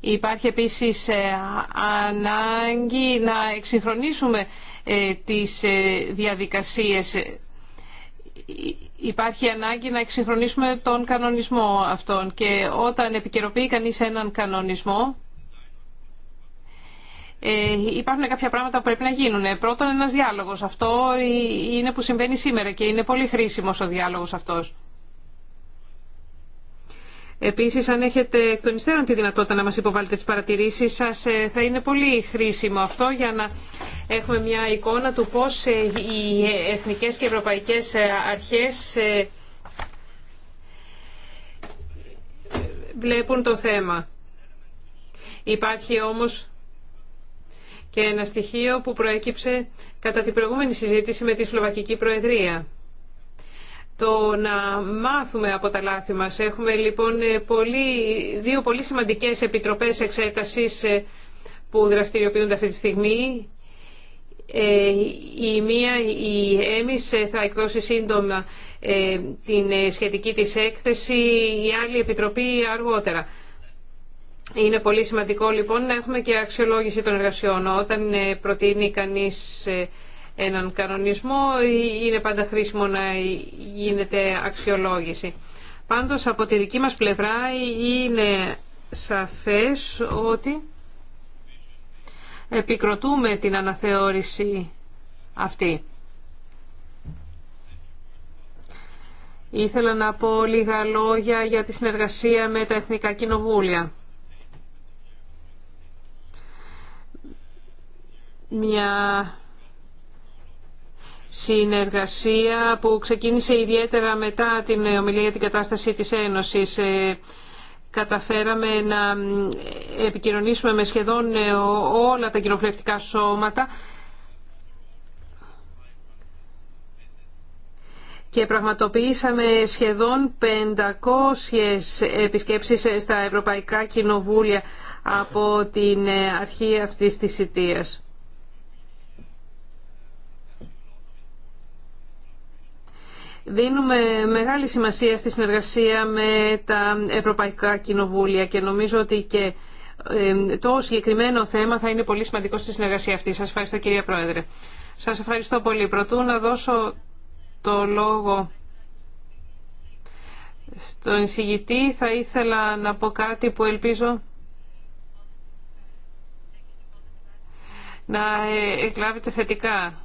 [SPEAKER 3] Υπάρχει επίσης ε, ανάγκη να εξυγχρονίσουμε τις διαδικασίες υπάρχει ανάγκη να εξυγχρονίσουμε τον κανονισμό αυτόν και όταν επικαιροποιεί κανείς έναν κανονισμό ε, υπάρχουν κάποια πράγματα που πρέπει να γίνουν. Πρώτον ένας διάλογος. Αυτό ε, είναι που συμβαίνει σήμερα και είναι πολύ χρήσιμος ο διάλογος αυτός. Επίσης, αν έχετε εκ των υστέρων τη δυνατότητα να μας υποβάλλετε τις παρατηρήσεις σας, ε, θα είναι πολύ χρήσιμο αυτό για να έχουμε μια εικόνα του πώς ε, οι εθνικές και ευρωπαϊκές ε, αρχές βλέπουν το θέμα. Υπάρχει όμως και ένα στοιχείο που προέκυψε κατά την προηγούμενη συζήτηση με τη Σλοβακική Προεδρία το να μάθουμε από τα λάθη μας. Έχουμε λοιπόν ε, πολύ, δύο πολύ σημαντικές επιτροπές εξέτασης ε, που δραστηριοποιούνται αυτή τη στιγμή. Ε, η μία, η ΕΜΙΣ, θα εκδώσει σύντομα την σχετική της έκθεση, η άλλη επιτροπή αργότερα. Είναι πολύ σημαντικό λοιπόν να έχουμε και αξιολόγηση των εργασιών. Όταν προτείνει κανείς έναν κανονισμό είναι πάντα χρήσιμο να γίνεται αξιολόγηση. Πάντως από τη δική μας πλευρά είναι σαφές ότι επικροτούμε την αναθεώρηση αυτή. Ήθελα να πω λίγα λόγια για τη συνεργασία με τα Εθνικά Κοινοβούλια. Μια συνεργασία που ξεκίνησε ιδιαίτερα μετά την ομιλία για την κατάσταση της Ένωσης. Ε, καταφέραμε να ε, επικοινωνήσουμε με σχεδόν ε, όλα τα κοινοβουλευτικά σώματα και πραγματοποιήσαμε σχεδόν 500 επισκέψεις στα Ευρωπαϊκά Κοινοβούλια από την αρχή αυτής της ηττίας. Δίνουμε μεγάλη σημασία στη συνεργασία με τα Ευρωπαϊκά Κοινοβούλια και νομίζω ότι και ε, το συγκεκριμένο θέμα θα είναι πολύ σημαντικό στη συνεργασία αυτή. Σας ευχαριστώ κυρία Πρόεδρε. Σας ευχαριστώ πολύ. Πρωτού να δώσω το λόγο στον εισηγητή θα ήθελα να πω κάτι που ελπίζω να ε, εκλάβετε θετικά.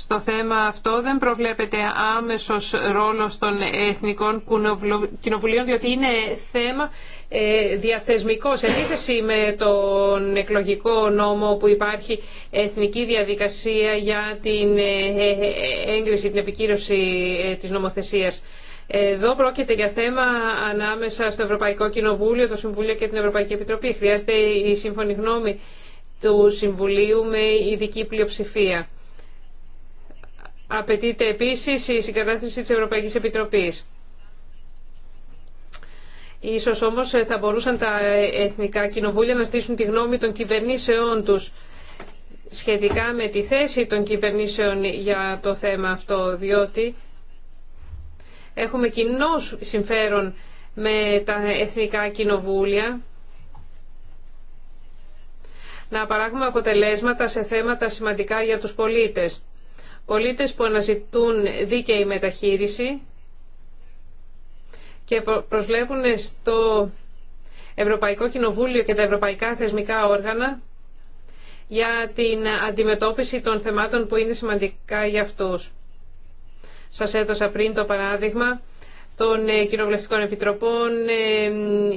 [SPEAKER 3] Στο θέμα αυτό δεν προβλέπεται άμεσος ρόλος των εθνικών κοινοβουλίων διότι είναι θέμα ε, διαθεσμικό σε με τον εκλογικό νόμο που υπάρχει εθνική διαδικασία για την ε, ε, έγκριση, την επικύρωση της νομοθεσίας. Εδώ πρόκειται για θέμα ανάμεσα στο Ευρωπαϊκό Κοινοβούλιο, το Συμβούλιο και την Ευρωπαϊκή Επιτροπή. Χρειάζεται η σύμφωνη γνώμη του Συμβουλίου με ειδική πλειοψηφία. Απαιτείται επίσης η συγκατάθεση της Ευρωπαϊκής Επιτροπής. Ίσως όμως θα μπορούσαν τα εθνικά κοινοβούλια να στήσουν τη γνώμη των κυβερνήσεών τους σχετικά με τη θέση των κυβερνήσεων για το θέμα αυτό, διότι έχουμε κοινό συμφέρον με τα εθνικά κοινοβούλια να παράγουμε αποτελέσματα σε θέματα σημαντικά για τους πολίτες πολίτες που αναζητούν δίκαιη μεταχείριση και προσβλέπουν στο Ευρωπαϊκό Κοινοβούλιο και τα ευρωπαϊκά θεσμικά όργανα για την αντιμετώπιση των θεμάτων που είναι σημαντικά για αυτούς. Σας έδωσα πριν το παράδειγμα των ε, κοινοβουλευτικών επιτροπών ε,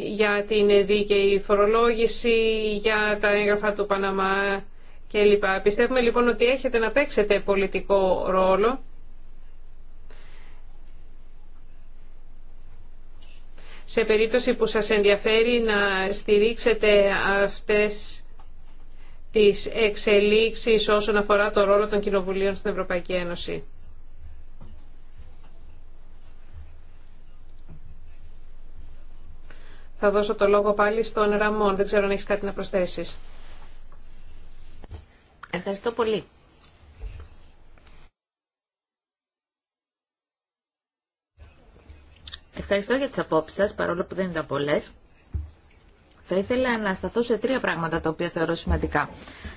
[SPEAKER 3] για την δίκαιη φορολόγηση, για τα έγγραφα του Παναμά κλπ. Πιστεύουμε λοιπόν ότι έχετε να παίξετε πολιτικό ρόλο. σε περίπτωση που σας ενδιαφέρει να στηρίξετε αυτές τις εξελίξεις όσον αφορά το ρόλο των κοινοβουλίων στην Ευρωπαϊκή Ένωση. Θα δώσω το λόγο πάλι στον Ραμόν. Δεν ξέρω αν έχεις κάτι να προσθέσεις. Ευχαριστώ πολύ.
[SPEAKER 1] Ευχαριστώ για τις απόψεις σας, παρόλο που δεν ήταν πολλές. Θα ήθελα να σταθώ σε τρία πράγματα τα οποία θεωρώ σημαντικά.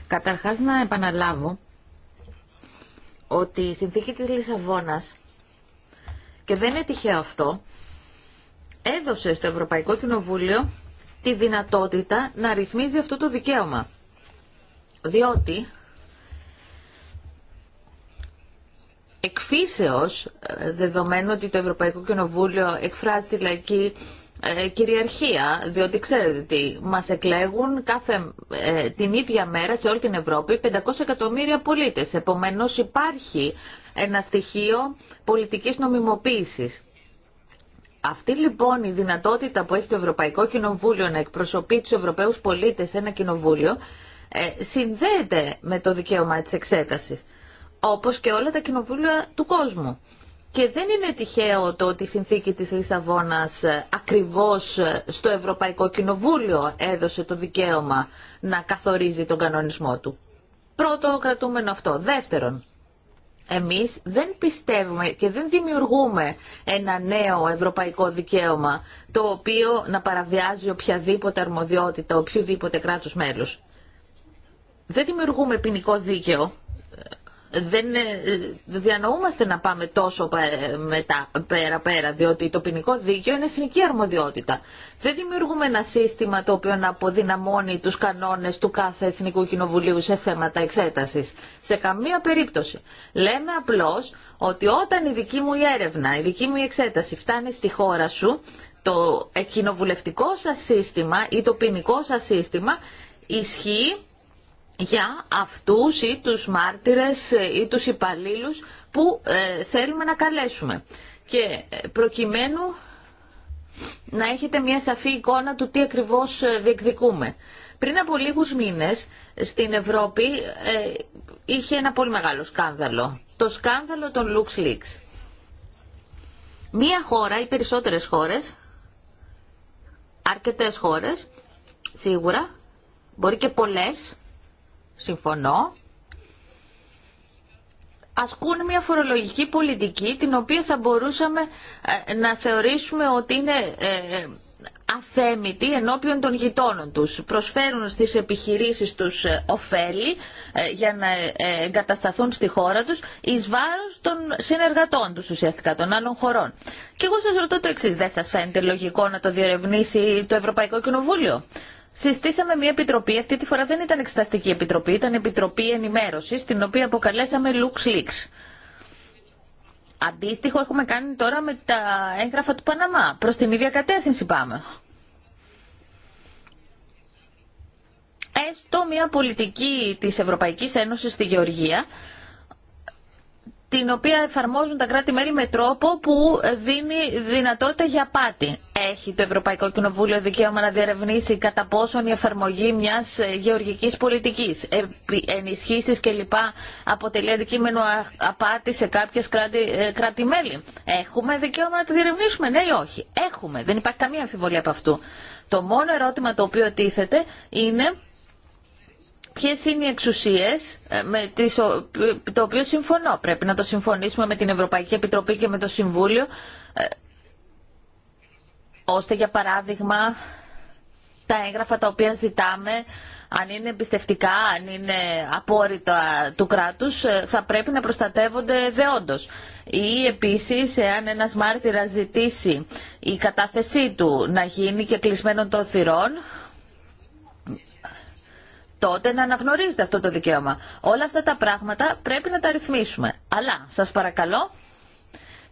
[SPEAKER 1] Καταρχάς να επαναλάβω ότι η συνθήκη της Λισαβόνας, και δεν είναι τυχαίο αυτό, έδωσε στο Ευρωπαϊκό Κοινοβούλιο τη δυνατότητα να ρυθμίζει αυτό το δικαίωμα. Διότι εκφύσεως, ε, δεδομένου ότι το Ευρωπαϊκό Κοινοβούλιο εκφράζει τη λαϊκή ε, κυριαρχία, διότι ξέρετε ότι μας εκλέγουν κάθε, ε, την ίδια μέρα σε όλη την Ευρώπη 500 εκατομμύρια πολίτες. Επομένως υπάρχει ένα στοιχείο πολιτικής νομιμοποίησης. Αυτή λοιπόν η δυνατότητα που έχει το Ευρωπαϊκό Κοινοβούλιο να εκπροσωπεί τους Ευρωπαίους πολίτες σε ένα κοινοβούλιο συνδέεται με το δικαίωμα της εξέτασης όπως και όλα τα κοινοβούλια του κόσμου. Και δεν είναι τυχαίο το ότι η συνθήκη της Λισαβόνας ε, ακριβώς ε, στο Ευρωπαϊκό Κοινοβούλιο έδωσε το δικαίωμα να καθορίζει τον κανονισμό του. Πρώτο κρατούμενο αυτό. Δεύτερον, εμείς δεν πιστεύουμε και δεν δημιουργούμε ένα νέο ευρωπαϊκό δικαίωμα το οποίο να παραβιάζει οποιαδήποτε αρμοδιότητα οποιοδήποτε κράτους μέλους. Δεν δημιουργούμε ποινικό δίκαιο ε, δεν διανοούμαστε να πάμε τόσο πέρα πέρα, διότι το ποινικό δίκαιο είναι εθνική αρμοδιότητα. Δεν δημιουργούμε ένα σύστημα το οποίο να αποδυναμώνει τους κανόνες του κάθε Εθνικού Κοινοβουλίου σε θέματα εξέτασης. Σε καμία περίπτωση. Λέμε απλώς ότι όταν η δική μου έρευνα, η δική μου εξέταση φτάνει στη χώρα σου, το κοινοβουλευτικό σας σύστημα ή το ποινικό σας σύστημα ισχύει για αυτούς ή τους μάρτυρες ή τους υπαλλήλους που ε, θέλουμε να καλέσουμε. Και ε, προκειμένου να έχετε μια σαφή εικόνα του τι ακριβώς ε, διεκδικούμε. Πριν από λίγους μήνες στην Ευρώπη είχε ένα πολύ μεγάλο σκάνδαλο. Το σκάνδαλο των LuxLeaks. Μία χώρα ή περισσότερες χώρες, αρκετές χώρες, σίγουρα, μπορεί και πολλές, συμφωνώ, ασκούν μια φορολογική πολιτική την οποία θα μπορούσαμε ε, να θεωρήσουμε ότι είναι ε, ε, αθέμητη ενώπιον των γειτόνων τους. Προσφέρουν στις επιχειρήσεις τους ωφέλη για να εγκατασταθούν στη χώρα τους εις βάρος των συνεργατών τους ουσιαστικά, των άλλων χωρών. Και εγώ σας ρωτώ το εξής, δεν σας φαίνεται λογικό να το διερευνήσει το Ευρωπαϊκό Κοινοβούλιο συστήσαμε μια επιτροπή. Αυτή τη φορά δεν ήταν εξεταστική επιτροπή, ήταν επιτροπή ενημέρωσης, την οποία αποκαλέσαμε Lux Leaks. Αντίστοιχο έχουμε κάνει τώρα με τα έγγραφα του Παναμά. Προς την ίδια κατεύθυνση πάμε. Έστω μια πολιτική της Ευρωπαϊκής Ένωσης στη Γεωργία την οποία εφαρμόζουν τα κράτη-μέλη με τρόπο που δίνει δυνατότητα για απάτη. Έχει το Ευρωπαϊκό Κοινοβούλιο δικαίωμα να διερευνήσει κατά πόσον η εφαρμογή μια γεωργική πολιτική, ενισχύσει κλπ. αποτελεί αντικείμενο απάτη σε κάποιε ε, κράτη-μέλη. Έχουμε δικαίωμα να τη διερευνήσουμε, ναι ή όχι. Έχουμε. Δεν υπάρχει καμία αμφιβολία από αυτού. Το μόνο ερώτημα το οποίο τίθεται είναι ποιες είναι οι εξουσίες ε, με τις, το οποίο συμφωνώ. Πρέπει να το συμφωνήσουμε με την Ευρωπαϊκή Επιτροπή και με το Συμβούλιο ε, ώστε για παράδειγμα τα έγγραφα τα οποία ζητάμε αν είναι εμπιστευτικά, αν είναι απόρριτα του κράτους, ε, θα πρέπει να προστατεύονται δεόντως. Ή επίσης, εάν ένας μάρτυρας ζητήσει η κατάθεσή του να γίνει και κλεισμένο των θυρών, τότε να αναγνωρίζετε αυτό το δικαίωμα. Όλα αυτά τα πράγματα πρέπει να τα ρυθμίσουμε. Αλλά σας παρακαλώ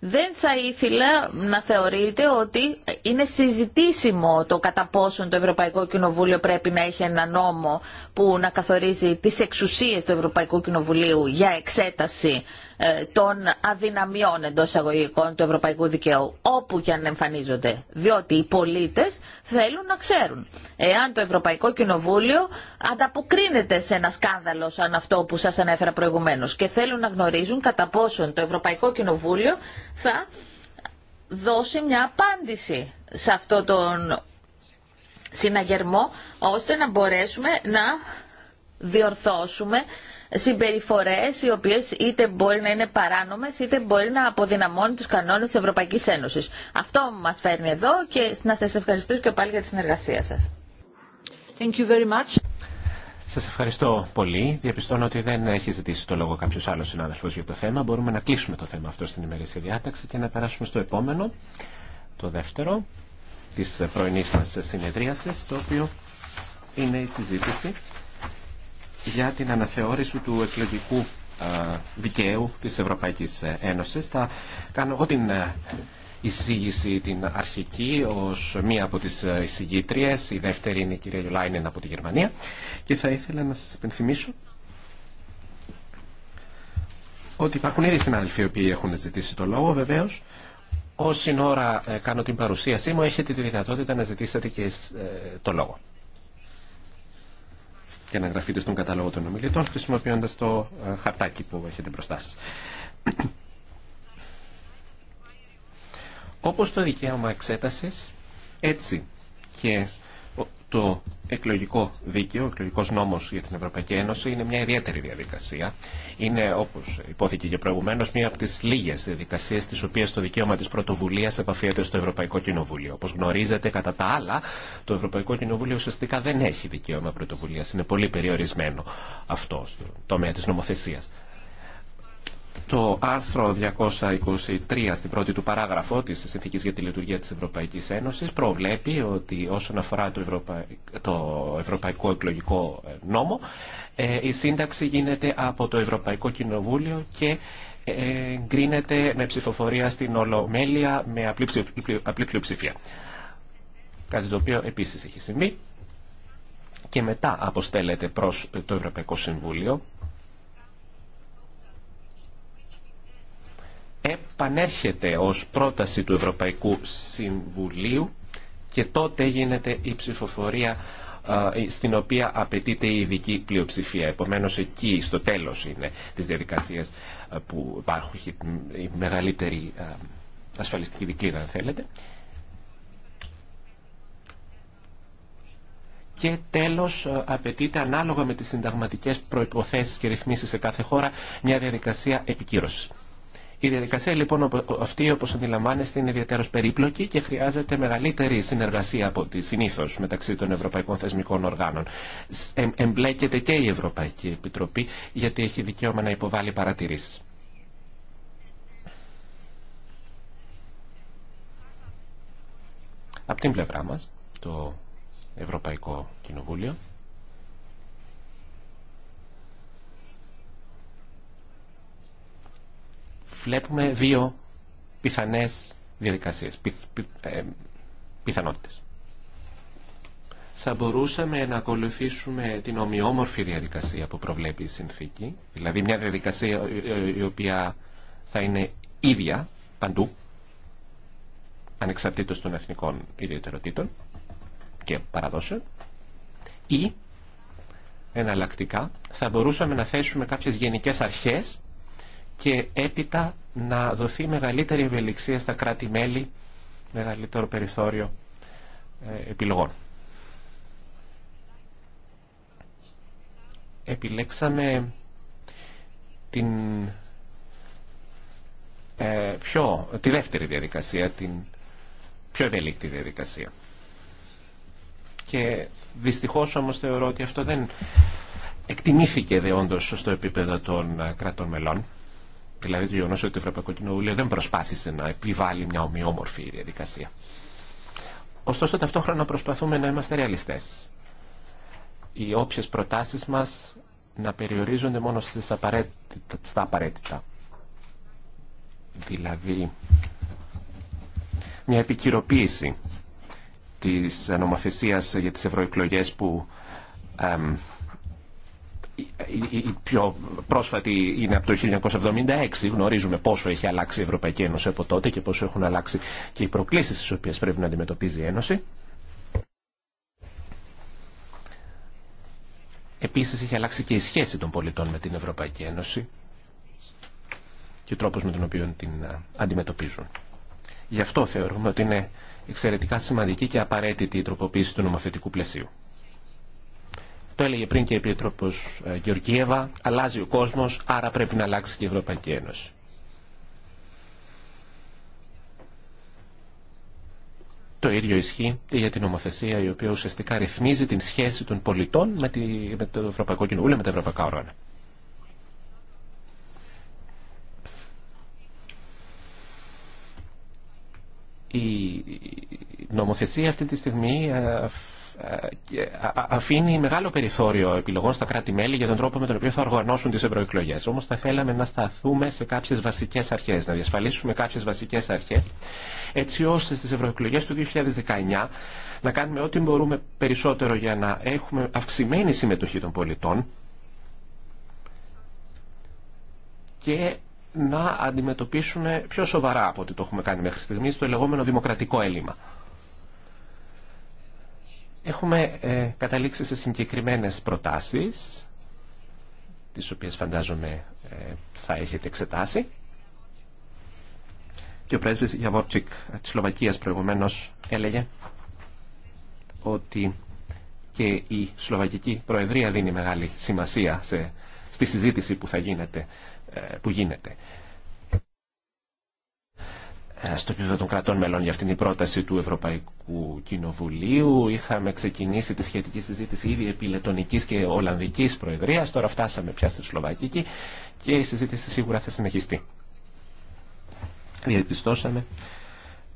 [SPEAKER 1] δεν θα ήθελα να θεωρείτε ότι είναι συζητήσιμο το κατά πόσον το Ευρωπαϊκό Κοινοβούλιο πρέπει να έχει ένα νόμο που να καθορίζει τις εξουσίες του Ευρωπαϊκού Κοινοβουλίου για εξέταση ε, των αδυναμιών εντό εισαγωγικών του ευρωπαϊκού δικαίου, όπου και αν εμφανίζονται. Διότι οι πολίτε θέλουν να ξέρουν εάν το Ευρωπαϊκό Κοινοβούλιο ανταποκρίνεται σε ένα σκάνδαλο σαν αυτό που σα ανέφερα προηγουμένω και θέλουν να γνωρίζουν κατά πόσον το Ευρωπαϊκό Κοινοβούλιο θα δώσει μια απάντηση σε αυτό τον συναγερμό ώστε να μπορέσουμε να διορθώσουμε συμπεριφορές οι οποίες είτε μπορεί να είναι παράνομες είτε μπορεί να αποδυναμώνει τους κανόνες της Ευρωπαϊκής Ένωσης. Αυτό μας φέρνει εδώ και να σας ευχαριστήσω και πάλι για τη συνεργασία σας.
[SPEAKER 4] Thank
[SPEAKER 2] Σας ευχαριστώ πολύ. Διαπιστώνω ότι δεν έχει ζητήσει το λόγο κάποιος άλλος συνάδελφος για το θέμα. Μπορούμε να κλείσουμε το θέμα αυτό στην ημερήσια διάταξη και να περάσουμε στο επόμενο, το δεύτερο της πρωινής μας συνεδρίασης, το οποίο είναι η συζήτηση για την αναθεώρηση του εκλογικού ε, δικαίου της Ευρωπαϊκής ε, Ένωσης. Θα κάνω εγώ την ε, εισήγηση την αρχική ως μία από τις εισηγήτριες, η δεύτερη είναι η κυρία Γιουλάινεν από τη Γερμανία και θα ήθελα να σας υπενθυμίσω ότι υπάρχουν ήδη συνάδελφοι οι οποίοι έχουν ζητήσει το λόγο βεβαίως Όσοι ώρα κάνω την παρουσίασή μου έχετε τη δυνατότητα να ζητήσετε και το λόγο και να γραφείτε στον κατάλογο των ομιλητών χρησιμοποιώντα το ε, χαρτάκι που έχετε μπροστά σα. Όπως το δικαίωμα εξέταση, έτσι και το εκλογικό δίκαιο, ο εκλογικός νόμος για την Ευρωπαϊκή Ένωση είναι μια ιδιαίτερη διαδικασία. Είναι, όπως υπόθηκε και προηγουμένως, μια από τις λίγες διαδικασίες τις οποίες το δικαίωμα της πρωτοβουλίας επαφίεται στο Ευρωπαϊκό Κοινοβούλιο. Όπως γνωρίζετε, κατά τα άλλα, το Ευρωπαϊκό Κοινοβούλιο ουσιαστικά δεν έχει δικαίωμα πρωτοβουλίας. Είναι πολύ περιορισμένο αυτό στο τομέα της νομοθεσίας το άρθρο 223 στην πρώτη του παράγραφο της Συνθήκης για τη Λειτουργία της Ευρωπαϊκής Ένωσης προβλέπει ότι όσον αφορά το, Ευρωπαϊκό Εκλογικό Νόμο ε, η σύνταξη γίνεται από το Ευρωπαϊκό Κοινοβούλιο και γκρίνεται με ψηφοφορία στην Ολομέλεια με απλή πλειοψηφία. Κάτι το οποίο επίσης έχει συμβεί και μετά αποστέλλεται προς το Ευρωπαϊκό Συμβούλιο επανέρχεται ως πρόταση του Ευρωπαϊκού Συμβουλίου και τότε γίνεται η ψηφοφορία στην οποία απαιτείται η ειδική πλειοψηφία. Επομένως εκεί στο τέλος είναι της διαδικασίας που υπάρχει η μεγαλύτερη ασφαλιστική δικλίδα αν θέλετε. Και τέλος απαιτείται ανάλογα με τις συνταγματικές προϋποθέσεις και ρυθμίσεις σε κάθε χώρα μια διαδικασία επικύρωσης. Η διαδικασία λοιπόν αυτή όπως αντιλαμβάνεστε είναι ιδιαίτερως περίπλοκη και χρειάζεται μεγαλύτερη συνεργασία από τη συνήθως μεταξύ των ευρωπαϊκών θεσμικών οργάνων. εμπλέκεται και η Ευρωπαϊκή Επιτροπή γιατί έχει δικαίωμα να υποβάλει παρατηρήσεις. Από την πλευρά μας, το Ευρωπαϊκό Κοινοβούλιο, βλέπουμε δύο πιθανές διαδικασίες, πι, ε, πιθανότητες. Θα μπορούσαμε να ακολουθήσουμε την ομοιόμορφη διαδικασία που προβλέπει η συνθήκη, δηλαδή μια διαδικασία η οποία θα είναι ίδια παντού, ανεξαρτήτως των εθνικών ιδιαιτεροτήτων και παραδόσεων, ή εναλλακτικά θα μπορούσαμε να θέσουμε κάποιες γενικές αρχές και έπειτα να δοθεί μεγαλύτερη ευελιξία στα κράτη-μέλη, μεγαλύτερο περιθώριο ε, επιλογών. Επιλέξαμε την ε, πιο, τη δεύτερη διαδικασία, την πιο ευελίκτη διαδικασία. Και δυστυχώς όμως θεωρώ ότι αυτό δεν εκτιμήθηκε δεόντως στο επίπεδο των ε, κρατών μελών. Δηλαδή το γεγονό ότι το Ευρωπαϊκό Κοινοβούλιο δεν προσπάθησε να επιβάλλει μια ομοιόμορφη διαδικασία. Ωστόσο, ταυτόχρονα προσπαθούμε να είμαστε ρεαλιστέ. Οι όποιε προτάσει μα να περιορίζονται μόνο στις απαραίτητα, στα απαραίτητα. Δηλαδή, μια επικυροποίηση της νομοθεσίας για τις ευρωεκλογές που η πιο πρόσφατη είναι από το 1976. Γνωρίζουμε πόσο έχει αλλάξει η Ευρωπαϊκή Ένωση από τότε και πόσο έχουν αλλάξει και οι προκλήσεις τις οποίες πρέπει να αντιμετωπίζει η Ένωση. Επίσης έχει αλλάξει και η σχέση των πολιτών με την Ευρωπαϊκή Ένωση και ο τρόπος με τον οποίο την ε, αντιμετωπίζουν. Γι' αυτό θεωρούμε ότι είναι εξαιρετικά σημαντική και απαραίτητη η τροποποίηση του νομοθετικού πλαισίου. Το έλεγε πριν και η Επίτροπο ε, Γεωργίευα, αλλάζει ο κόσμο, άρα πρέπει να αλλάξει και η Ευρωπαϊκή Ένωση. Το ίδιο ισχύει και για την νομοθεσία η οποία ουσιαστικά ρυθμίζει την σχέση των πολιτών με, τη, με το Ευρωπαϊκό Κοινοβούλιο, με τα ευρωπαϊκά όργανα. Η νομοθεσία αυτή τη στιγμή ε, αφήνει μεγάλο περιθώριο επιλογών στα κράτη-μέλη για τον τρόπο με τον οποίο θα οργανώσουν τι ευρωεκλογέ. Όμω θα θέλαμε να σταθούμε σε κάποιε βασικέ αρχέ, να διασφαλίσουμε κάποιε βασικέ αρχέ, έτσι ώστε στι ευρωεκλογέ του 2019 να κάνουμε ό,τι μπορούμε περισσότερο για να έχουμε αυξημένη συμμετοχή των πολιτών και να αντιμετωπίσουμε πιο σοβαρά από ό,τι το έχουμε κάνει μέχρι στιγμή το λεγόμενο δημοκρατικό έλλειμμα. Έχουμε ε, καταλήξει σε συγκεκριμένες προτάσεις, τις οποίες φαντάζομαι ε, θα έχετε εξετάσει. Και ο πρέσβης Γιαβόρτσικ της Σλοβακίας προηγουμένως έλεγε ότι και η Σλοβακική Προεδρία δίνει μεγάλη σημασία σε, στη συζήτηση που θα γίνεται. Ε, που γίνεται. Ε, στο επίπεδο των κρατών μελών για αυτήν την πρόταση του Ευρωπαϊκού Κοινοβουλίου. Είχαμε ξεκινήσει τη σχετική συζήτηση ήδη επί Λετωνική και Ολλανδικής Προεδρίας. Τώρα φτάσαμε πια στη Σλοβακική και η συζήτηση σίγουρα θα συνεχιστεί. Διαπιστώσαμε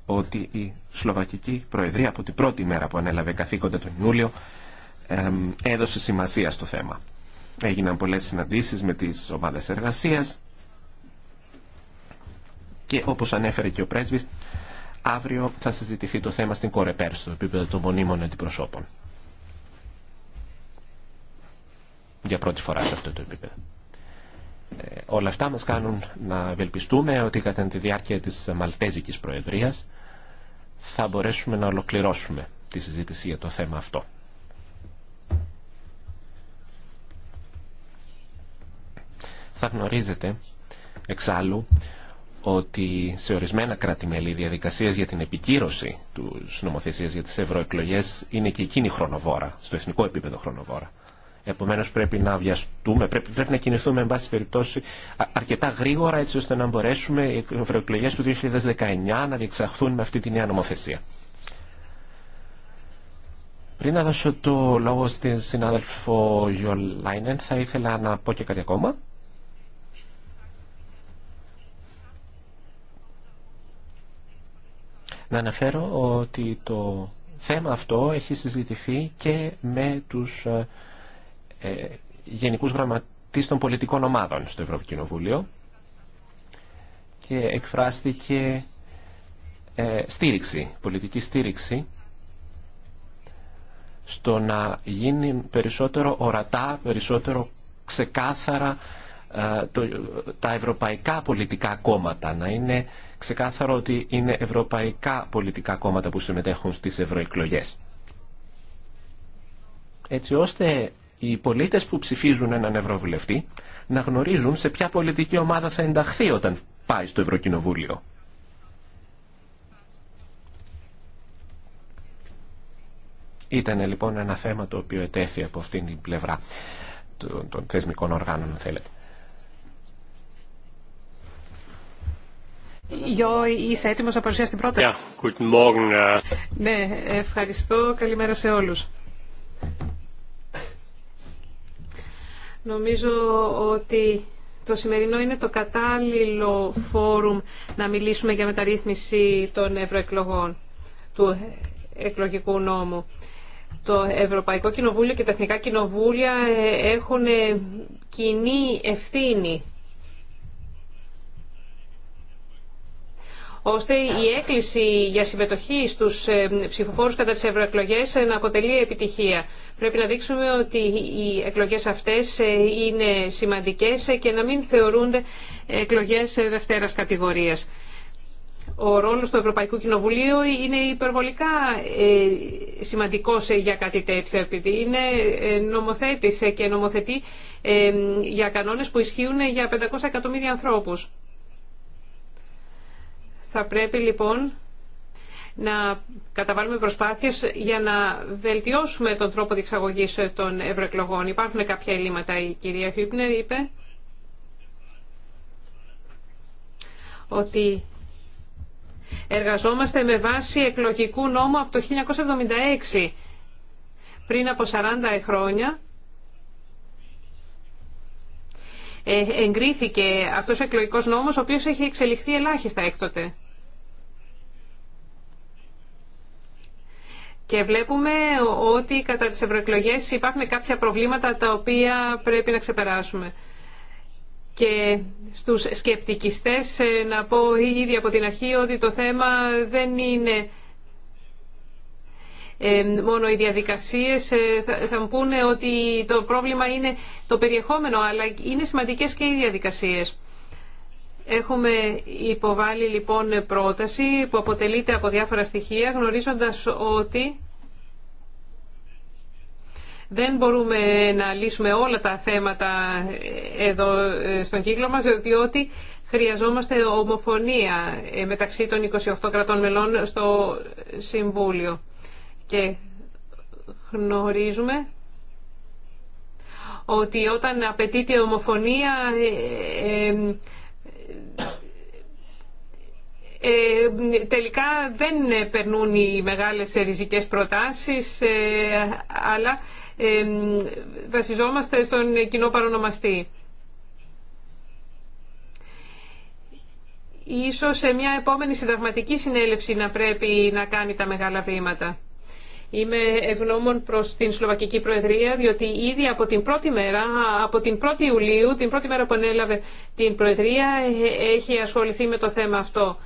[SPEAKER 2] ότι η Σλοβακική Προεδρία από την πρώτη μέρα που ανέλαβε καθήκοντα τον Ιούλιο έδωσε σημασία στο θέμα. Έγιναν πολλές συναντήσεις με τις ομάδες εργασίας, και όπως ανέφερε και ο πρέσβης, αύριο θα συζητηθεί το θέμα στην Κορεπέρ στο επίπεδο των μονίμων αντιπροσώπων. Για πρώτη φορά σε αυτό το επίπεδο. Ε, όλα αυτά μας κάνουν να ευελπιστούμε ότι κατά τη διάρκεια της Μαλτέζικης Προεδρίας θα μπορέσουμε να ολοκληρώσουμε τη συζήτηση για το θέμα αυτό. Θα γνωρίζετε εξάλλου ότι σε ορισμένα κράτη-μέλη οι διαδικασίε για την επικύρωση του νομοθεσία για τι ευρωεκλογέ είναι και εκείνη χρονοβόρα, στο εθνικό επίπεδο χρονοβόρα. Επομένω πρέπει να βιαστούμε, πρέπει, πρέπει να κινηθούμε, εν πάση περιπτώσει, αρκετά γρήγορα, έτσι ώστε να μπορέσουμε οι ευρωεκλογέ του 2019 να διεξαχθούν με αυτή τη νέα νομοθεσία. Πριν να δώσω το λόγο στην συνάδελφο Γιολάινεν, θα ήθελα να πω και κάτι ακόμα. Να αναφέρω ότι το θέμα αυτό έχει συζητηθεί και με τους ε, ε γενικούς γραμματείς των πολιτικών ομάδων στο Ευρωκοινοβούλιο και εκφράστηκε ε, στήριξη, πολιτική στήριξη στο να γίνει περισσότερο ορατά, περισσότερο ξεκάθαρα ε, τα ευρωπαϊκά πολιτικά κόμματα, να είναι ξεκάθαρο ότι είναι ευρωπαϊκά πολιτικά κόμματα που συμμετέχουν στις ευρωεκλογές. Έτσι ώστε οι πολίτες που ψηφίζουν έναν ευρωβουλευτή να γνωρίζουν σε ποια πολιτική ομάδα θα ενταχθεί όταν πάει στο Ευρωκοινοβούλιο. Ήταν λοιπόν ένα θέμα το οποίο ετέθη από αυτήν την πλευρά των θεσμικών οργάνων, αν θέλετε.
[SPEAKER 3] Γιώ, είσαι έτοιμος να παρουσιάσεις την πρώτη.
[SPEAKER 4] Uh,
[SPEAKER 3] ναι, ευχαριστώ. Καλημέρα σε όλους. Νομίζω ότι το σημερινό είναι το κατάλληλο φόρουμ να μιλήσουμε για μεταρρύθμιση των ευρωεκλογών, του εκλογικού νόμου. Το Ευρωπαϊκό Κοινοβούλιο και τα Εθνικά Κοινοβούλια έχουν κοινή ευθύνη ώστε η έκκληση για συμμετοχή στους ε, ψηφοφόρους κατά τις ευρωεκλογές ε, να αποτελεί επιτυχία. Πρέπει να δείξουμε ότι οι εκλογές αυτές ε, είναι σημαντικές και να μην θεωρούνται εκλογές δευτέρας κατηγορίας. Ο ρόλος του Ευρωπαϊκού Κοινοβουλίου είναι υπερβολικά σημαντικός για κάτι τέτοιο επειδή είναι νομοθέτης και νομοθετεί για κανόνες που ισχύουν για 500 εκατομμύρια ανθρώπους. Θα πρέπει λοιπόν να καταβάλουμε προσπάθειες για να βελτιώσουμε τον τρόπο διεξαγωγής των ευρωεκλογών. Υπάρχουν κάποια ελλείμματα. Η κυρία Χίπνερ είπε ότι εργαζόμαστε με βάση εκλογικού νόμου από το 1976, πριν από 40 χρόνια. Ε, εγκρίθηκε αυτός ο εκλογικός νόμος, ο οποίος έχει εξελιχθεί ελάχιστα έκτοτε. Και βλέπουμε ότι κατά τις ευρωεκλογέ υπάρχουν κάποια προβλήματα τα οποία πρέπει να ξεπεράσουμε. Και στους σκεπτικιστές ε, να πω ήδη από την αρχή ότι το θέμα δεν είναι ε, μόνο οι διαδικασίες. Ε, θα μου πούνε ότι το πρόβλημα είναι το περιεχόμενο, αλλά είναι σημαντικές και οι διαδικασίες. Έχουμε υποβάλει λοιπόν πρόταση που αποτελείται από διάφορα στοιχεία γνωρίζοντας ότι δεν μπορούμε να λύσουμε όλα τα θέματα εδώ ε, στον κύκλο μας διότι χρειαζόμαστε ομοφωνία ε, μεταξύ των 28 κρατών μελών στο Συμβούλιο. Και γνωρίζουμε ότι όταν απαιτείται ομοφωνία ε, ε, τελικά δεν περνούν οι μεγάλες ριζικές προτάσεις, ε, αλλά ε, βασιζόμαστε στον κοινό παρονομαστή. Ίσως σε μια επόμενη συνταγματική συνέλευση να πρέπει να κάνει τα μεγάλα βήματα. Είμαι ευγνώμων προ την Σλοβακική Προεδρία, διότι ήδη από την πρώτη μέρα, από την 1η Ιουλίου, την πρώτη μέρα που ανέλαβε την Προεδρία, έχει ασχοληθεί με το θέμα αυτό.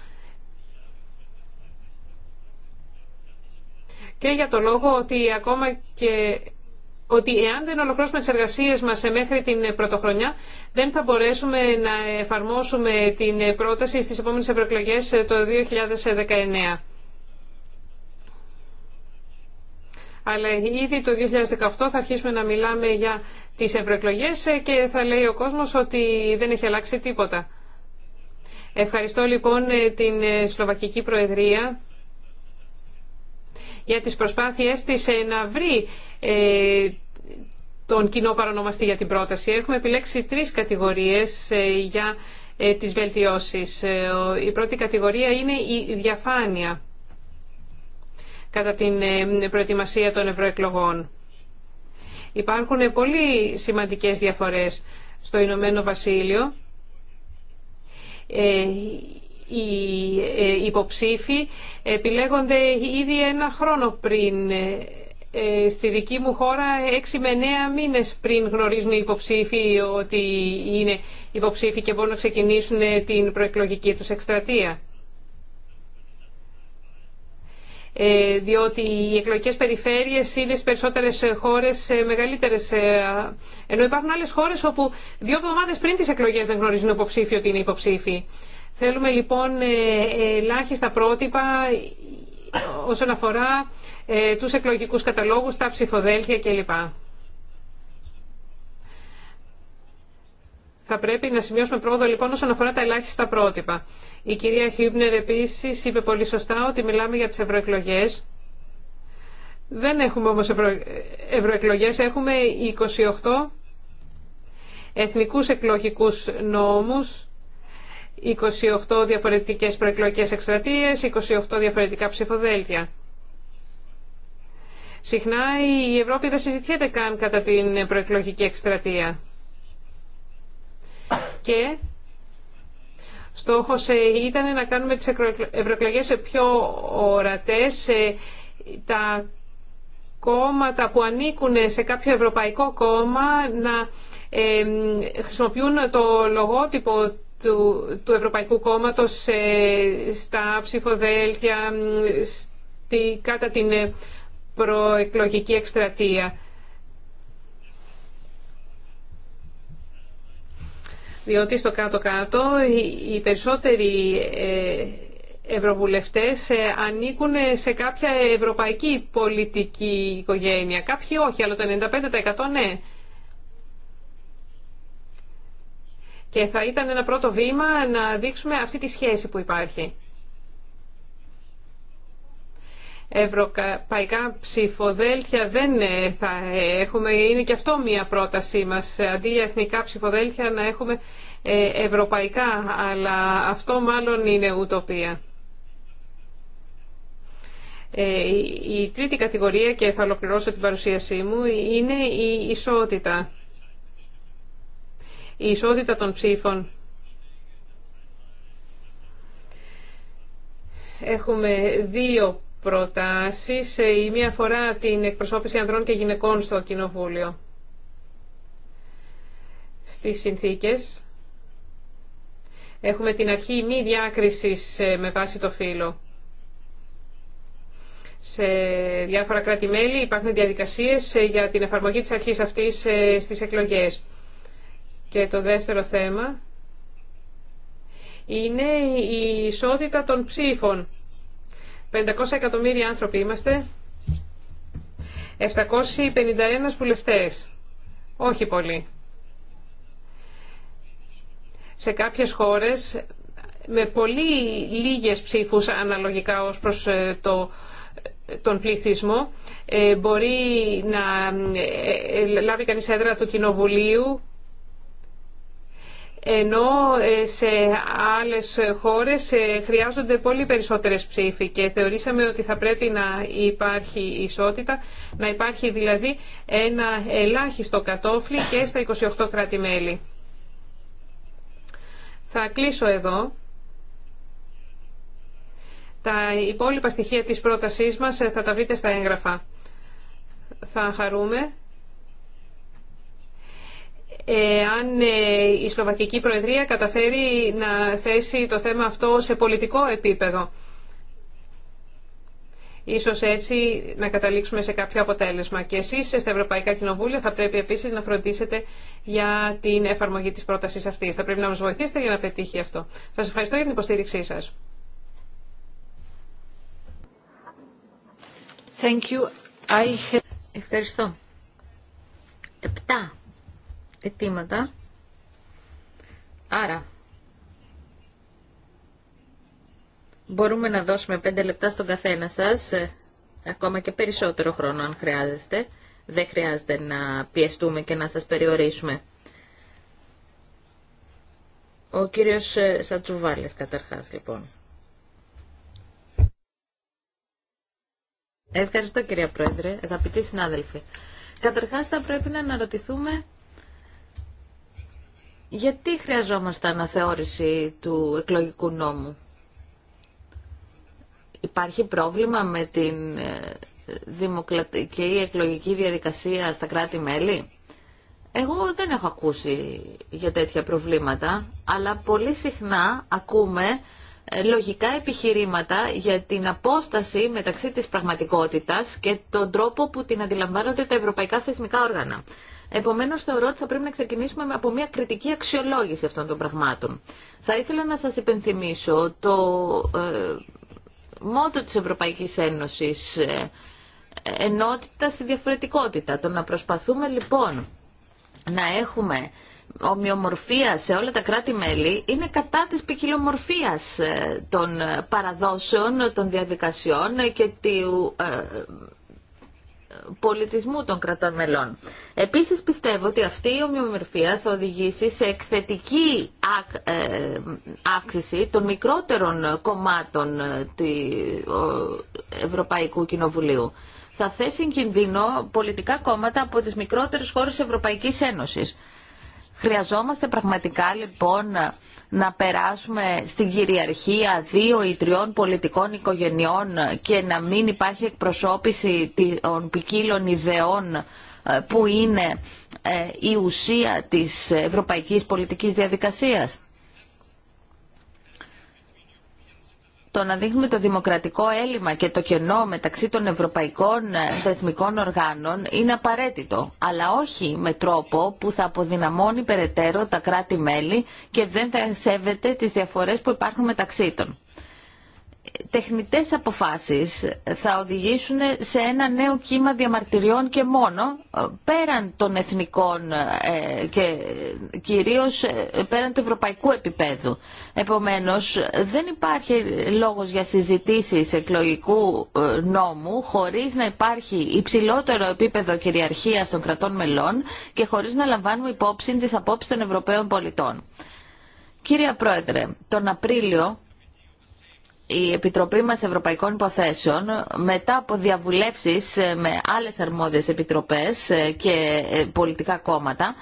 [SPEAKER 3] και για το λόγο ότι ακόμα και ότι εάν δεν ολοκληρώσουμε τις εργασίες μας μέχρι την πρωτοχρονιά, δεν θα μπορέσουμε να εφαρμόσουμε την πρόταση στις επόμενες ευρωεκλογέ ε, το 2019. Αλλά ήδη το 2018 θα αρχίσουμε να μιλάμε για τις ευρωεκλογέ ε, και θα λέει ο κόσμος ότι δεν έχει αλλάξει τίποτα. Ευχαριστώ λοιπόν ε, την Σλοβακική Προεδρία για τις προσπάθειές της ε, να βρει ε, τον κοινό παρονομαστή για την πρόταση. Έχουμε επιλέξει τρεις κατηγορίες ε, για τις βελτιώσεις. Η πρώτη κατηγορία είναι η διαφάνεια κατά την προετοιμασία των ευρωεκλογών. Υπάρχουν πολύ σημαντικές διαφορές στο Ηνωμένο Βασίλειο. Ε, οι υποψήφοι επιλέγονται ήδη ένα χρόνο πριν. Ε, στη δική μου χώρα έξι με εννέα μήνες πριν γνωρίζουν οι υποψήφοι ότι είναι υποψήφοι και μπορούν να ξεκινήσουν την προεκλογική τους εκστρατεία. Ε, διότι οι εκλογικές περιφέρειες είναι στις περισσότερες χώρες μεγαλύτερες. Ενώ υπάρχουν άλλες χώρες όπου δύο εβδομάδες πριν τις εκλογές δεν γνωρίζουν υποψήφοι ότι είναι υποψήφοι. Θέλουμε λοιπόν ε, ε, ελάχιστα πρότυπα όσον αφορά ε, τους εκλογικούς καταλόγους, τα ψηφοδέλτια κλπ. Θα πρέπει να σημειώσουμε πρόοδο λοιπόν όσον αφορά τα ελάχιστα πρότυπα. Η κυρία Χίμπνερ επίσης είπε πολύ σωστά ότι μιλάμε για τις ευρωεκλογέ. Δεν έχουμε όμως ευρω... ευρωεκλογές, έχουμε 28 εθνικούς εκλογικούς νόμους 28 διαφορετικές προεκλογικές εκστρατείες, 28 διαφορετικά ψηφοδέλτια. Συχνά η Ευρώπη δεν συζητιέται καν κατά την προεκλογική εκστρατεία. Και στόχος ε, ήταν να κάνουμε τις ευρωεκλογές πιο ορατές, ε, τα κόμματα που ανήκουν σε κάποιο ευρωπαϊκό κόμμα να ε, χρησιμοποιούν το λογότυπο του, Ευρωπαϊκού Κόμματος ε, στα ψηφοδέλτια στη, κατά την ε, προεκλογική εκστρατεία. Διότι στο κάτω-κάτω οι περισσότεροι ε, ευρωβουλευτές ανήκουν σε κάποια ευρωπαϊκή πολιτική οικογένεια. Κάποιοι όχι, αλλά το 95% ναι. Και θα ήταν ένα πρώτο βήμα να δείξουμε αυτή τη σχέση που υπάρχει. Ευρωπαϊκά ψηφοδέλτια δεν ε, θα ε, έχουμε, είναι και αυτό μία πρότασή μας. Αντί για εθνικά ψηφοδέλτια να έχουμε ε, ευρωπαϊκά, αλλά αυτό μάλλον είναι ουτοπία. Η τρίτη κατηγορία, και θα ολοκληρώσω την παρουσίασή μου, είναι η ισότητα η ισότητα των ψήφων. Έχουμε δύο προτάσεις. Η μία αφορά την εκπροσώπηση ανδρών και γυναικών στο Κοινοβούλιο. Στις συνθήκες έχουμε την αρχή μη διάκρισης ε, με βάση το φύλλο. Σε διάφορα κράτη-μέλη υπάρχουν διαδικασίες ε, για την εφαρμογή της αρχής αυτής ε, στις εκλογές. Και το δεύτερο θέμα είναι η ισότητα των ψήφων. 500 εκατομμύρια άνθρωποι είμαστε, 751 βουλευτές, όχι πολύ. Σε κάποιες χώρες με πολύ λίγες ψήφους αναλογικά ως προς ε, το, τον πληθυσμό ε, μπορεί να ε, λάβει κανείς έδρα του Κοινοβουλίου ενώ ε, σε άλλες χώρες ε, χρειάζονται πολύ περισσότερες ψήφοι και θεωρήσαμε ότι θα πρέπει να υπάρχει ισότητα, να υπάρχει δηλαδή ένα ελάχιστο κατόφλι και στα 28 κράτη-μέλη. Θα κλείσω εδώ. Τα υπόλοιπα στοιχεία της πρότασής μας ε, θα τα βρείτε στα έγγραφα. Θα χαρούμε αν ε, η Σλοβακική Προεδρία καταφέρει να θέσει το θέμα αυτό σε πολιτικό επίπεδο. Ίσως έτσι να καταλήξουμε σε κάποιο αποτέλεσμα. Και εσείς στα Ευρωπαϊκά Κοινοβούλια θα πρέπει επίσης να φροντίσετε για την εφαρμογή της πρότασης αυτής. Θα πρέπει να μας βοηθήσετε για να πετύχει αυτό. Σας ευχαριστώ για την υποστήριξή σας. Thank you. Ευχαριστώ
[SPEAKER 1] αιτήματα. Άρα, μπορούμε να δώσουμε 5 λεπτά στον καθένα σας, ε, ακόμα και περισσότερο χρόνο αν χρειάζεστε. Δεν χρειάζεται να πιεστούμε και να σας περιορίσουμε. Ο κύριος ε, Σατζουβάλης καταρχάς λοιπόν. Ευχαριστώ κυρία Πρόεδρε, αγαπητοί συνάδελφοι. Καταρχάς θα πρέπει να αναρωτηθούμε γιατί χρειαζόμαστε αναθεώρηση του εκλογικού νόμου. Υπάρχει πρόβλημα με την ε, δημοκρατική εκλογική διαδικασία στα κράτη-μέλη. Εγώ δεν έχω ακούσει για τέτοια προβλήματα, αλλά πολύ συχνά ακούμε ε, λογικά επιχειρήματα για την απόσταση μεταξύ της πραγματικότητας και τον τρόπο που την αντιλαμβάνονται τα ευρωπαϊκά θεσμικά όργανα. Επομένω, θεωρώ ότι θα πρέπει να ξεκινήσουμε από μια κριτική αξιολόγηση αυτών των πραγμάτων. Θα ήθελα να σα υπενθυμίσω το ε, μότο τη Ευρωπαϊκή Ένωση. Ε, ενότητα στη διαφορετικότητα. Το να προσπαθούμε λοιπόν να έχουμε ομοιομορφία σε όλα τα κράτη-μέλη είναι κατά της ποικιλομορφία ε, των παραδόσεων, των διαδικασιών και του ε, πολιτισμού των κρατών μελών. Επίσης πιστεύω ότι αυτή η ομοιομορφία θα οδηγήσει σε εκθετική ε, αύξηση των μικρότερων κομμάτων ε, του Ευρωπαϊκού Κοινοβουλίου. Θα θέσει κινδύνο πολιτικά κόμματα από τις μικρότερες χώρες Ευρωπαϊκής Ένωσης. Χρειαζόμαστε πραγματικά λοιπόν να περάσουμε στην κυριαρχία δύο ή τριών πολιτικών οικογενειών και να μην υπάρχει εκπροσώπηση των ποικίλων ιδεών ε, που είναι ε, η ουσία της ευρωπαϊκής πολιτικής διαδικασίας. το να δείχνουμε το δημοκρατικό έλλειμμα και το κενό μεταξύ των ευρωπαϊκών ε, θεσμικών οργάνων είναι απαραίτητο, αλλά όχι με τρόπο που θα αποδυναμώνει περαιτέρω τα κράτη-μέλη και δεν θα σέβεται τις διαφορές που υπάρχουν μεταξύ των τεχνητές αποφάσεις θα οδηγήσουν σε ένα νέο κύμα διαμαρτυριών και μόνο ε, πέραν των εθνικών ε, και κυρίως ε, πέραν του ευρωπαϊκού επίπεδου. Επομένως δεν υπάρχει λόγος για συζητήσεις εκλογικού νόμου χωρίς να υπάρχει υψηλότερο επίπεδο κυριαρχίας των κρατών μελών και χωρίς να λαμβάνουμε υπόψη τις απόψεις των Ευρωπαίων πολιτών. Κύριε Πρόεδρε, τον Απρίλιο η Επιτροπή μας Ευρωπαϊκών Υποθέσεων μετά από διαβουλεύσεις ε, με άλλες αρμόδιες επιτροπές ε, και ε, πολιτικά κόμματα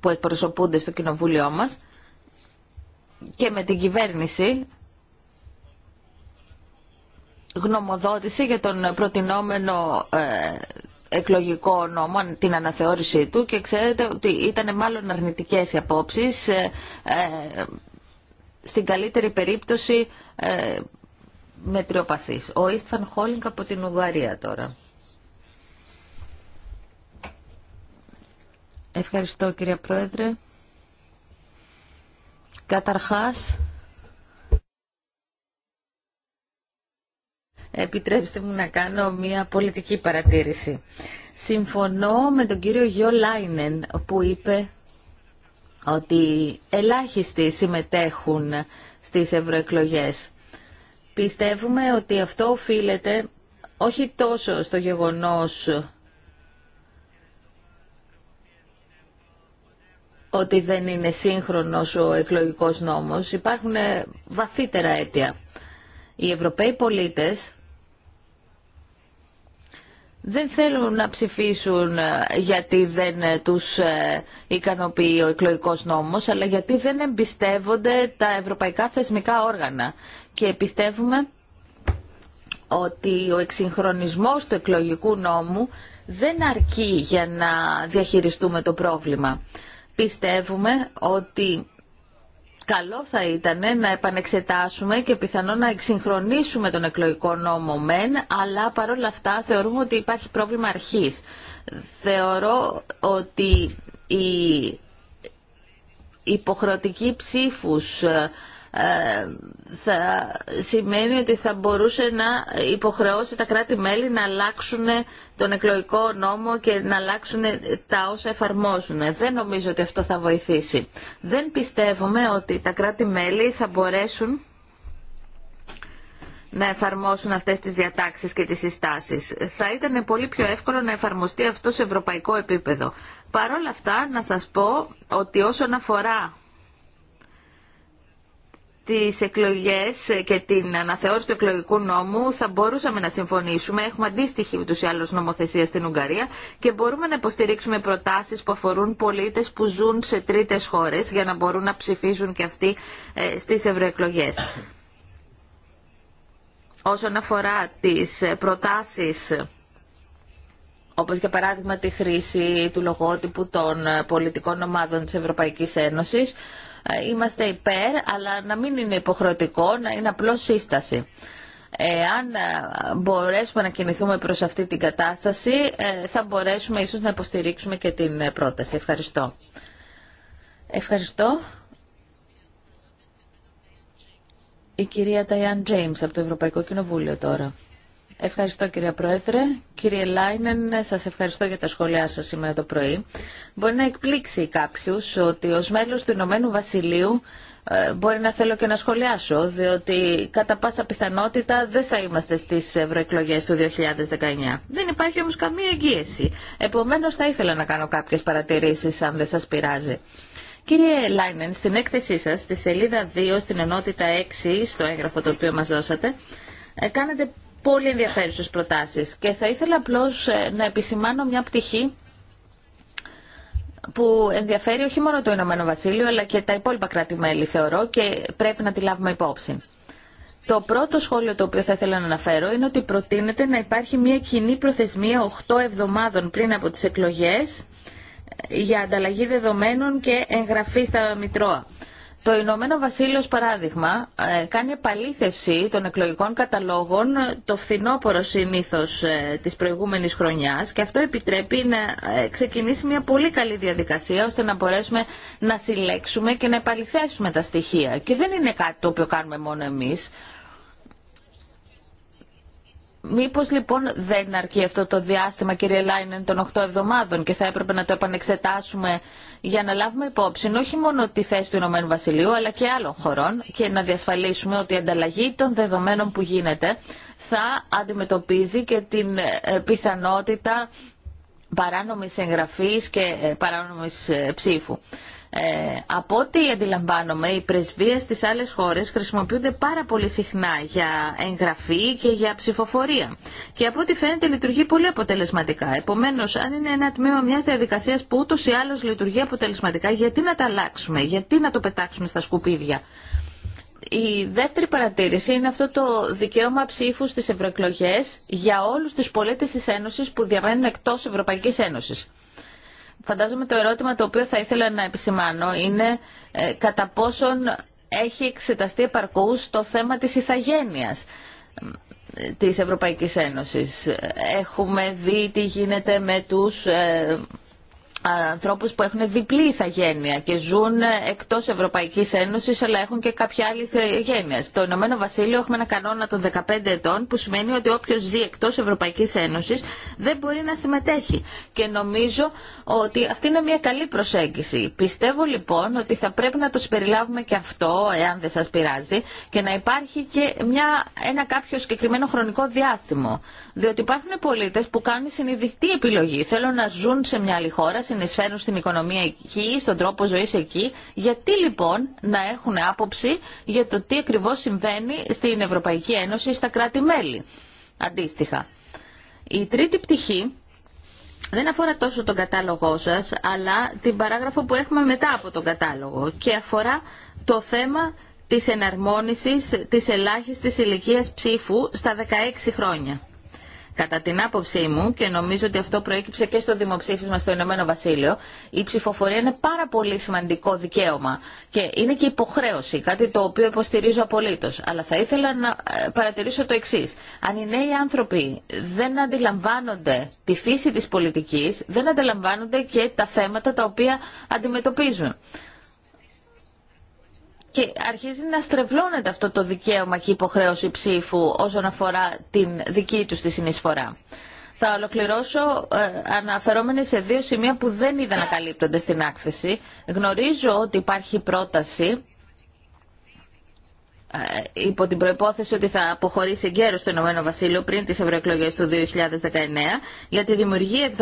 [SPEAKER 1] που εκπροσωπούνται στο κοινοβούλιο μας και με την κυβέρνηση γνωμοδότησε για τον προτινόμενο εκλογικό νόμο, την αναθεώρησή του και ξέρετε ότι ήταν μάλλον αρνητικές οι απόψεις στην καλύτερη περίπτωση ε, μετριοπαθής. Ο Ιστφαν Χόλινγκ από την Ουγγαρία τώρα. Ευχαριστώ κύριε Πρόεδρε. Καταρχάς, επιτρέψτε μου να κάνω μια πολιτική παρατήρηση. Συμφωνώ με τον κύριο Γιώ Λάινεν που είπε ότι ελάχιστοι συμμετέχουν στις ευρωεκλογές. Πιστεύουμε ότι αυτό οφείλεται όχι τόσο στο γεγονός ότι δεν είναι σύγχρονος ο εκλογικός νόμος. Υπάρχουν βαθύτερα αίτια. Οι Ευρωπαίοι πολίτες δεν θέλουν να ψηφίσουν ε, γιατί δεν ε, τους ε, ικανοποιεί ο εκλογικός νόμος, αλλά γιατί δεν εμπιστεύονται τα ευρωπαϊκά θεσμικά όργανα. Και πιστεύουμε ότι ο εξυγχρονισμός του εκλογικού νόμου δεν αρκεί για να διαχειριστούμε το πρόβλημα. Πιστεύουμε ότι καλό θα ήταν να επανεξετάσουμε και πιθανόν να εξυγχρονίσουμε τον εκλογικό νόμο μεν, αλλά παρόλα αυτά θεωρούμε ότι υπάρχει πρόβλημα αρχής. Θεωρώ ότι η υποχρεωτική ψήφους ε, ε, θα σημαίνει ότι θα μπορούσε να υποχρεώσει τα κράτη-μέλη να αλλάξουν τον εκλογικό νόμο και να αλλάξουν τα όσα εφαρμόζουν. Δεν νομίζω ότι αυτό θα βοηθήσει. Δεν πιστεύουμε ότι τα κράτη-μέλη θα μπορέσουν να εφαρμόσουν αυτές τις διατάξεις και τις συστάσεις. Θα ήταν πολύ πιο εύκολο να εφαρμοστεί αυτό σε ευρωπαϊκό επίπεδο. Παρ' όλα αυτά να σας πω ότι όσον αφορά τις εκλογές και την αναθεώρηση του εκλογικού νόμου θα μπορούσαμε να συμφωνήσουμε. Έχουμε αντίστοιχη ούτως ή άλλως νομοθεσία στην Ουγγαρία και μπορούμε να υποστηρίξουμε προτάσεις που αφορούν πολίτες που ζουν σε τρίτες χώρες για να μπορούν να ψηφίζουν και αυτοί ε, στις ευρωεκλογές. Όσον αφορά τις ε, προτάσεις όπως για παράδειγμα τη χρήση του λογότυπου των ε, πολιτικών ομάδων της Ευρωπαϊκής Ένωσης είμαστε υπέρ, αλλά να μην είναι υποχρεωτικό, να είναι απλώς σύσταση. Αν μπορέσουμε να κινηθούμε προς αυτή την κατάσταση, ε, θα μπορέσουμε ίσως να υποστηρίξουμε και την ε, πρόταση. Ευχαριστώ. Ευχαριστώ. Η κυρία Ταϊάν Τζέιμς από το Ευρωπαϊκό Κοινοβούλιο τώρα. Ευχαριστώ κύριε Πρόεδρε. Κύριε Λάινεν, σας ευχαριστώ για τα σχόλιά σας σήμερα το πρωί. Μπορεί να εκπλήξει κάποιους ότι ως μέλος του Ηνωμένου Βασιλείου ε, μπορεί να θέλω και να σχολιάσω, διότι κατά πάσα πιθανότητα δεν θα είμαστε στις ευρωεκλογές του 2019. Δεν υπάρχει όμως καμία εγγύηση. Επομένως θα ήθελα να κάνω κάποιες παρατηρήσεις αν δεν σας πειράζει. Κύριε Λάινεν, στην έκθεσή σας, στη σελίδα 2, στην ενότητα 6, στο έγγραφο το οποίο μας δώσατε, ε, κάνετε πολύ ενδιαφέρουσε προτάσει. και θα ήθελα απλώ ε, να επισημάνω μια πτυχή που ενδιαφέρει όχι μόνο το Ηνωμένο Βασίλειο αλλά και τα υπόλοιπα κράτη-μέλη θεωρώ και πρέπει να τη λάβουμε υπόψη. Το πρώτο σχόλιο το οποίο θα ήθελα να αναφέρω είναι ότι προτείνεται να υπάρχει μια κοινή προθεσμία 8 εβδομάδων πριν από τις εκλογές για ανταλλαγή δεδομένων και εγγραφή στα Μητρώα. Το Ηνωμένο Βασίλειο, παράδειγμα, ε, κάνει επαλήθευση των εκλογικών καταλόγων ε, το φθινόπωρο συνήθω ε, της προηγούμενη χρονιάς και αυτό επιτρέπει να ξεκινήσει μια πολύ καλή διαδικασία ώστε να μπορέσουμε να συλλέξουμε και να επαληθεύσουμε τα στοιχεία. Και δεν είναι κάτι το οποίο κάνουμε μόνο εμείς. Μήπως λοιπόν δεν αρκεί αυτό το διάστημα, κύριε Λάινεν, των 8 εβδομάδων και θα έπρεπε να το επανεξετάσουμε για να λάβουμε υπόψη όχι μόνο τη θέση του Ηνωμένου Βασιλείου αλλά και άλλων χωρών και να διασφαλίσουμε ότι η ανταλλαγή των δεδομένων που γίνεται θα αντιμετωπίζει και την ε, πιθανότητα παράνομης εγγραφής και ε, παράνομης ε, ψήφου. Ε, από ό,τι αντιλαμβάνομαι, οι πρεσβείες στις άλλες χώρες χρησιμοποιούνται πάρα πολύ συχνά για εγγραφή και για ψηφοφορία. Και από ό,τι φαίνεται λειτουργεί πολύ αποτελεσματικά. Επομένως, αν είναι ένα τμήμα μιας διαδικασίας που ούτως ή άλλως λειτουργεί αποτελεσματικά, γιατί να τα αλλάξουμε, γιατί να το πετάξουμε στα σκουπίδια. Η δεύτερη παρατήρηση είναι αυτό το δικαίωμα ψήφου στις ευρωεκλογέ για όλους τους πολίτες της Ένωσης που διαμένουν εκτός Ευρωπαϊκής Ένωσης φαντάζομαι το ερώτημα το οποίο θα ήθελα να επισημάνω είναι ε, κατά πόσον έχει εξεταστεί επαρκούς το θέμα της ηθαγένειας της Ευρωπαϊκής Ένωσης. Έχουμε δει τι γίνεται με τους ε, ανθρώπους που έχουν διπλή ηθαγένεια και ζουν εκτός Ευρωπαϊκής Ένωσης αλλά έχουν και κάποια άλλη ηθαγένεια. Στο Ηνωμένο Βασίλειο έχουμε ένα κανόνα των 15 ετών που σημαίνει ότι όποιος ζει εκτός Ευρωπαϊκής Ένωσης δεν μπορεί να συμμετέχει. Και νομίζω ότι αυτή είναι μια καλή προσέγγιση. Πιστεύω λοιπόν ότι θα πρέπει να το συμπεριλάβουμε και αυτό, εάν δεν σας πειράζει, και να υπάρχει και μια, ένα κάποιο συγκεκριμένο χρονικό διάστημα. Διότι υπάρχουν πολίτες που κάνουν συνειδητή επιλογή. Θέλουν να ζουν σε μια άλλη χώρα, εισφέρουν στην οικονομία εκεί, στον τρόπο ζωής εκεί. Γιατί λοιπόν να έχουν άποψη για το τι ακριβώς συμβαίνει στην Ευρωπαϊκή Ένωση, στα κράτη-μέλη. Αντίστοιχα. Η τρίτη πτυχή δεν αφορά τόσο τον κατάλογό σας, αλλά την παράγραφο που έχουμε μετά από τον κατάλογο και αφορά το θέμα της εναρμόνισης της ελάχιστης ηλικίας ψήφου στα 16 χρόνια. Κατά την άποψή μου, και νομίζω ότι αυτό προέκυψε και στο δημοψήφισμα στο Ηνωμένο Βασίλειο, η ψηφοφορία είναι πάρα πολύ σημαντικό δικαίωμα και είναι και υποχρέωση, κάτι το οποίο υποστηρίζω απολύτω. Αλλά θα ήθελα να ε, παρατηρήσω το εξή. Αν οι νέοι άνθρωποι δεν αντιλαμβάνονται τη φύση τη πολιτική, δεν αντιλαμβάνονται και τα θέματα τα οποία αντιμετωπίζουν και αρχίζει να στρεβλώνεται αυτό το δικαίωμα και υποχρέωση ψήφου όσον αφορά την δική τους τη συνεισφορά. Θα ολοκληρώσω ε, αναφερόμενοι σε δύο σημεία που δεν είδα να καλύπτονται στην άκθεση. Γνωρίζω ότι υπάρχει πρόταση ε, υπό την προπόθεση ότι θα αποχωρήσει εγκαίρω το Ηνωμένο Βασίλειο πριν τις ευρωεκλογέ του 2019 για τη δημιουργία 73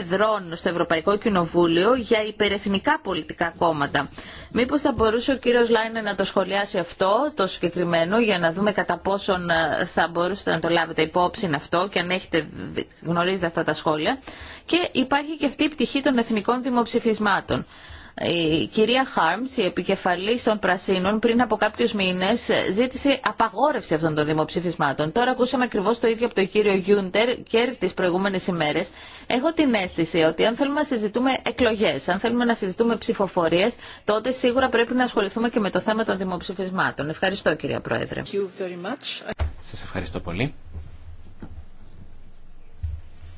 [SPEAKER 1] εδρών στο Ευρωπαϊκό Κοινοβούλιο για υπερεθνικά πολιτικά κόμματα. Μήπως θα μπορούσε ο κύριος Λάινε να το σχολιάσει αυτό το συγκεκριμένο για να δούμε κατά πόσον ε, θα μπορούσατε να το λάβετε υπόψη αυτό και αν έχετε γνωρίζετε αυτά τα σχόλια. Και υπάρχει και αυτή η πτυχή των εθνικών δημοψηφισμάτων. Η κυρία Χάρμς, η επικεφαλής των Πρασίνων, πριν από κάποιους μήνες ε, ζήτησε απαγόρευση αυτών των δημοψηφισμάτων. Τώρα ακούσαμε ακριβώ το ίδιο από τον κύριο Γιούντερ και τις προηγούμενες ημέρες. Έχω την αίσθηση ότι αν θέλουμε να συζητούμε εκλογές, αν θέλουμε να συζητούμε ψηφοφορίες, τότε σίγουρα πρέπει να ασχοληθούμε και με το θέμα των δημοψηφισμάτων. Ευχαριστώ κυρία Πρόεδρε.
[SPEAKER 2] Σας ευχαριστώ πολύ.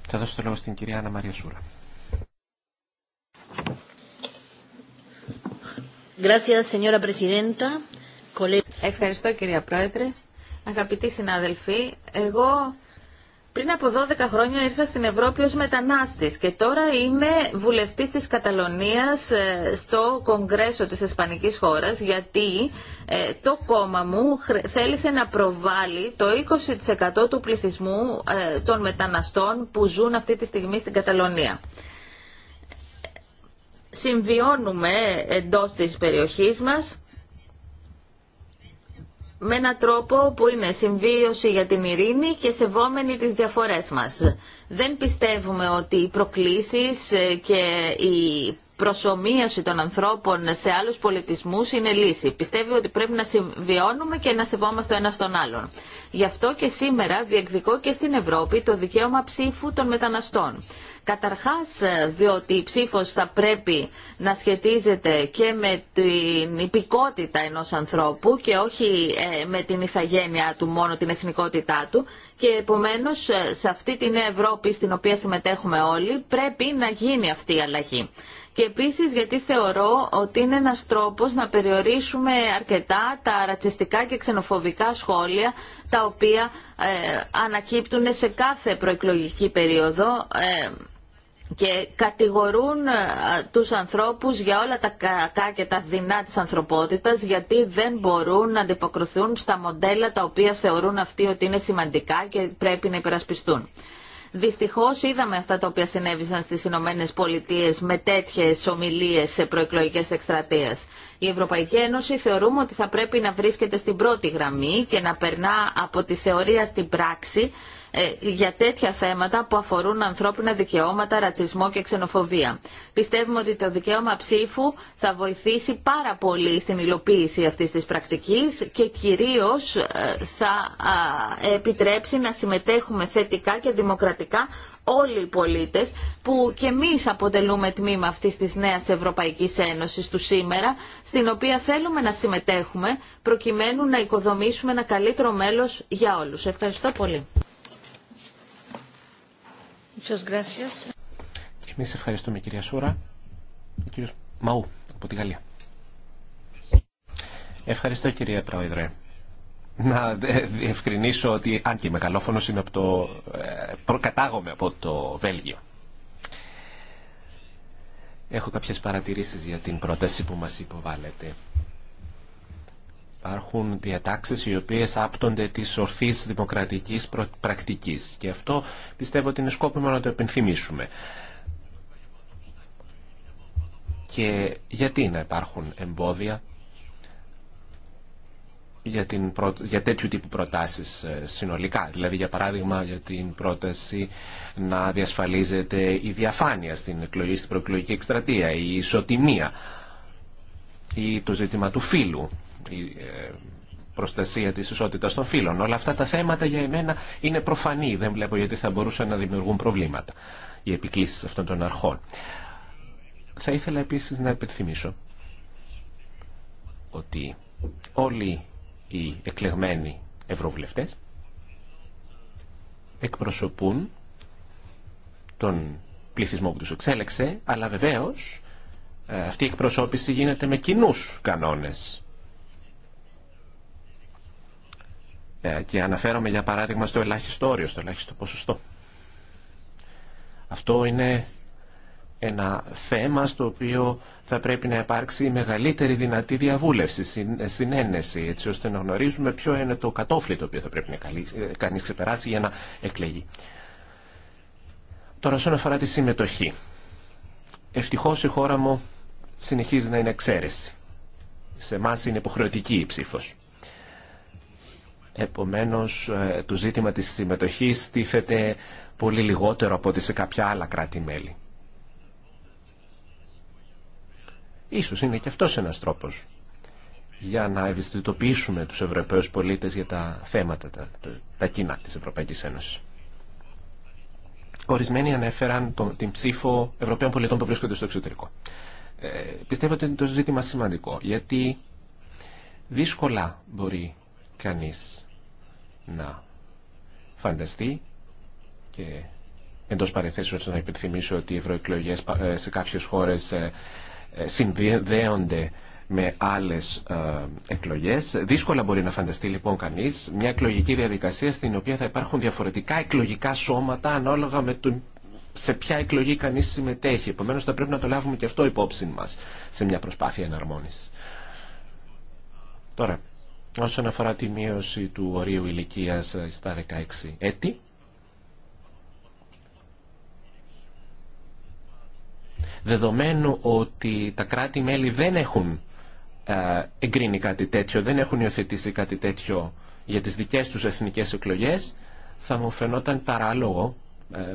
[SPEAKER 2] Θα δώσω το λόγο στην κυρία Άννα Μαρία Σούρα.
[SPEAKER 1] Ευχαριστώ κυρία Πρόεδρε. Αγαπητοί συνάδελφοι, εγώ πριν από 12 χρόνια ήρθα στην Ευρώπη ως μετανάστης και τώρα είμαι βουλευτής της Καταλωνίας ε, στο Κογκρέσο της Ισπανικής χώρας γιατί ε, το κόμμα μου θέλησε να προβάλλει το 20% του πληθυσμού ε, των μεταναστών που ζουν αυτή τη στιγμή στην Καταλωνία συμβιώνουμε εντός της περιοχής μας με έναν τρόπο που είναι συμβίωση για την ειρήνη και σεβόμενη τις διαφορές μας. Δεν πιστεύουμε ότι οι προκλήσεις ε, και η προσωμείωση των ανθρώπων σε άλλους πολιτισμούς είναι λύση. Πιστεύει ότι πρέπει να συμβιώνουμε και να σεβόμαστε ο ένας τον άλλον. Γι' αυτό και σήμερα διεκδικώ και στην Ευρώπη το δικαίωμα ψήφου των μεταναστών. Καταρχάς, ε, διότι η ψήφος θα πρέπει να σχετίζεται και με την υπηκότητα ενός ανθρώπου και όχι ε, με την ηθαγένεια του, μόνο την εθνικότητά του. Και επομένως, ε, σε αυτή την Ευρώπη στην οποία συμμετέχουμε όλοι, πρέπει να γίνει αυτή η αλλαγή. Και επίσης γιατί θεωρώ ότι είναι ένας τρόπος να περιορίσουμε αρκετά τα ρατσιστικά και ξενοφοβικά σχόλια τα οποία ανακύπτουν σε κάθε προεκλογική περίοδο και κατηγορούν ε, τους ανθρώπους για όλα τα κακά και τα δεινά της ανθρωπότητας γιατί δεν μπορούν να αντιποκριθούν στα μοντέλα τα οποία θεωρούν αυτοί ότι είναι σημαντικά και πρέπει να υπερασπιστούν. Δυστυχώ είδαμε αυτά τα οποία συνέβησαν στι Ηνωμένε Πολιτείε με τέτοιε ομιλίε σε προεκλογικέ εκστρατείες. Η Ευρωπαϊκή Ένωση θεωρούμε ότι θα πρέπει να βρίσκεται στην πρώτη γραμμή και να περνά από τη θεωρία στην πράξη ε, για τέτοια θέματα που αφορούν ανθρώπινα δικαιώματα, ρατσισμό και ξενοφοβία. Πιστεύουμε ότι το δικαίωμα ψήφου θα βοηθήσει πάρα πολύ στην υλοποίηση αυτής της πρακτικής και κυρίως ε, θα επιτρέψει να συμμετέχουμε θετικά και δημοκρατικά όλοι οι πολίτες που και εμείς αποτελούμε τμήμα αυτής της νέας Ευρωπαϊκής Ένωσης του σήμερα, στην οποία θέλουμε να συμμετέχουμε προκειμένου να οικοδομήσουμε ένα καλύτερο μέλος για όλους. Ευχαριστώ πολύ.
[SPEAKER 2] Εμείς ευχαριστούμε κυρία Σούρα. Ο κύριος Μαού από τη Γαλλία. Ευχαριστώ κυρία Πρόεδρε. Να διευκρινίσω ότι αν και μεγαλόφωνος είμαι από το... Ε, προκατάγομαι από το Βέλγιο. Έχω κάποιες παρατηρήσεις για την πρόταση που μας υποβάλλεται υπάρχουν διατάξεις οι οποίες άπτονται της ορθής δημοκρατικής πρακτικής και αυτό πιστεύω ότι είναι σκόπιμο να το επενθυμίσουμε. Και γιατί να υπάρχουν εμπόδια για, την για τέτοιου τύπου προτάσεις ε, συνολικά. Δηλαδή, για παράδειγμα, για την πρόταση να διασφαλίζεται η διαφάνεια στην, εκλογή, στην προεκλογική εκστρατεία, η ισοτιμία ή το ζήτημα του φύλου η ε, προστασία της ισότητας των φύλων. Όλα αυτά τα θέματα για εμένα είναι προφανή. Δεν βλέπω γιατί θα μπορούσαν να δημιουργούν προβλήματα οι επικλήσεις αυτών των αρχών. Θα ήθελα επίσης να επιθυμίσω ότι όλοι οι εκλεγμένοι ευρωβουλευτές εκπροσωπούν τον πληθυσμό που τους εξέλεξε, αλλά βεβαίως ε, αυτή η εκπροσώπηση γίνεται με κοινού κανόνες Ε, και αναφέρομαι για παράδειγμα στο ελάχιστο όριο, στο ελάχιστο ποσοστό. Αυτό είναι ένα θέμα στο οποίο θα πρέπει να υπάρξει η μεγαλύτερη δυνατή διαβούλευση, συνένεση, έτσι ώστε να γνωρίζουμε ποιο είναι το κατόφλι το οποίο θα πρέπει να ε, κανείς ξεπεράσει για να εκλεγεί. Τώρα, όσον αφορά τη συμμετοχή. Ευτυχώς η χώρα μου συνεχίζει να είναι εξαίρεση. Σε εμά είναι υποχρεωτική η ψήφος. Επομένως, ε, το ζήτημα της συμμετοχής τίθεται πολύ λιγότερο από ό,τι σε κάποια άλλα κράτη-μέλη. Ίσως είναι και αυτός ένας τρόπος για να ευαισθητοποιήσουμε τους Ευρωπαίους πολίτες για τα θέματα, τα, τα κοινά της Ευρωπαϊκής Ένωσης. Ορισμένοι ανέφεραν την ψήφο Ευρωπαίων πολιτών που βρίσκονται στο εξωτερικό. Ε, πιστεύω ότι είναι το ζήτημα σημαντικό, γιατί δύσκολα μπορεί κανείς να φανταστεί και εντό παρεθέσεως να υπενθυμίσω ότι οι ευρωεκλογέ ε, σε κάποιες χώρες ε, ε, συνδέονται με άλλες εκλογές. Δύσκολα μπορεί να φανταστεί λοιπόν κανείς μια εκλογική διαδικασία στην οποία θα υπάρχουν διαφορετικά εκλογικά σώματα ανάλογα με το σε ποια εκλογή κανείς συμμετέχει. Επομένως θα πρέπει να το λάβουμε και αυτό υπόψη μας σε μια προσπάθεια εναρμόνισης. Τώρα, όσον αφορά τη μείωση του ορίου ηλικίας ε, στα 16 έτη. Δεδομένου ότι τα κράτη-μέλη δεν έχουν ε, εγκρίνει κάτι τέτοιο, δεν έχουν υιοθετήσει κάτι τέτοιο για τις δικές τους εθνικές εκλογές, θα μου φαινόταν παράλογο ε,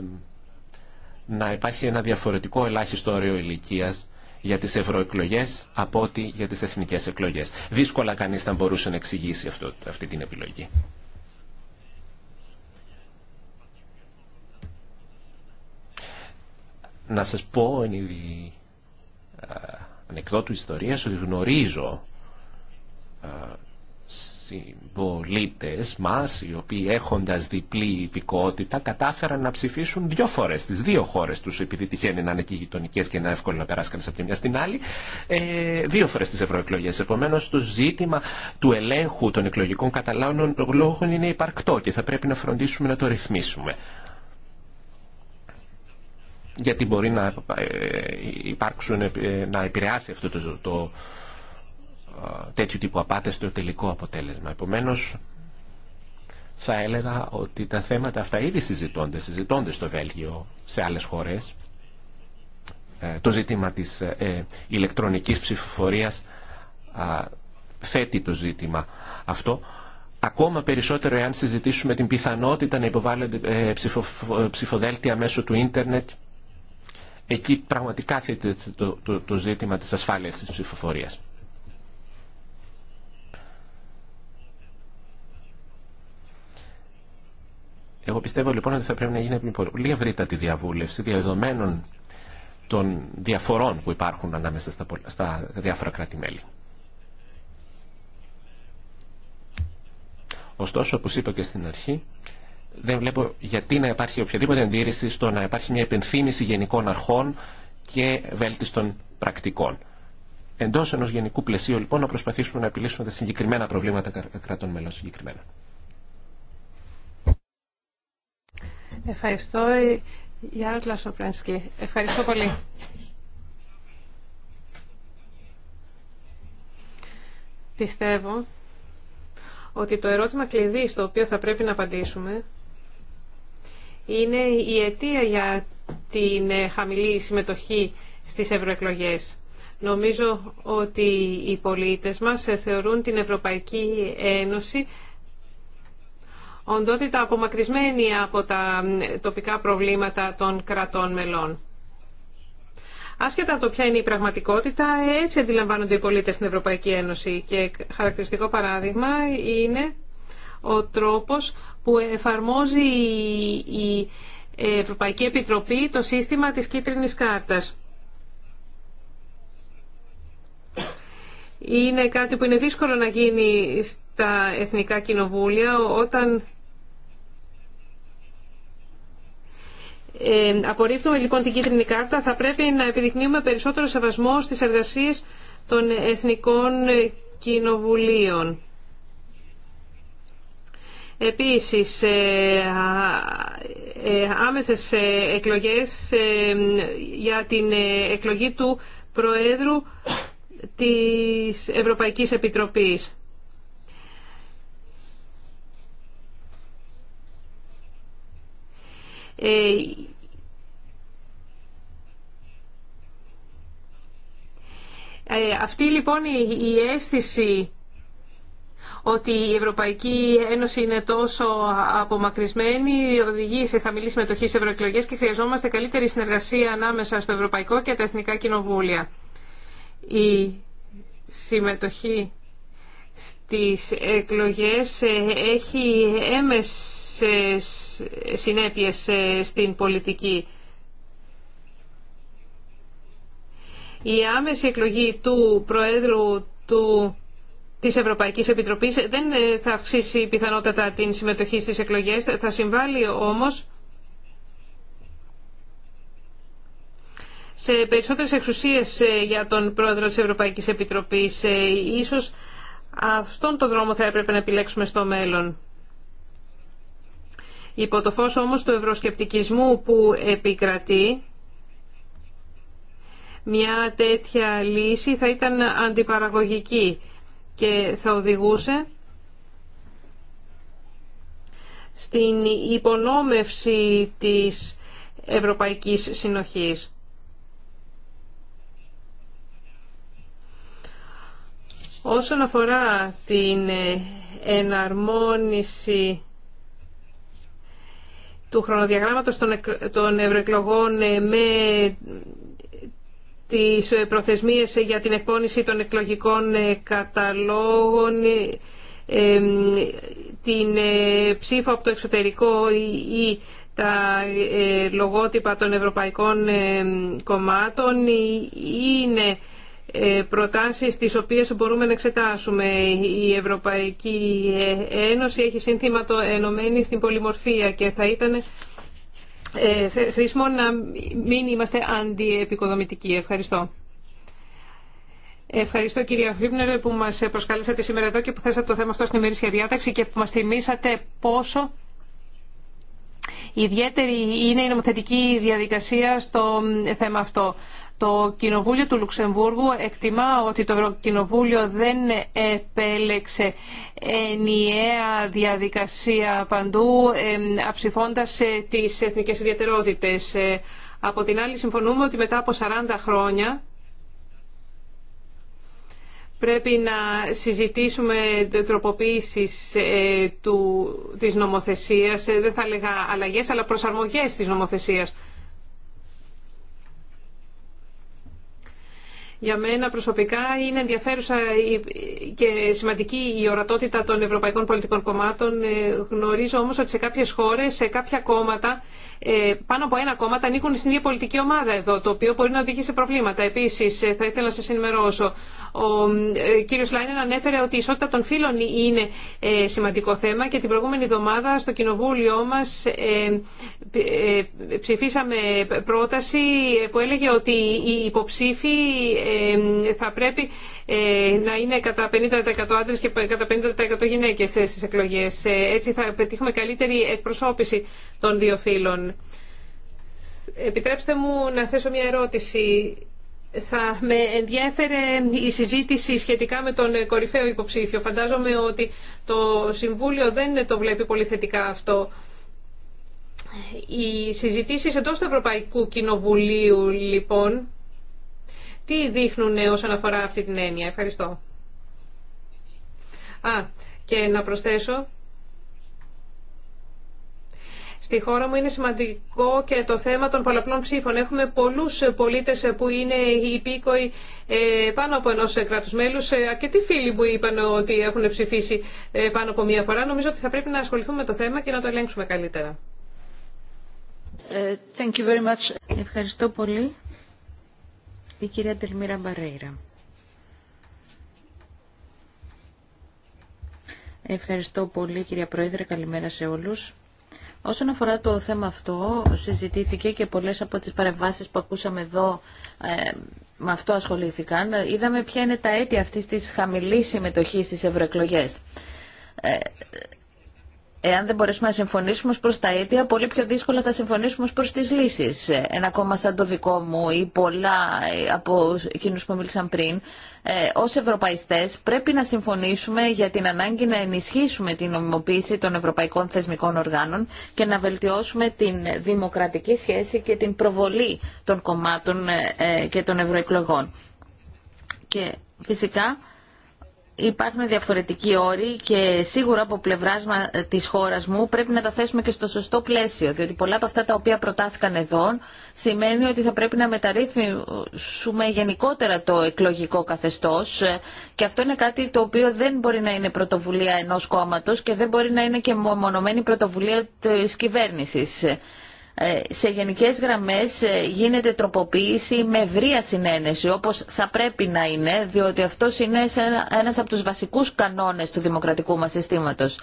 [SPEAKER 2] να υπάρχει ένα διαφορετικό ελάχιστο όριο ηλικίας για τις ευρωεκλογέ από ότι για τις εθνικές εκλογές. Δύσκολα κανείς θα μπορούσε να εξηγήσει αυτό, αυτή την επιλογή. Να σας πω εν είδη ανεκδότου ιστορίας ότι γνωρίζω οι συμπολίτε μα οι οποίοι έχοντα διπλή υπηκότητα, κατάφεραν να ψηφίσουν δύο φορέ στις δύο χώρε του επειδή τυχαίνει να είναι και γειτονικέ και να εύκολο να περάσει κανεί από τη μια στην άλλη, ε, δύο φορέ στις ευρωεκλογέ. Επομένω, το ζήτημα του ελέγχου των εκλογικών καταλάνων λόγων είναι υπαρκτό και θα πρέπει να φροντίσουμε να το ρυθμίσουμε γιατί μπορεί να, ε, υπάρξουν, ε, να επηρεάσει αυτό το, το, τέτοιου τύπου απάτες στο τελικό αποτέλεσμα. Επομένως, θα έλεγα ότι τα θέματα αυτά ήδη συζητώνται, συζητώνται στο Βέλγιο, σε άλλες χώρες. Ε, το ζήτημα της ε, ε, ηλεκτρονικής ψηφοφορίας θέτει το ζήτημα αυτό. Ακόμα περισσότερο εάν συζητήσουμε την πιθανότητα να υποβάλλονται ψηφοδέλτια μέσω του ίντερνετ, εκεί πραγματικά θέτει το, το ζήτημα της ασφάλειας της ψηφοφορίας. Εγώ πιστεύω λοιπόν ότι θα πρέπει να γίνει πολύ ευρύτατη διαβούλευση διαδεδομένων των διαφορών που υπάρχουν ανάμεσα στα, στα διάφορα κράτη-μέλη. Ωστόσο, όπως είπα και στην αρχή, δεν βλέπω γιατί να υπάρχει οποιαδήποτε αντίρρηση στο να υπάρχει μια επενθύμηση γενικών αρχών και βέλτιστων πρακτικών. Εντό ενό γενικού πλαισίου, λοιπόν, να προσπαθήσουμε να επιλύσουμε τα συγκεκριμένα προβλήματα κρατών μελών συγκεκριμένα.
[SPEAKER 3] Ευχαριστώ, Γιάννα Κλασοπρανσκή. Ευχαριστώ πολύ. Πιστεύω ότι το ερώτημα κλειδί στο οποίο θα πρέπει να απαντήσουμε είναι η αιτία για την ε, χαμηλή συμμετοχή στις ευρωεκλογέ. Νομίζω ότι οι πολίτες μας ε, θεωρούν την Ευρωπαϊκή Ένωση οντότητα απομακρυσμένη από τα τοπικά προβλήματα των κρατών μελών. Άσχετα από το ποια είναι η πραγματικότητα, έτσι αντιλαμβάνονται οι πολίτες στην Ευρωπαϊκή Ένωση και χαρακτηριστικό παράδειγμα είναι ο τρόπος που εφαρμόζει η Ευρωπαϊκή Επιτροπή το σύστημα της κίτρινης κάρτας. Είναι κάτι που είναι δύσκολο να γίνει στα εθνικά κοινοβούλια όταν απορρίπτουμε λοιπόν την κίτρινη κάρτα θα πρέπει να επιδεικνύουμε περισσότερο σεβασμό στις εργασίες των εθνικών κοινοβουλίων. Επίσης, ε, ε, άμεσες ε, εκλογές για την εκλογή του Προέδρου της Ευρωπαϊκής Επιτροπής. Ε, αυτή λοιπόν η αίσθηση ότι η Ευρωπαϊκή Ένωση είναι τόσο απομακρυσμένη οδηγεί σε χαμηλή συμμετοχή σε ευρωεκλογέ και χρειαζόμαστε καλύτερη συνεργασία ανάμεσα στο Ευρωπαϊκό και τα Εθνικά Κοινοβούλια. Η συμμετοχή στις εκλογές ε, έχει έμεσες συνέπειες ε, στην πολιτική. Η άμεση εκλογή του Προέδρου του Τη Ευρωπαϊκή Επιτροπή δεν ε, θα αυξήσει πιθανότατα την συμμετοχή στι εκλογές, θα συμβάλλει όμω σε περισσότερες εξουσίες ε, για τον πρόεδρο της Ευρωπαϊκής Επιτροπής. Ε, ίσως αυτόν τον δρόμο θα έπρεπε να επιλέξουμε στο μέλλον. Υπό το φως όμως του ευρωσκεπτικισμού που επικρατεί, μια τέτοια λύση θα ήταν αντιπαραγωγική και θα οδηγούσε στην υπονόμευση της Ευρωπαϊκής Συνοχής. Όσον αφορά την εναρμόνιση του χρονοδιαγράμματος των ευρωεκλογών με τις ε, προθεσμίες για την εκπόνηση των εκλογικών ε, καταλόγων, ε, την ψήφο από το εξωτερικό ή τα λογότυπα των ευρωπαϊκών κομμάτων είναι προτάσεις τις οποίες μπορούμε να εξετάσουμε. Η Ευρωπαϊκή Ένωση έχει σύνθημα το ενωμένη στην πολυμορφία και θα ήταν χρήσιμο ε, να μην είμαστε αντιεπικοδομητικοί. Ευχαριστώ. Ευχαριστώ κυρία Χρύμπνερ που μας προσκαλέσατε σήμερα εδώ και που θέσατε το θέμα αυτό στην ημερήσια διάταξη και που μας θυμήσατε πόσο ιδιαίτερη είναι η νομοθετική διαδικασία στο θέμα αυτό. Το Κοινοβούλιο του Λουξεμβούργου εκτιμά ότι το Κοινοβούλιο δεν επέλεξε ενιαία διαδικασία παντού, αψηφώντας ε, τις εθνικές ιδιαιτερότητες. Ε, από την άλλη, συμφωνούμε ότι μετά από 40 χρόνια πρέπει να συζητήσουμε τροποποίησεις ε, του, της νομοθεσίας, δεν θα έλεγα αλλαγές, αλλά προσαρμογές της νομοθεσίας. Για μένα προσωπικά είναι ενδιαφέρουσα και σημαντική η ορατότητα των ευρωπαϊκών πολιτικών κομμάτων. Ε, γνωρίζω όμως ότι σε κάποιες χώρες, σε κάποια κόμματα, ε, πάνω από ένα κόμματα ανήκουν στην ίδια πολιτική ομάδα εδώ, το οποίο μπορεί να οδηγήσει σε προβλήματα. Επίσης, ε, θα ήθελα να σας ενημερώσω ο ε, κύριος Λάινεν ανέφερε ότι η ισότητα των φύλων είναι ε, σημαντικό θέμα και την προηγούμενη εβδομάδα στο κοινοβούλιο μας ε, ψηφίσαμε πρόταση που έλεγε ότι οι υποψήφοι θα πρέπει να είναι κατά 50% άντρες και κατά 50% γυναίκες στις εκλογές. Έτσι θα πετύχουμε καλύτερη εκπροσώπηση των δύο φύλων. Επιτρέψτε μου να θέσω μια ερώτηση θα με ενδιέφερε η συζήτηση σχετικά με τον κορυφαίο υποψήφιο. Φαντάζομαι ότι το Συμβούλιο δεν το βλέπει πολύ θετικά αυτό. Οι συζητήσεις εντός του Ευρωπαϊκού Κοινοβουλίου, λοιπόν, τι δείχνουν όσον αφορά αυτή την έννοια. Ευχαριστώ. Α, και να προσθέσω Στη χώρα μου είναι σημαντικό και το θέμα των πολλαπλών ψήφων. Έχουμε πολλούς πολίτες που είναι υπήκοοι ε, πάνω από ενό κράτου μέλου. Ε, αρκετοί φίλοι που είπαν ότι έχουν ψηφίσει ε, πάνω από μία φορά. Νομίζω ότι θα πρέπει να ασχοληθούμε με το θέμα και να το ελέγξουμε καλύτερα.
[SPEAKER 4] Thank you very much. Ευχαριστώ πολύ. Η κυρία Τελμίρα Μπαρέιρα.
[SPEAKER 1] Ευχαριστώ πολύ κυρία Πρόεδρε. Καλημέρα σε όλους. Όσον αφορά το θέμα αυτό, συζητήθηκε και πολλές από τις παρεμβάσεις που ακούσαμε εδώ ε, με αυτό ασχολήθηκαν. Είδαμε ποια είναι τα αίτια αυτής της χαμηλής συμμετοχής στις ευρωεκλογέ. Ε, εάν δεν μπορέσουμε να συμφωνήσουμε προς τα αίτια, πολύ πιο δύσκολα θα συμφωνήσουμε προς τις λύσεις. Ε, ένα κόμμα σαν το δικό μου ή πολλά ε, από εκείνους που μίλησαν πριν, ε, ως ευρωπαϊστές πρέπει να συμφωνήσουμε για την ανάγκη να ενισχύσουμε την νομιμοποίηση των ευρωπαϊκών θεσμικών οργάνων και να βελτιώσουμε την δημοκρατική σχέση και την προβολή των κομμάτων ε, και των ευρωεκλογών. Και φυσικά υπάρχουν διαφορετικοί όροι και σίγουρα από πλευρά τη χώρα μου πρέπει να τα θέσουμε και στο σωστό πλαίσιο. Διότι πολλά από αυτά τα οποία προτάθηκαν εδώ σημαίνει ότι θα πρέπει να μεταρρύθμισουμε γενικότερα το εκλογικό καθεστώ και αυτό είναι κάτι το οποίο δεν μπορεί να είναι πρωτοβουλία ενό κόμματο και δεν μπορεί να είναι και μονομένη πρωτοβουλία τη κυβέρνηση. Ε, σε γενικές γραμμές ε, γίνεται τροποποίηση με ευρεία συνένεση όπως θα πρέπει να είναι διότι αυτό είναι ένας από τους βασικούς κανόνες του δημοκρατικού μας συστήματος.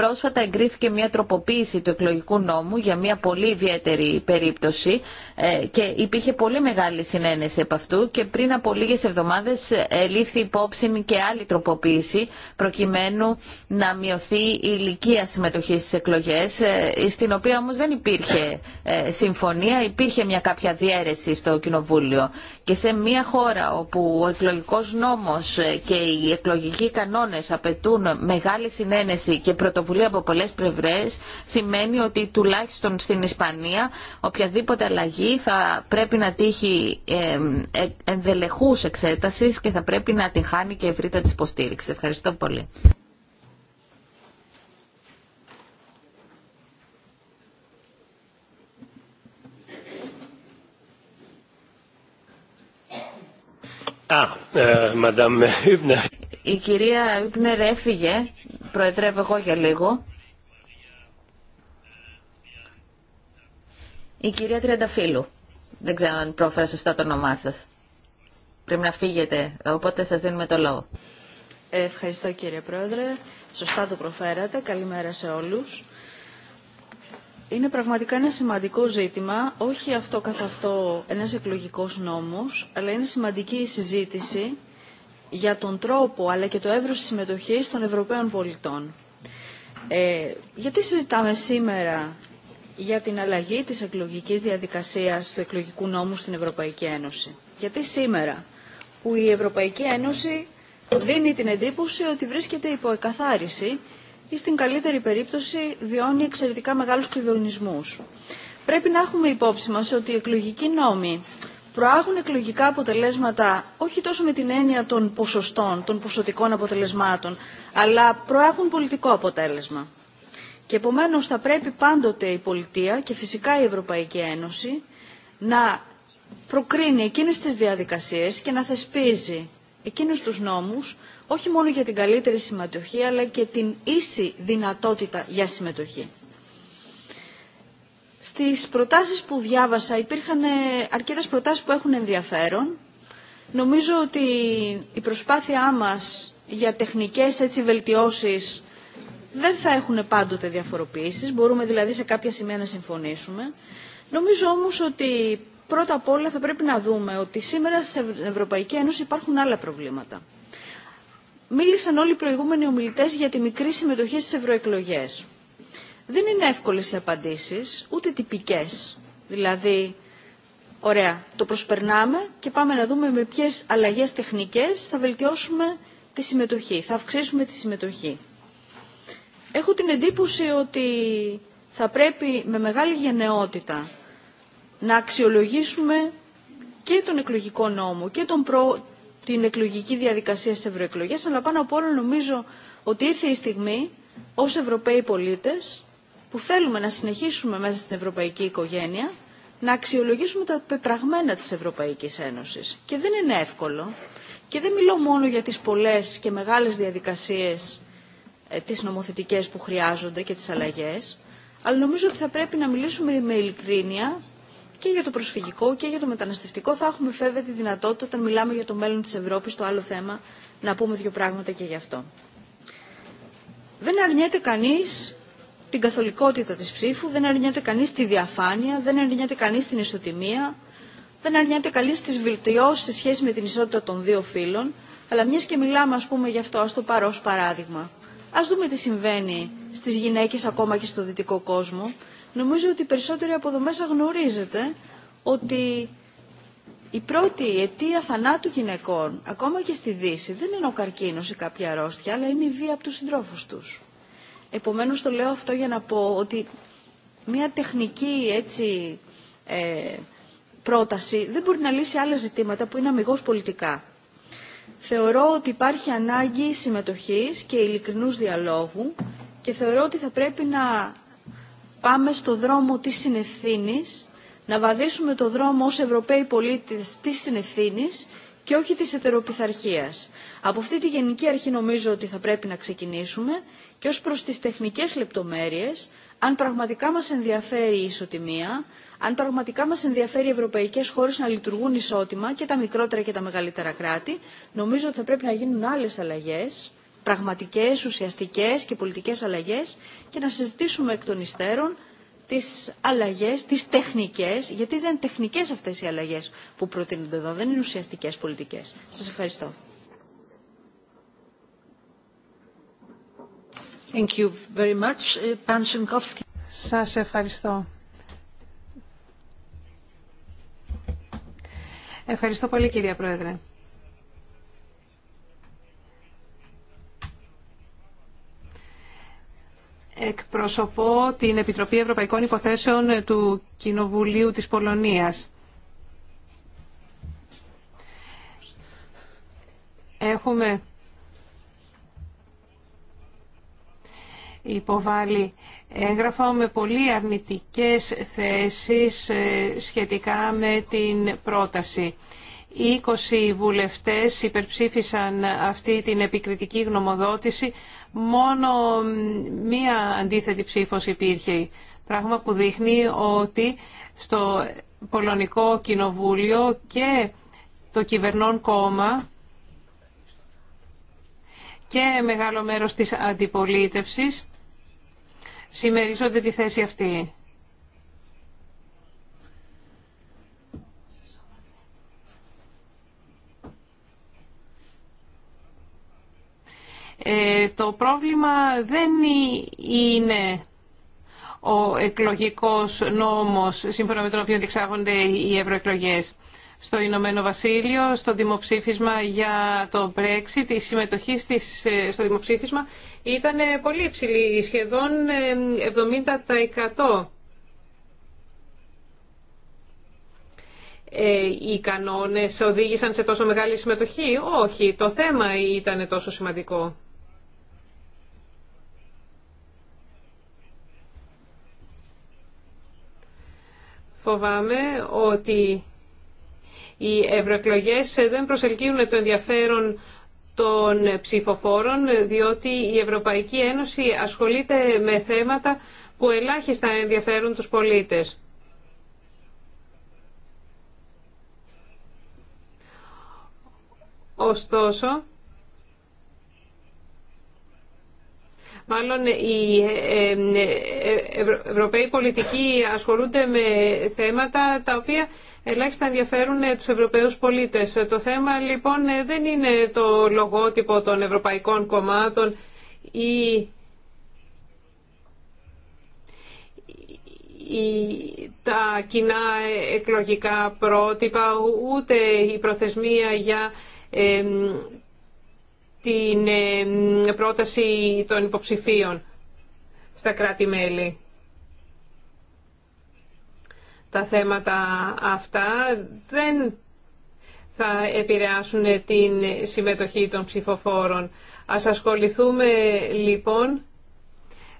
[SPEAKER 1] Πρόσφατα εγκρίθηκε μια τροποποίηση του εκλογικού νόμου για μια πολύ ιδιαίτερη περίπτωση ε, και υπήρχε πολύ μεγάλη συνένεση από αυτού και πριν από λίγες εβδομάδες ε, λήφθη υπόψη και άλλη τροποποίηση προκειμένου να μειωθεί η ηλικία συμμετοχή στις εκλογές ε, στην οποία όμως δεν υπήρχε συμφωνία, υπήρχε μια κάποια διαίρεση στο Κοινοβούλιο και σε μια χώρα όπου ο εκλογικός νόμος και οι εκλογικοί κανόνες απαιτούν μεγάλη συνένεση και πρωτοβουλία Κοινοβουλίου από πολλές πλευρές σημαίνει ότι τουλάχιστον στην Ισπανία οποιαδήποτε αλλαγή θα πρέπει να τύχει ε, ενδελεχούς εξέτασης και θα πρέπει να την χάνει και ευρύτατη της υποστήριξης. Ευχαριστώ πολύ.
[SPEAKER 2] Ah, uh, Madame
[SPEAKER 1] η κυρία Ιπνερ έφυγε, προεδρεύω εγώ για λίγο. Η κυρία Τριανταφύλου. Δεν ξέρω αν πρόφερα σωστά το όνομά σας. Πρέπει να φύγετε, οπότε σας δίνουμε το λόγο.
[SPEAKER 4] Ευχαριστώ κύριε Πρόεδρε. Σωστά το προφέρατε. Καλημέρα σε όλους. Είναι πραγματικά ένα σημαντικό ζήτημα, όχι αυτό καθ' αυτό ένας εκλογικός νόμος, αλλά είναι σημαντική η συζήτηση για τον τρόπο αλλά και το εύρος της συμμετοχής των Ευρωπαίων πολιτών. Ε, γιατί συζητάμε σήμερα για την αλλαγή της εκλογικής διαδικασίας του εκλογικού νόμου στην Ευρωπαϊκή Ένωση. Γιατί σήμερα που η Ευρωπαϊκή Ένωση δίνει την εντύπωση ότι βρίσκεται υπό εκαθάριση ή στην καλύτερη περίπτωση βιώνει εξαιρετικά μεγάλους κλειδονισμούς. Πρέπει να έχουμε υπόψη μας ότι οι εκλογικοί νόμοι προάγουν εκλογικά αποτελέσματα όχι τόσο με την έννοια των ποσοστών, των ποσοτικών αποτελεσμάτων, αλλά προάγουν πολιτικό αποτέλεσμα. Και επομένως θα πρέπει πάντοτε η πολιτεία και φυσικά η Ευρωπαϊκή Ένωση να προκρίνει εκείνες τις διαδικασίες και να θεσπίζει εκείνους τους νόμους όχι μόνο για την καλύτερη συμμετοχή αλλά και την ίση δυνατότητα για συμμετοχή. Στις προτάσεις που διάβασα υπήρχαν ε, αρκετές προτάσεις που έχουν ενδιαφέρον. Νομίζω ότι η προσπάθειά μας για τεχνικές έτσι βελτιώσεις δεν θα έχουν πάντοτε διαφοροποιήσεις. Μπορούμε δηλαδή σε κάποια σημεία να συμφωνήσουμε. Νομίζω όμως ότι πρώτα απ' όλα θα πρέπει να δούμε ότι σήμερα στην Ευρωπαϊκή Ένωση υπάρχουν άλλα προβλήματα. Μίλησαν όλοι οι προηγούμενοι ομιλητές για τη μικρή συμμετοχή στις ευρωεκλογές. Δεν είναι εύκολες οι απαντήσεις, ούτε τυπικές. Δηλαδή, ωραία, το προσπερνάμε και πάμε να δούμε με ποιες αλλαγές τεχνικές θα βελτιώσουμε τη συμμετοχή, θα αυξήσουμε τη συμμετοχή. Έχω την εντύπωση ότι θα πρέπει με μεγάλη γενναιότητα να αξιολογήσουμε και τον εκλογικό νόμο και τον την εκλογική διαδικασία στις ευρωεκλογές, αλλά πάνω από όλα νομίζω ότι ήρθε η στιγμή ως Ευρωπαίοι πολίτες που θέλουμε να συνεχίσουμε μέσα στην ευρωπαϊκή οικογένεια να αξιολογήσουμε τα πεπραγμένα της Ευρωπαϊκής Ένωσης. Και δεν είναι εύκολο. Και δεν μιλώ μόνο για τις πολλές και μεγάλες διαδικασίες ε, τις νομοθετικές που χρειάζονται και τις αλλαγές, αλλά νομίζω ότι θα πρέπει να μιλήσουμε με ειλικρίνεια και για το προσφυγικό και για το μεταναστευτικό. Θα έχουμε φεύγει τη δυνατότητα όταν μιλάμε για το μέλλον της Ευρώπης, το άλλο θέμα, να πούμε δύο πράγματα και γι' αυτό. Δεν αρνιέται κανείς την καθολικότητα της ψήφου, δεν αρνιέται κανείς τη διαφάνεια, δεν αρνιέται κανείς την ισοτιμία, δεν αρνιέται κανείς τις βιλτιώσεις σε σχέση με την ισότητα των δύο φύλων, αλλά μιας και μιλάμε ας πούμε γι' αυτό, ας το πάρω ως παράδειγμα. Ας δούμε τι συμβαίνει στις γυναίκες ακόμα και στο δυτικό κόσμο. Νομίζω ότι περισσότεροι από εδώ μέσα γνωρίζετε ότι η πρώτη αιτία θανάτου γυναικών, ακόμα και στη Δύση, δεν είναι ο καρκίνος ή κάποια αρρώστια, αλλά είναι η βία από τους συντρόφους τους. Επομένως το λέω αυτό για να πω ότι μια τεχνική έτσι ε, πρόταση δεν μπορεί να λύσει άλλα ζητήματα που είναι αμυγός πολιτικά. Θεωρώ ότι υπάρχει ανάγκη συμμετοχής και ειλικρινούς διαλόγου και θεωρώ ότι θα πρέπει να πάμε στο δρόμο της συνευθύνης, να βαδίσουμε το δρόμο ως Ευρωπαίοι πολίτες της συνευθύνης και όχι της ετεροπιθαρχίας. Από αυτή τη γενική αρχή νομίζω ότι θα πρέπει να ξεκινήσουμε και ως προς τις τεχνικές λεπτομέρειες, αν πραγματικά μας ενδιαφέρει η ισοτιμία, αν πραγματικά μας ενδιαφέρει οι ευρωπαϊκές χώρες να λειτουργούν ισότιμα και τα μικρότερα και τα μεγαλύτερα κράτη, νομίζω ότι θα πρέπει να γίνουν άλλες αλλαγές, πραγματικές, ουσιαστικές και πολιτικές αλλαγές και να συζητήσουμε εκ των υστέρων τις αλλαγές, τις τεχνικές, γιατί δεν είναι τεχνικές αυτές οι αλλαγές που προτείνονται εδώ, δεν είναι ουσιαστικές πολιτικές. Σας ευχαριστώ.
[SPEAKER 3] Uh, Σας ευχαριστώ. Ευχαριστώ πολύ κυρία Πρόεδρε. Εκπροσωπώ την Επιτροπή Ευρωπαϊκών Υποθέσεων του Κοινοβουλίου της Πολωνίας. Έχουμε υποβάλει έγγραφα με πολύ αρνητικές θέσεις ε, σχετικά με την πρόταση. 20 βουλευτές υπερψήφισαν αυτή την επικριτική γνωμοδότηση. Μόνο μία αντίθετη ψήφος υπήρχε. Πράγμα που δείχνει ότι στο Πολωνικό Κοινοβούλιο και το κυβερνών κόμμα και μεγάλο μέρος της αντιπολίτευσης συμμερίζονται τη θέση αυτή. Ε, το πρόβλημα δεν είναι ο εκλογικός νόμος σύμφωνα με τον οποίο διεξάγονται οι ευρωεκλογές στο Ηνωμένο Βασίλειο, στο δημοψήφισμα για το Brexit. Η συμμετοχή στις, ε, στο δημοψήφισμα ήταν ε, πολύ ψηλή, σχεδόν 70%. Ε, οι κανόνες οδήγησαν σε τόσο μεγάλη συμμετοχή. Όχι, το θέμα ήταν τόσο σημαντικό. Φοβάμαι ότι οι ευρωεκλογέ ε, δεν προσελκύουν το ενδιαφέρον των ψηφοφόρων, διότι η Ευρωπαϊκή Ένωση ασχολείται με θέματα που ελάχιστα ενδιαφέρουν τους πολίτες. Ωστόσο, Μάλλον οι ε, ε, ε, ευρωπαίοι πολιτικοί ασχολούνται με θέματα τα οποία ελάχιστα ενδιαφέρουν τους ευρωπαίους πολίτες. Το θέμα λοιπόν δεν είναι το λογότυπο των ευρωπαϊκών κομμάτων ή τα κοινά εκλογικά πρότυπα, ούτε η προθεσμία για την πρόταση των υποψηφίων στα κράτη-μέλη. Τα θέματα αυτά δεν θα επηρεάσουν την συμμετοχή των ψηφοφόρων. Ας ασχοληθούμε λοιπόν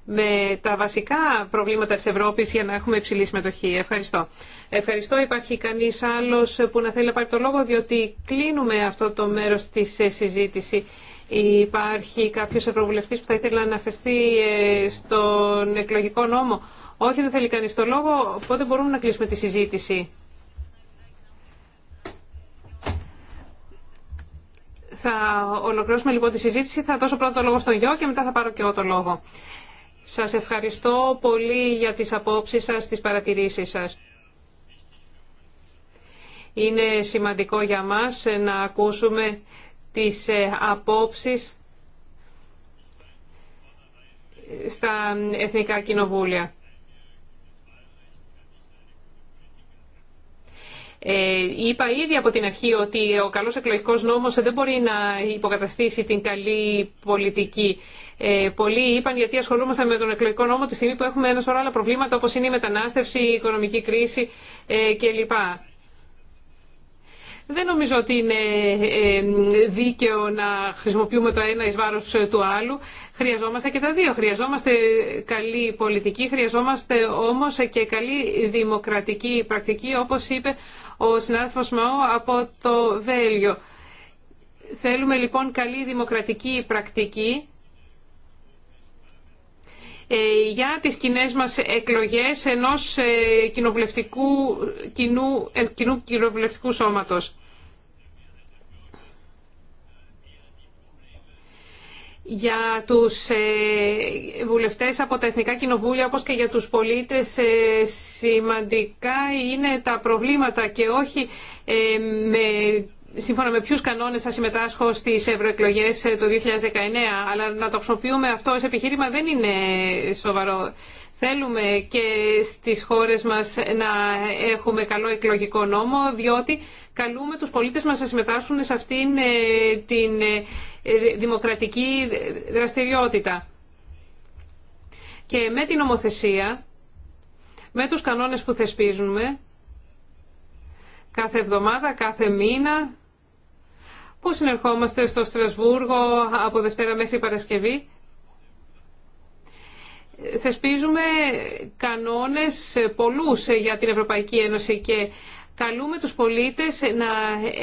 [SPEAKER 3] με τα βασικά προβλήματα της Ευρώπης για να έχουμε υψηλή συμμετοχή. Ευχαριστώ. Ευχαριστώ. Υπάρχει κανείς άλλος που να θέλει να πάρει το λόγο, διότι κλείνουμε αυτό το μέρος της συζήτηση. Υπάρχει κάποιο ευρωβουλευτής που θα ήθελε να αναφερθεί ε, στον εκλογικό νόμο. Όχι, δεν θέλει κανεί το λόγο, οπότε μπορούμε να κλείσουμε τη συζήτηση. Θα ολοκληρώσουμε λοιπόν τη συζήτηση. Θα δώσω πρώτα το λόγο στον Γιώ και μετά θα πάρω και εγώ το λόγο. Σας ευχαριστώ πολύ για τις απόψεις σας, τις παρατηρήσεις σας. Είναι σημαντικό για μας να ακούσουμε τις ε, απόψεις στα Εθνικά Κοινοβούλια. Ε, είπα ήδη από την αρχή ότι ο καλός εκλογικός νόμος δεν μπορεί να υποκαταστήσει την καλή πολιτική. Ε, πολλοί είπαν γιατί ασχολούμαστε με τον εκλογικό νόμο τη στιγμή που έχουμε ένα σωρό άλλα προβλήματα όπως είναι η μετανάστευση, η οικονομική κρίση ε, κλπ. Δεν νομίζω ότι είναι ε, δίκαιο να χρησιμοποιούμε το ένα εις βάρος του άλλου. Χρειαζόμαστε και τα δύο. Χρειαζόμαστε καλή πολιτική, χρειαζόμαστε όμως και καλή δημοκρατική πρακτική, όπως είπε ο συνάδελφος Μαό από το Βέλιο. Θέλουμε λοιπόν καλή δημοκρατική πρακτική ε, για τις κοινέ μας εκλογές ενός ε, κοινοβουλευτικού, κοινού, ε, κοινού κοινοβουλευτικού σώματος. για τους βουλευτές από τα Εθνικά Κοινοβούλια όπως και για τους πολίτες σημαντικά είναι τα προβλήματα και όχι με σύμφωνα με ποιου κανόνε θα συμμετάσχω στι ευρωεκλογέ ε, το 2019, αλλά να το χρησιμοποιούμε αυτό ως επιχείρημα δεν είναι σοβαρό. Θέλουμε και στις χώρες μας να έχουμε καλό εκλογικό νόμο, διότι καλούμε τους πολίτες μας να συμμετάσχουν σε αυτήν ε, την ε, δημοκρατική δραστηριότητα. Και με την νομοθεσία, με τους κανόνες που θεσπίζουμε, κάθε εβδομάδα, κάθε μήνα, που συνερχόμαστε στο Στρασβούργο από Δευτέρα μέχρι Παρασκευή. Θεσπίζουμε κανόνες πολλούς για την Ευρωπαϊκή Ένωση και καλούμε τους πολίτες να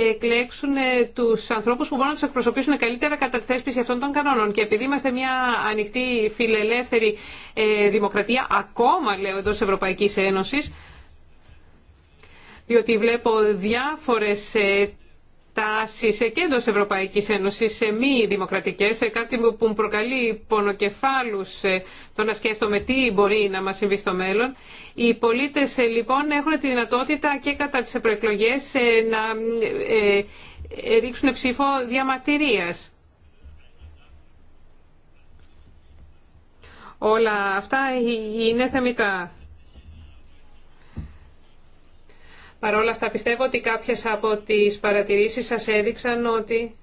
[SPEAKER 3] εκλέξουν τους ανθρώπους που μπορούν να τους εκπροσωπήσουν καλύτερα κατά τη θέσπιση αυτών των κανόνων. Και επειδή είμαστε μια ανοιχτή φιλελεύθερη ε, δημοκρατία, ακόμα λέω εντός Ευρωπαϊκής Ένωσης, διότι βλέπω διάφορες ε, τάση κέντρο Ευρωπαϊκή Ευρωπαϊκής Ένωσης σε μη δημοκρατικές, σε κάτι που μου προκαλεί πονοκεφάλους ε, το να σκέφτομαι τι μπορεί να μας συμβεί στο μέλλον. Οι πολίτες ε, λοιπόν έχουν τη δυνατότητα και κατά τις προεκλογές ε, να ρίξουν ψήφο διαμαρτυρίας. Όλα αυτά είναι θεμητά. Παρ' όλα αυτά πιστεύω ότι κάποιες από τις παρατηρήσεις σας έδειξαν ότι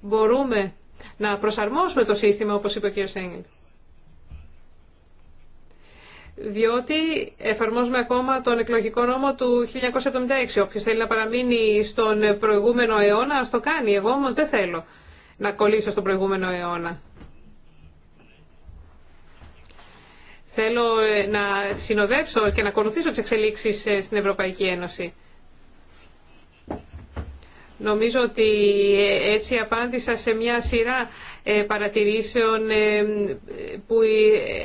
[SPEAKER 3] μπορούμε να προσαρμόσουμε το σύστημα, όπως είπε ο κ. Σέγγελ. Διότι εφαρμόζουμε ακόμα τον εκλογικό νόμο του 1976. Όποιος θέλει να παραμείνει στον προηγούμενο αιώνα, ας το κάνει. Εγώ όμως δεν θέλω να κολλήσω στον προηγούμενο αιώνα. Θέλω ε, να συνοδεύσω και να ακολουθήσω τις εξελίξεις ε, στην Ευρωπαϊκή Ένωση. Νομίζω ότι ε, έτσι απάντησα σε μια σειρά παρατηρήσεων που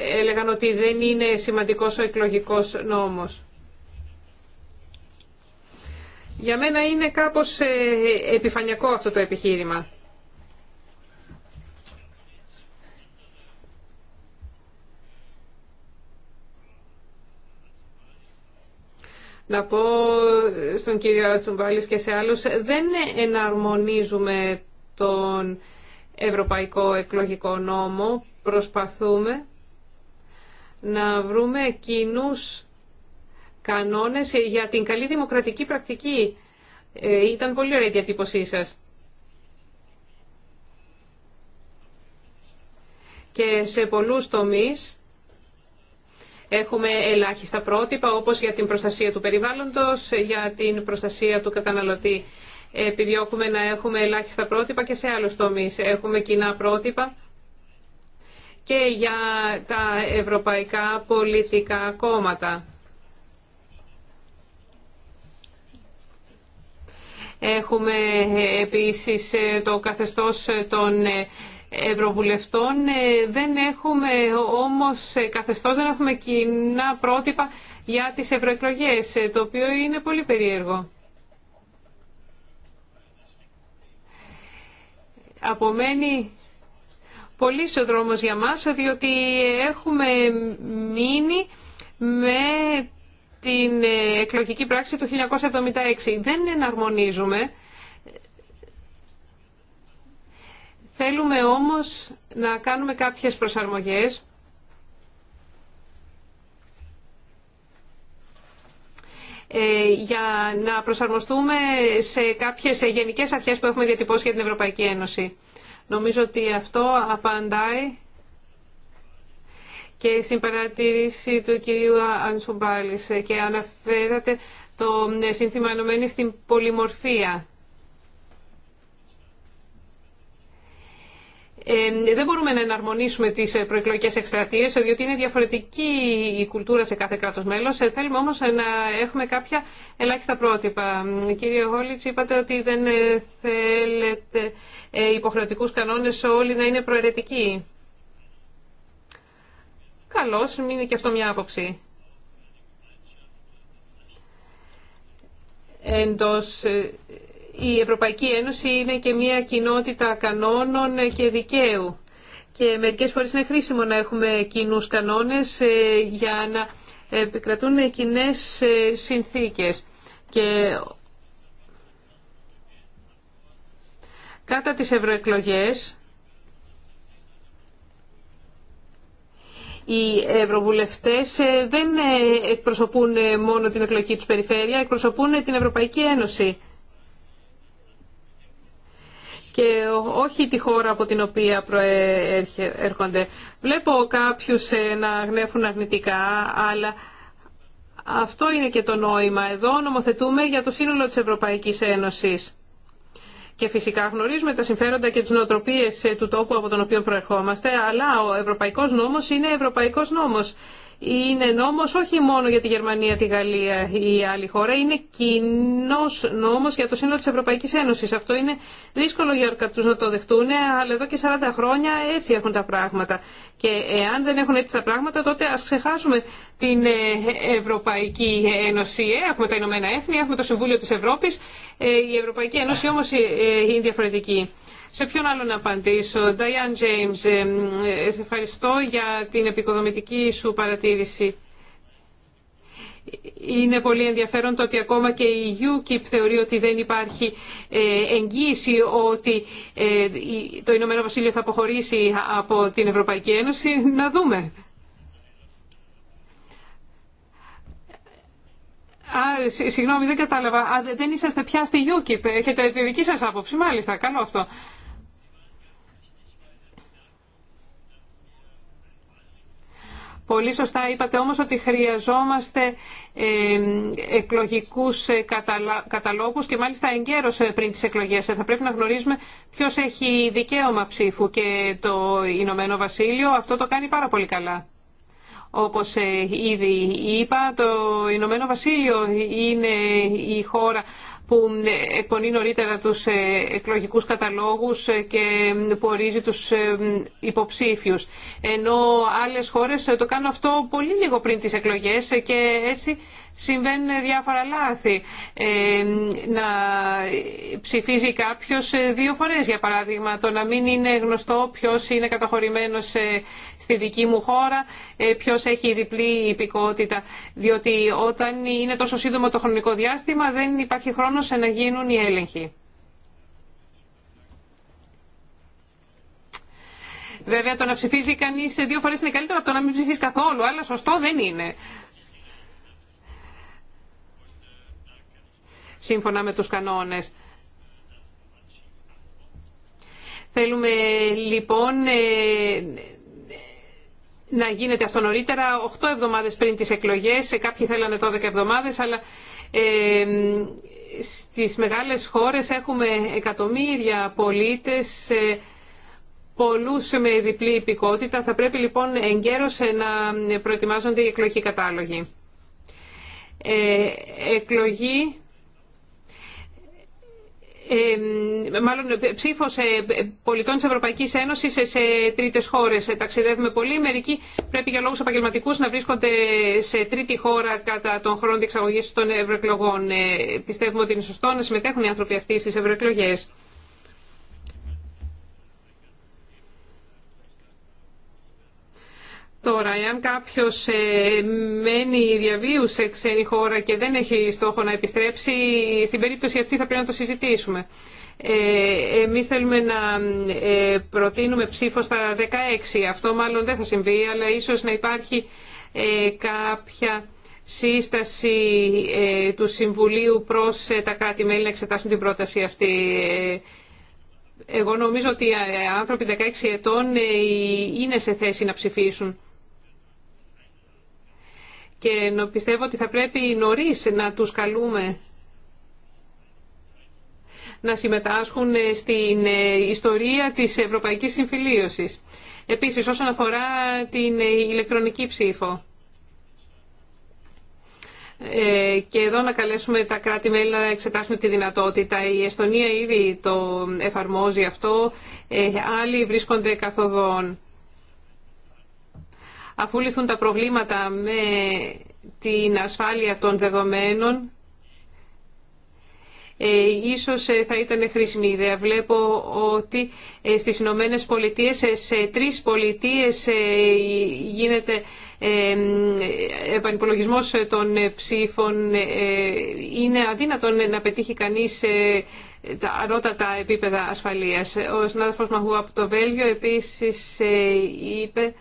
[SPEAKER 3] έλεγαν ότι δεν είναι σημαντικός ο εκλογικός νόμος. Για μένα είναι κάπως επιφανειακό αυτό το επιχείρημα. να πω στον κύριο Τσουμπάλης και σε άλλους, δεν εναρμονίζουμε τον Ευρωπαϊκό Εκλογικό Νόμο, προσπαθούμε να βρούμε κοινούς κανόνες για την καλή δημοκρατική πρακτική. Ε, ήταν πολύ ωραία η διατύπωσή σας. Και σε πολλούς τομείς Έχουμε ελάχιστα πρότυπα όπως για την προστασία του περιβάλλοντος, για την προστασία του καταναλωτή. Επιδιώκουμε να έχουμε ελάχιστα πρότυπα και σε άλλους τομείς. Έχουμε κοινά πρότυπα και για τα ευρωπαϊκά πολιτικά κόμματα. Έχουμε επίσης το καθεστώς των ευρωβουλευτών. Ε, δεν έχουμε όμως ε, καθεστώς, δεν έχουμε κοινά πρότυπα για τις ευρωεκλογέ, ε, το οποίο είναι πολύ περίεργο. Απομένει πολύ ο δρόμος για μας, διότι έχουμε μείνει με την εκλογική πράξη του 1976. Δεν εναρμονίζουμε Θέλουμε όμως να κάνουμε κάποιες προσαρμογές ε, για να προσαρμοστούμε σε κάποιες γενικές αρχές που έχουμε διατυπώσει για την Ευρωπαϊκή Ένωση. Νομίζω ότι αυτό απαντάει και στην παρατήρηση του κυρίου Ανσουμπάλης και αναφέρατε το σύνθημα ενωμένη στην πολυμορφία. δεν μπορούμε να εναρμονίσουμε τις ε, προεκλογικές εκστρατείε, ε, διότι είναι διαφορετική η κουλτούρα σε κάθε κράτος μέλος. Ε, θέλουμε όμως να έχουμε κάποια ελάχιστα πρότυπα. Κύριε Γόλιτς, είπατε ότι δεν θέλετε υποχρεωτικούς κανόνες όλοι να είναι προαιρετικοί. Καλώς, μείνει και αυτό μια άποψη. Εντός η Ευρωπαϊκή Ένωση είναι και μια κοινότητα κανόνων και δικαίου. Και μερικές φορές είναι χρήσιμο να έχουμε κοινούς κανόνες ε, για να επικρατούν κοινέ ε, συνθήκες. Και κατά τις ευρωεκλογές οι ευρωβουλευτές ε, δεν εκπροσωπούν μόνο την εκλογική τους περιφέρεια, εκπροσωπούν την Ευρωπαϊκή Ένωση και όχι τη χώρα από την οποία προέρχονται. Βλέπω κάποιους ε, να γνέφουν αρνητικά, αλλά αυτό είναι και το νόημα. Εδώ νομοθετούμε για το σύνολο της Ευρωπαϊκής Ένωσης. Και φυσικά γνωρίζουμε τα συμφέροντα και τις νοοτροπίες ε, του τόπου από τον οποίο προερχόμαστε, αλλά ο ευρωπαϊκός νόμος είναι ευρωπαϊκός νόμος είναι νόμος όχι μόνο για τη Γερμανία, τη Γαλλία ή άλλη χώρα, είναι κοινό νόμος για το σύνολο της Ευρωπαϊκής Ένωσης. Αυτό είναι δύσκολο για τους να το δεχτούν, αλλά εδώ και 40 χρόνια έτσι έχουν τα πράγματα. Και εάν δεν έχουν έτσι τα πράγματα, τότε ας ξεχάσουμε την ε, Ευρωπαϊκή Ένωση. Ε, έχουμε τα Ηνωμένα Έθνη, έχουμε το Συμβούλιο της Ευρώπης, ε, η Ευρωπαϊκή Ένωση όμως είναι διαφορετική. Σε ποιον άλλο να απαντήσω. Diane James, ε, ε, σε ευχαριστώ για την επικοδομητική σου παρατήρηση. Είναι πολύ ενδιαφέρον το ότι ακόμα και η UKIP θεωρεί ότι δεν υπάρχει ε, εγγύηση ότι το Ηνωμένο Βασίλειο θα αποχωρήσει από την Ευρωπαϊκή Ένωση. Να δούμε. Α, συγγνώμη, δεν κατάλαβα. δεν είσαστε πια στη UKIP. Έχετε τη δική σας άποψη. Μάλιστα, καλό αυτό. Πολύ σωστά είπατε όμως ότι χρειαζόμαστε εκλογικούς ε, καταλόγους και μάλιστα εγκαίρως ε, πριν τις εκλογές. Ε, θα πρέπει να γνωρίζουμε ποιος έχει δικαίωμα ψήφου και το Ηνωμένο Βασίλειο αυτό το κάνει πάρα πολύ καλά. Όπως ε, ήδη είπα, το Ηνωμένο Βασίλειο είναι η χώρα που ε, εκπονεί νωρίτερα τους ε, εκλογικούς καταλόγους και που ορίζει τους υποψήφιους. Ενώ άλλες χώρες το κάνουν αυτό πολύ λίγο πριν τις εκλογές και έτσι συμβαίνουν διάφορα λάθη. Ε, να ψηφίζει κάποιος ε, δύο φορές, για παράδειγμα, το να μην είναι γνωστό ποιος είναι καταχωρημένος ε, στη δική μου χώρα, ε, ποιος έχει διπλή υπηκότητα, διότι όταν είναι τόσο σύντομο το χρονικό διάστημα δεν υπάρχει χρόνος να γίνουν οι έλεγχοι. Βέβαια, το να ψηφίζει κανείς δύο φορές είναι καλύτερο από το να μην ψηφίσει καθόλου, αλλά σωστό δεν είναι. σύμφωνα με τους κανόνες. Θέλουμε λοιπόν ε, να γίνεται αυτό νωρίτερα, 8 εβδομάδες πριν τις εκλογές, κάποιοι θέλανε 12 εβδομάδες, αλλά ε, στις μεγάλες χώρες έχουμε εκατομμύρια πολίτες, ε, πολλούς με διπλή υπηκότητα. Θα πρέπει λοιπόν εγκαίρως να προετοιμάζονται οι εκλογικοί κατάλογοι. Ε, εκλογή μάλλον ψήφος ε, πολιτών τη Ευρωπαϊκή Ένωση σε τρίτες χώρες. Ε, ταξιδεύουμε πολύ. Μερικοί πρέπει για λόγου επαγγελματικού να βρίσκονται σε τρίτη χώρα κατά τον χρόνο διεξαγωγή των ευρωεκλογών. Ε, πιστεύουμε ότι είναι σωστό να συμμετέχουν οι άνθρωποι αυτοί στις ευρωεκλογέ. Τώρα, εάν κάποιος ε, μένει διαβίου σε ξένη χώρα και δεν έχει στόχο να επιστρέψει, στην περίπτωση αυτή θα πρέπει να το συζητήσουμε. Ε, εμείς θέλουμε να ε, προτείνουμε ψήφο στα 16. Αυτό μάλλον δεν θα συμβεί, αλλά ίσως να υπάρχει ε, κάποια σύσταση του Συμβουλίου προς τα κράτη-μέλη να εξετάσουν την πρόταση αυτή. Εγώ νομίζω ότι άνθρωποι 16 ετών είναι σε θέση να ψηφίσουν και πιστεύω ότι θα πρέπει νωρίς να τους καλούμε να συμμετάσχουν στην ε, ιστορία της Ευρωπαϊκής Συμφιλίωσης. Επίσης, όσον αφορά την ε, ηλεκτρονική ψήφο. Ε, και εδώ να καλέσουμε τα κράτη-μέλη να εξετάσουμε τη δυνατότητα. Η Εστονία ήδη το εφαρμόζει αυτό, άλλοι βρίσκονται καθοδόν αφού λυθούν τα προβλήματα με την ασφάλεια των δεδομένων, ε, ίσως ε, θα ήταν χρήσιμη ιδέα. Βλέπω ότι ε, στις Ηνωμένε Πολιτείες, ε, σε τρεις πολιτείες γίνεται επανυπολογισμός των ψήφων. Είναι αδύνατον να πετύχει κανείς τα ανώτατα επίπεδα ασφαλείας. Ο συνάδελφος Μαχού από το Βέλγιο επίσης είπε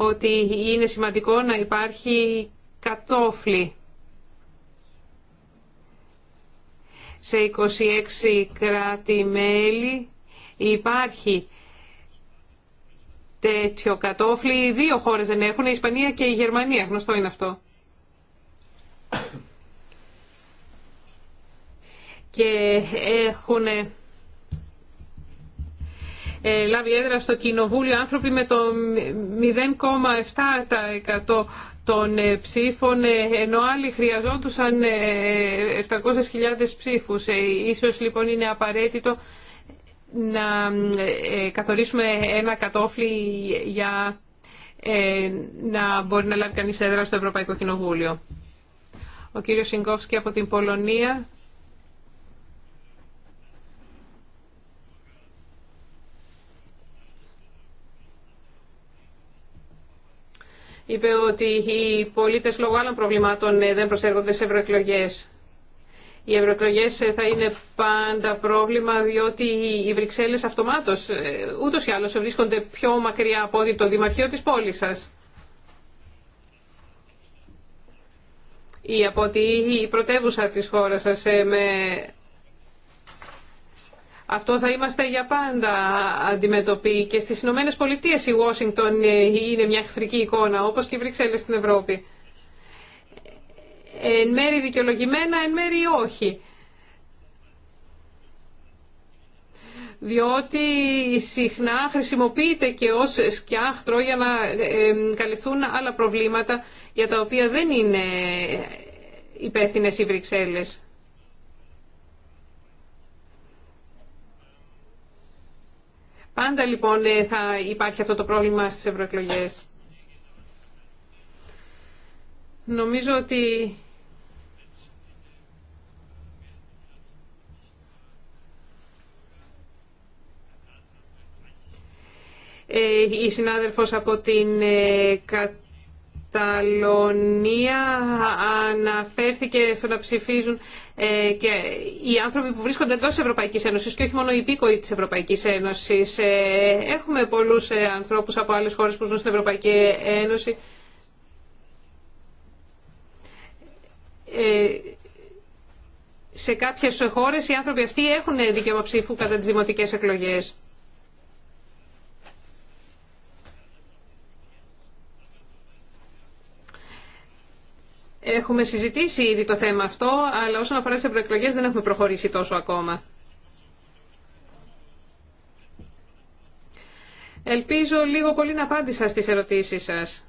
[SPEAKER 3] ότι είναι σημαντικό να υπάρχει κατόφλι σε 26 κράτη-μέλη υπάρχει τέτοιο κατόφλι. Δύο χώρες δεν έχουν, η Ισπανία και η Γερμανία. Γνωστό είναι αυτό. Και έχουν ε, λάβει έδρα στο Κοινοβούλιο άνθρωποι με το 0,7% των ε, ψήφων, ε, ενώ άλλοι χρειαζόντουσαν 700.000 ψήφους. Ίσως λοιπόν είναι απαραίτητο να καθορίσουμε ένα κατόφλι για να μπορεί να λάβει κανείς έδρα στο Ευρωπαϊκό Κοινοβούλιο. Ο κύριος Σιγκόφσκι από την Πολωνία είπε ότι οι πολίτες λόγω άλλων προβλημάτων ε, δεν προσέρχονται σε ευρωεκλογέ. Οι ευρωεκλογέ ε, θα είναι πάντα πρόβλημα διότι οι Βρυξέλλες αυτομάτως ε, ούτως ή άλλως βρίσκονται πιο μακριά από ότι το Δημαρχείο της πόλης σας. Ή από ότι η πρωτεύουσα της χώρας σας με αυτό θα είμαστε για πάντα αντιμετωποί. Και στις Ηνωμένε Πολιτείες η Ουάσιγκτον ε, είναι μια εχθρική εικόνα, όπως και οι Βρυξέλλες στην Ευρώπη. Εν μέρη δικαιολογημένα, εν μέρη όχι. διότι συχνά χρησιμοποιείται και ως σκιάχτρο για να ε, ε, καλυφθούν άλλα προβλήματα για τα οποία δεν είναι υπεύθυνε οι Βρυξέλλες. Πάντα λοιπόν ε, θα υπάρχει αυτό το πρόβλημα στις ευρωεκλογέ. Νομίζω ότι ε, η συνάδελφος από την ε, Καταλωνία αναφέρθηκε στο να ψηφίζουν ε, και οι άνθρωποι που βρίσκονται εντό της Ευρωπαϊκής και όχι μόνο οι υπήκοοι της Ευρωπαϊκής Ένωσης. Ε, έχουμε πολλούς ε, ανθρώπους από άλλες χώρες που ζουν στην Ευρωπαϊκή Ένωση. Ε, σε κάποιες χώρες οι άνθρωποι αυτοί έχουν δικαίωμα ψήφου κατά τις δημοτικές εκλογές. Έχουμε συζητήσει ήδη το θέμα αυτό, αλλά όσον αφορά τι ευρωεκλογέ δεν έχουμε προχωρήσει τόσο ακόμα. Ελπίζω λίγο πολύ να απάντησα στις ερωτήσεις σας.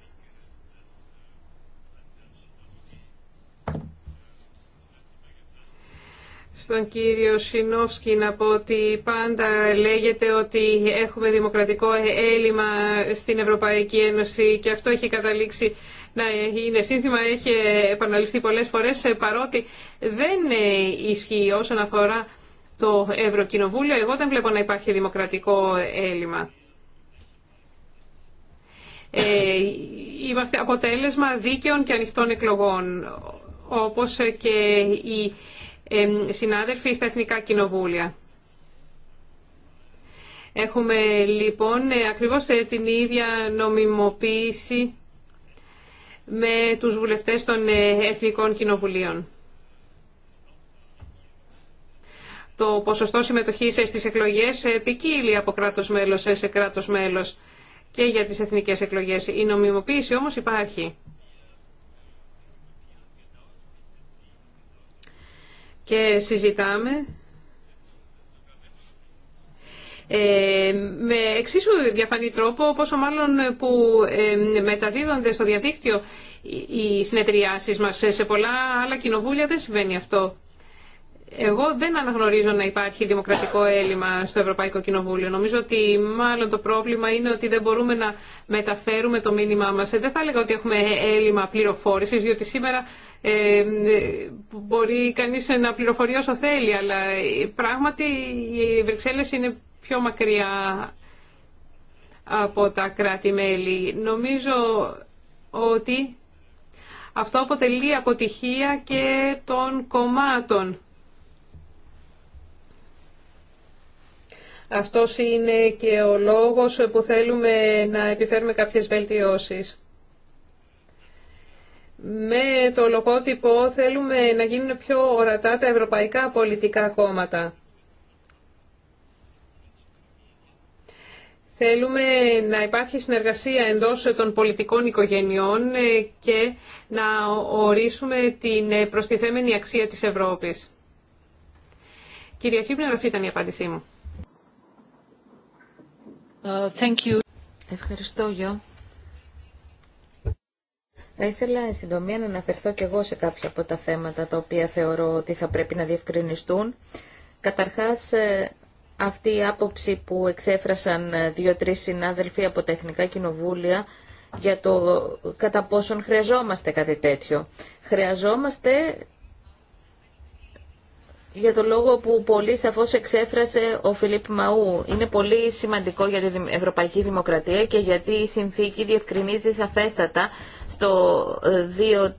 [SPEAKER 3] στον κύριο Σινόφσκι να πω ότι πάντα λέγεται ότι έχουμε δημοκρατικό έλλειμμα στην Ευρωπαϊκή Ένωση και αυτό έχει καταλήξει να είναι σύνθημα, έχει επαναληφθεί πολλές φορές παρότι δεν ισχύει όσον αφορά το Ευρωκοινοβούλιο. Εγώ δεν βλέπω να υπάρχει δημοκρατικό έλλειμμα. Ε, είμαστε αποτέλεσμα δίκαιων και ανοιχτών εκλογών όπως και η συνάδελφοι στα Εθνικά Κοινοβούλια. Έχουμε λοιπόν ε, ακριβώς ε, την ίδια νομιμοποίηση με τους βουλευτές των ε, Εθνικών Κοινοβουλίων. Το ποσοστό συμμετοχής στις εκλογές επικύλει από κράτος μέλος σε κράτος μέλος και για τις εθνικές εκλογές. Η νομιμοποίηση όμως υπάρχει. και συζητάμε ε, με εξίσου διαφανή τρόπο, πόσο μάλλον που ε, μεταδίδονται στο διαδίκτυο οι συνεταιριάσεις μας. Σε πολλά άλλα κοινοβούλια δεν συμβαίνει αυτό. Εγώ δεν αναγνωρίζω να υπάρχει δημοκρατικό έλλειμμα στο Ευρωπαϊκό Κοινοβούλιο. Νομίζω ότι μάλλον το πρόβλημα είναι ότι δεν μπορούμε να μεταφέρουμε το μήνυμά μα. Ε, δεν θα έλεγα ότι έχουμε έλλειμμα πληροφόρηση, διότι σήμερα ε, μπορεί κανεί να πληροφορεί όσο θέλει, αλλά ε, πράγματι οι Βρυξέλλε είναι πιο μακριά από τα κράτη-μέλη. Νομίζω ότι αυτό αποτελεί αποτυχία και των κομμάτων Αυτός είναι και ο λόγος που θέλουμε να επιφέρουμε κάποιες βελτιώσεις. Με το λογότυπο θέλουμε να γίνουν πιο ορατά τα ευρωπαϊκά πολιτικά κόμματα. Θέλουμε να υπάρχει συνεργασία εντός των πολιτικών οικογενειών και να ορίσουμε την προστιθέμενη αξία της Ευρώπης. Κυρία Χίπνερ, αυτή ήταν η απάντησή μου. Ευχαριστώ, Γιο.
[SPEAKER 1] Θα ήθελα εν συντομία να αναφερθώ και εγώ σε κάποια από τα θέματα τα οποία θεωρώ ότι θα πρέπει να διευκρινιστούν. Καταρχάς, ε, αυτή η άποψη που εξέφρασαν ε, δύο-τρεις συνάδελφοι από τα Εθνικά Κοινοβούλια για το κατά πόσον χρειαζόμαστε κάτι τέτοιο. Χρειαζόμαστε για το λόγο που πολύ σαφώ εξέφρασε ο Φιλίπ Μαού. Είναι πολύ σημαντικό για την Ευρωπαϊκή Δημοκρατία και γιατί η συνθήκη διευκρινίζει σαφέστατα στο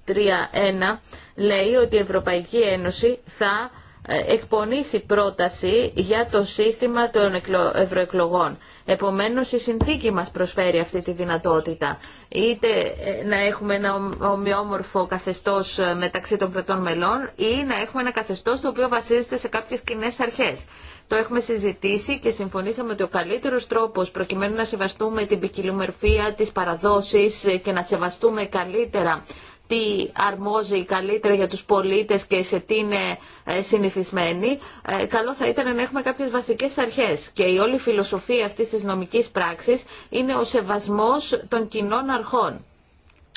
[SPEAKER 1] 2.3.1 ε, λέει ότι η Ευρωπαϊκή Ένωση θα ε, εκπονήσει πρόταση για το σύστημα των ευρωεκλογών. Επομένως, η συνθήκη μας προσφέρει αυτή τη δυνατότητα. Είτε ε, να έχουμε ένα ομοιόμορφο καθεστώς ε, μεταξύ των πρωτών μελών ή να έχουμε ένα καθεστώς το οποίο βασίζεται σε κάποιες κοινέ αρχές. Το έχουμε συζητήσει και συμφωνήσαμε ότι ο καλύτερος τρόπος προκειμένου να σεβαστούμε την ποικιλομορφία, της παραδόσεις και να σεβαστούμε καλύτερα τι αρμόζει καλύτερα για τους πολίτες και σε τι είναι ε, συνηθισμένοι, ε, καλό θα ήταν να έχουμε κάποιες βασικές αρχές. Και η όλη φιλοσοφία αυτής της νομικής πράξης είναι ο σεβασμός των κοινών αρχών.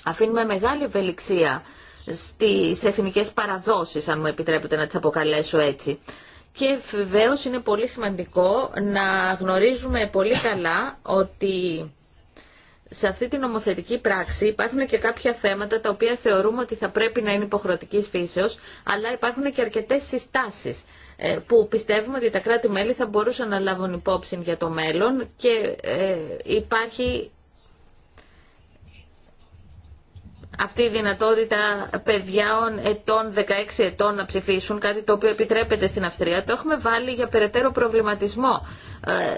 [SPEAKER 1] Αφήνουμε μεγάλη ευελιξία στις εθνικές παραδόσεις, αν μου επιτρέπετε να τις αποκαλέσω έτσι. Και βεβαίω είναι πολύ σημαντικό να γνωρίζουμε πολύ καλά ότι σε αυτή την νομοθετική πράξη υπάρχουν και κάποια θέματα τα οποία θεωρούμε ότι θα πρέπει να είναι υποχρεωτική φύσεως, αλλά υπάρχουν και αρκετές συστάσεις ε, που πιστεύουμε ότι τα κράτη-μέλη θα μπορούσαν να λάβουν υπόψη για το μέλλον και ε, υπάρχει αυτή η δυνατότητα παιδιάων ετών, 16 ετών να ψηφίσουν, κάτι το οποίο επιτρέπεται στην Αυστρία, το έχουμε βάλει για περαιτέρω προβληματισμό. Ε,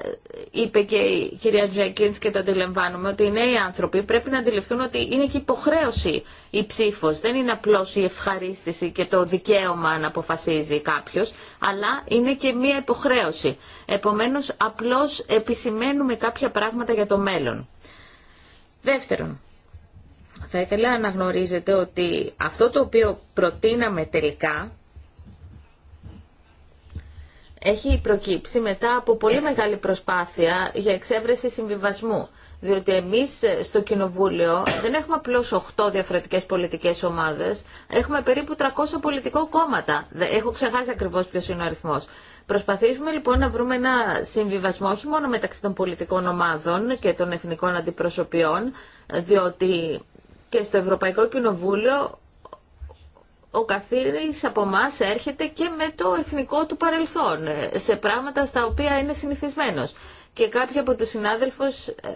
[SPEAKER 1] είπε και η κυρία Τζέκινς και το αντιλαμβάνουμε ότι οι νέοι άνθρωποι πρέπει να αντιληφθούν ότι είναι και υποχρέωση η ψήφος. Δεν είναι απλώς η ευχαρίστηση και το δικαίωμα να αποφασίζει κάποιος, αλλά είναι και μία υποχρέωση. Επομένως, απλώς επισημαίνουμε κάποια πράγματα για το μέλλον. Δεύτερον, θα ήθελα να γνωρίζετε ότι αυτό το οποίο προτείναμε τελικά έχει προκύψει μετά από πολύ μεγάλη προσπάθεια για εξέβρεση συμβιβασμού. Διότι εμείς στο Κοινοβούλιο δεν έχουμε απλώς 8 διαφορετικές πολιτικές ομάδες, έχουμε περίπου 300 πολιτικό κόμματα. Έχω ξεχάσει ακριβώς ποιος είναι ο αριθμός. Προσπαθήσουμε λοιπόν να βρούμε ένα συμβιβασμό όχι μόνο μεταξύ των πολιτικών ομάδων και των εθνικών αντιπροσωπιών, διότι και στο Ευρωπαϊκό Κοινοβούλιο ο Καθήρης από εμά έρχεται και με το εθνικό του παρελθόν, ε, σε πράγματα στα οποία είναι συνηθισμένος. Και κάποιοι από τους, συνάδελφους, ε, ε,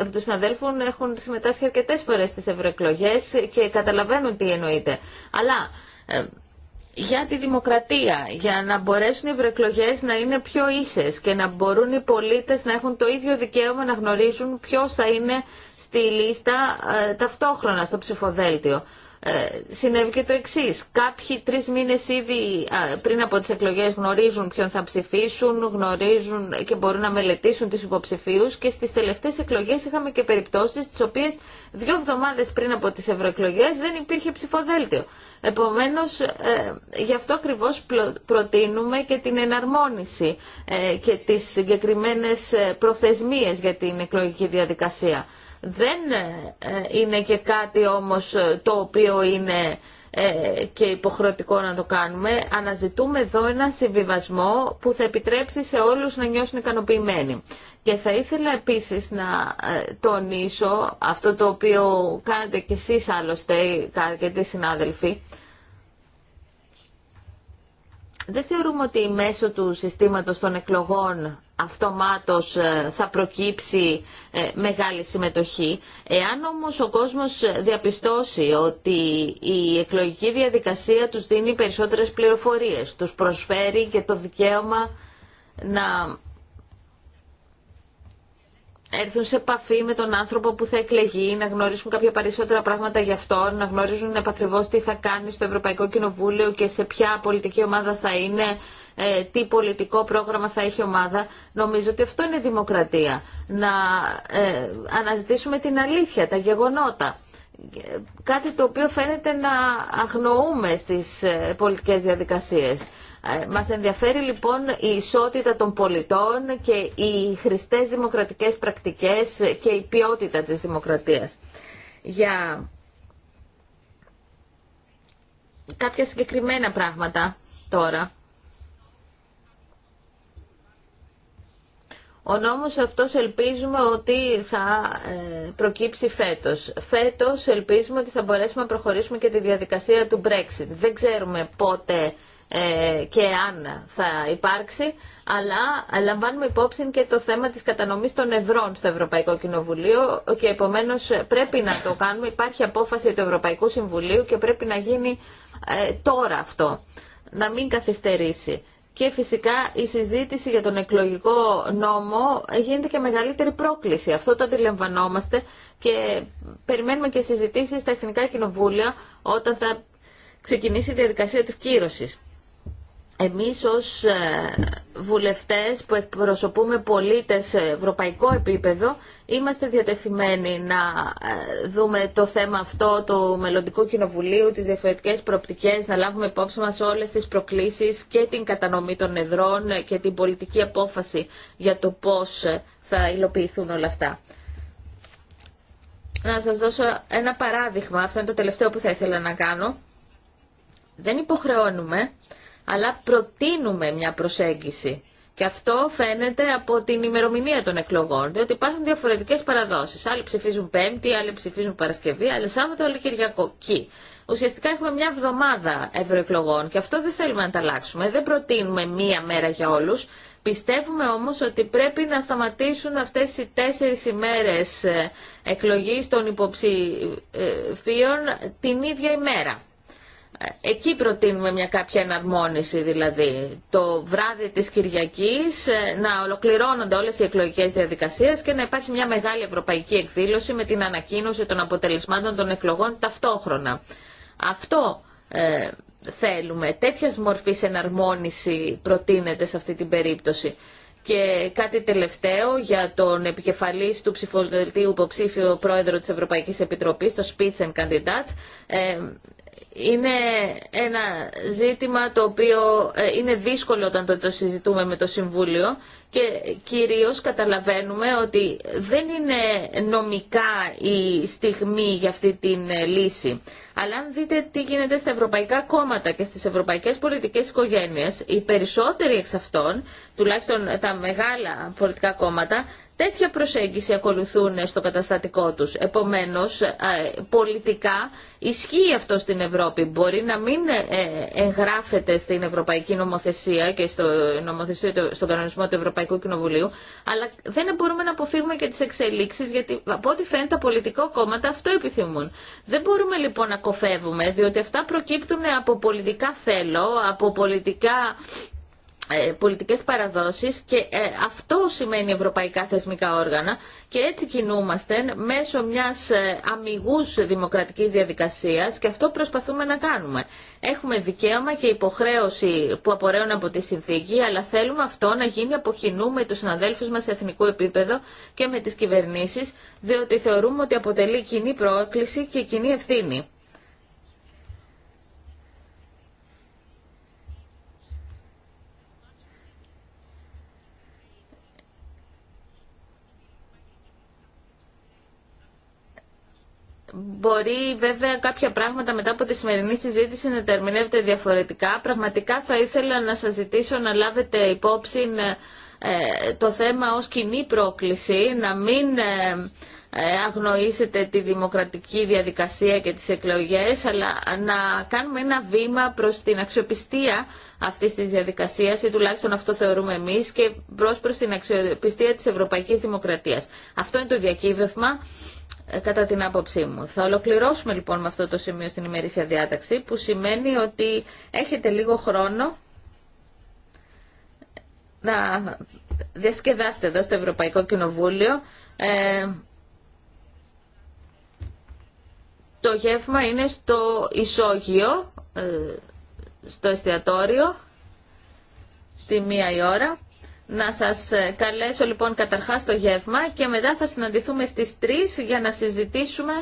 [SPEAKER 1] από τους συναδέλφων έχουν συμμετάσχει αρκετέ φορές στις ευρωεκλογέ και καταλαβαίνουν τι εννοείται. Αλλά για τη δημοκρατία, για να μπορέσουν οι ευρωεκλογέ να είναι πιο ίσες και να μπορούν οι πολίτες να έχουν το ίδιο δικαίωμα να γνωρίζουν ποιος θα είναι στη λίστα ε, ταυτόχρονα στο ψηφοδέλτιο. Ε, συνέβη και το εξή. Κάποιοι τρει μήνε ήδη ε, πριν από τι εκλογέ γνωρίζουν ποιον θα ψηφίσουν, γνωρίζουν και μπορούν να μελετήσουν του υποψηφίου και στι τελευταίε εκλογέ είχαμε και περιπτώσει τι οποίε δύο εβδομάδε πριν από τι ευρωεκλογέ δεν υπήρχε ψηφοδέλτιο. Επομένω, ε, γι' αυτό ακριβώ προτείνουμε και την εναρμόνιση ε, και τι συγκεκριμένε προθεσμίε για την εκλογική διαδικασία δεν ε, είναι και κάτι όμως ε, το οποίο είναι ε, και υποχρεωτικό να το κάνουμε. Αναζητούμε εδώ ένα συμβιβασμό που θα επιτρέψει σε όλους να νιώσουν ικανοποιημένοι. Και θα ήθελα επίσης να τονίσω αυτό το οποίο κάνετε κι εσείς άλλωστε, και συνάδελφοι, δεν θεωρούμε ότι μέσω του συστήματος των εκλογών αυτομάτως ε, θα προκύψει ε, μεγάλη συμμετοχή. Εάν όμως ο κόσμος διαπιστώσει ότι η εκλογική διαδικασία τους δίνει περισσότερες πληροφορίες, τους προσφέρει και το δικαίωμα να έρθουν σε επαφή με τον άνθρωπο που θα εκλεγεί, να γνωρίσουν κάποια περισσότερα πράγματα για αυτό, να γνωρίζουν επακριβώς τι θα κάνει στο Ευρωπαϊκό Κοινοβούλιο και σε ποια πολιτική ομάδα θα είναι, ε, τι πολιτικό πρόγραμμα θα έχει ομάδα. Νομίζω ότι αυτό είναι δημοκρατία. Να ε, αναζητήσουμε την αλήθεια, τα γεγονότα. Κάτι το οποίο φαίνεται να αγνοούμε στις ε, πολιτικές διαδικασίες. Ε, μας ενδιαφέρει λοιπόν η ισότητα των πολιτών και οι χρηστές δημοκρατικές πρακτικές και η ποιότητα της δημοκρατίας. Για κάποια συγκεκριμένα πράγματα τώρα. Ο νόμος αυτός ελπίζουμε ότι θα ε, προκύψει φέτος. Φέτος ελπίζουμε ότι θα μπορέσουμε να προχωρήσουμε και τη διαδικασία του Brexit. Δεν ξέρουμε πότε ε, και αν θα υπάρξει, αλλά λαμβάνουμε υπόψη και το θέμα της κατανομής των εδρών στο Ευρωπαϊκό Κοινοβουλίο και επομένως πρέπει να το κάνουμε. Υπάρχει απόφαση του Ευρωπαϊκού Συμβουλίου και πρέπει να γίνει ε, τώρα αυτό, να μην καθυστερήσει. Και φυσικά η συζήτηση για τον εκλογικό νόμο γίνεται και μεγαλύτερη πρόκληση. Αυτό το αντιλαμβανόμαστε και περιμένουμε και συζητήσεις στα Εθνικά Κοινοβούλια όταν θα ξεκινήσει η διαδικασία της κύρωσης εμείς ως ε, βουλευτές που εκπροσωπούμε πολίτες σε ευρωπαϊκό επίπεδο είμαστε διατεθειμένοι να ε, δούμε το θέμα αυτό του μελλοντικού κοινοβουλίου, τις διαφορετικές προοπτικές, να λάβουμε υπόψη μας όλες τις προκλήσεις και την κατανομή των εδρών και την πολιτική απόφαση για το πώς ε, θα υλοποιηθούν όλα αυτά. Να σας δώσω ένα παράδειγμα, αυτό είναι το τελευταίο που θα ήθελα να κάνω. Δεν υποχρεώνουμε αλλά προτείνουμε μια προσέγγιση. Και αυτό φαίνεται από την ημερομηνία των εκλογών, διότι υπάρχουν διαφορετικέ παραδόσει. Άλλοι ψηφίζουν Πέμπτη, άλλοι ψηφίζουν Παρασκευή, άλλοι Σάββατο, άλλοι Κυριακή. Ουσιαστικά έχουμε μια εβδομάδα ευρωεκλογών και αυτό δεν θέλουμε να τα αλλάξουμε. Δεν προτείνουμε μία μέρα για όλου. Πιστεύουμε όμω ότι πρέπει να σταματήσουν αυτέ οι τέσσερι ημέρε εκλογή των υποψηφίων την ίδια ημέρα. Εκεί προτείνουμε μια κάποια εναρμόνιση δηλαδή. Το βράδυ της Κυριακής ε, να ολοκληρώνονται όλες οι εκλογικές διαδικασίες και να υπάρχει μια μεγάλη ευρωπαϊκή εκδήλωση με την ανακοίνωση των αποτελεσμάτων των εκλογών ταυτόχρονα. Αυτό ε, θέλουμε. Τέτοιας μορφής εναρμόνιση προτείνεται σε αυτή την περίπτωση. Και κάτι τελευταίο για τον επικεφαλής του ψηφοδελτίου υποψήφιο πρόεδρο της Ευρωπαϊκής Επιτροπής, το Spitzenkandidat. Ε, είναι ένα ζήτημα το οποίο ε, είναι δύσκολο όταν το συζητούμε με το Συμβούλιο και κυρίως καταλαβαίνουμε ότι δεν είναι νομικά η στιγμή για αυτή την ε, λύση. Αλλά αν δείτε τι γίνεται στα ευρωπαϊκά κόμματα και στις ευρωπαϊκές πολιτικές οικογένειες, οι περισσότεροι εξ αυτών, τουλάχιστον τα μεγάλα πολιτικά κόμματα, τέτοια προσέγγιση ακολουθούν στο καταστατικό τους. Επομένως, ε, πολιτικά ισχύει αυτό στην Ευρώπη. Μπορεί να μην ε, εγγράφεται στην ευρωπαϊκή νομοθεσία και στο, νομοθεσία, στον κανονισμό του Ευρωπαϊκού Ευρωπαϊκού Κοινοβουλίου, αλλά δεν μπορούμε να αποφύγουμε και τις εξελίξεις, γιατί από ό,τι φαίνεται τα πολιτικό κόμματα αυτό επιθυμούν. Δεν μπορούμε λοιπόν να κοφεύουμε, διότι αυτά προκύπτουν από πολιτικά θέλω, από πολιτικά ε, πολιτικές παραδόσεις και ε, αυτό σημαίνει ευρωπαϊκά θεσμικά όργανα και έτσι κινούμαστε μέσω μιας ε, αμυγούς δημοκρατικής διαδικασίας και αυτό προσπαθούμε να κάνουμε. Έχουμε δικαίωμα και υποχρέωση που απορρέουν από τη συνθήκη αλλά θέλουμε αυτό να γίνει από κοινού με τους συναδέλφους μας σε εθνικό επίπεδο και με τις κυβερνήσεις διότι θεωρούμε ότι αποτελεί κοινή πρόκληση και κοινή ευθύνη. Μπορεί βέβαια κάποια πράγματα μετά από τη σημερινή συζήτηση να τερμινεύεται διαφορετικά. Πραγματικά θα ήθελα να σας ζητήσω να λάβετε υπόψη ε, ε, το θέμα ως κοινή πρόκληση, να μην ε, αγνοήσετε τη δημοκρατική διαδικασία και τις εκλογές, αλλά να κάνουμε ένα βήμα προς την αξιοπιστία αυτή τη διαδικασία ή τουλάχιστον αυτό θεωρούμε εμείς και προς την αξιοπιστία της Ευρωπαϊκής Δημοκρατίας. Αυτό είναι το διακύβευμα ε, κατά την άποψή μου. Θα ολοκληρώσουμε λοιπόν με αυτό το σημείο στην ημερήσια διάταξη που σημαίνει ότι έχετε λίγο χρόνο να διασκεδάσετε εδώ στο Ευρωπαϊκό Κοινοβούλιο. Ε, το γεύμα είναι στο Ισόγειο, ε, στο εστιατόριο στη μία η ώρα. Να σας ε, καλέσω λοιπόν καταρχάς το γεύμα και μετά θα συναντηθούμε στις 3 για να συζητήσουμε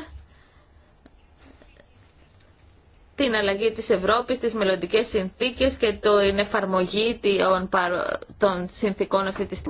[SPEAKER 1] την αλλαγή της Ευρώπης, τις μελλοντικές συνθήκες και την εφαρμογή των συνθήκων αυτή τη στιγμή.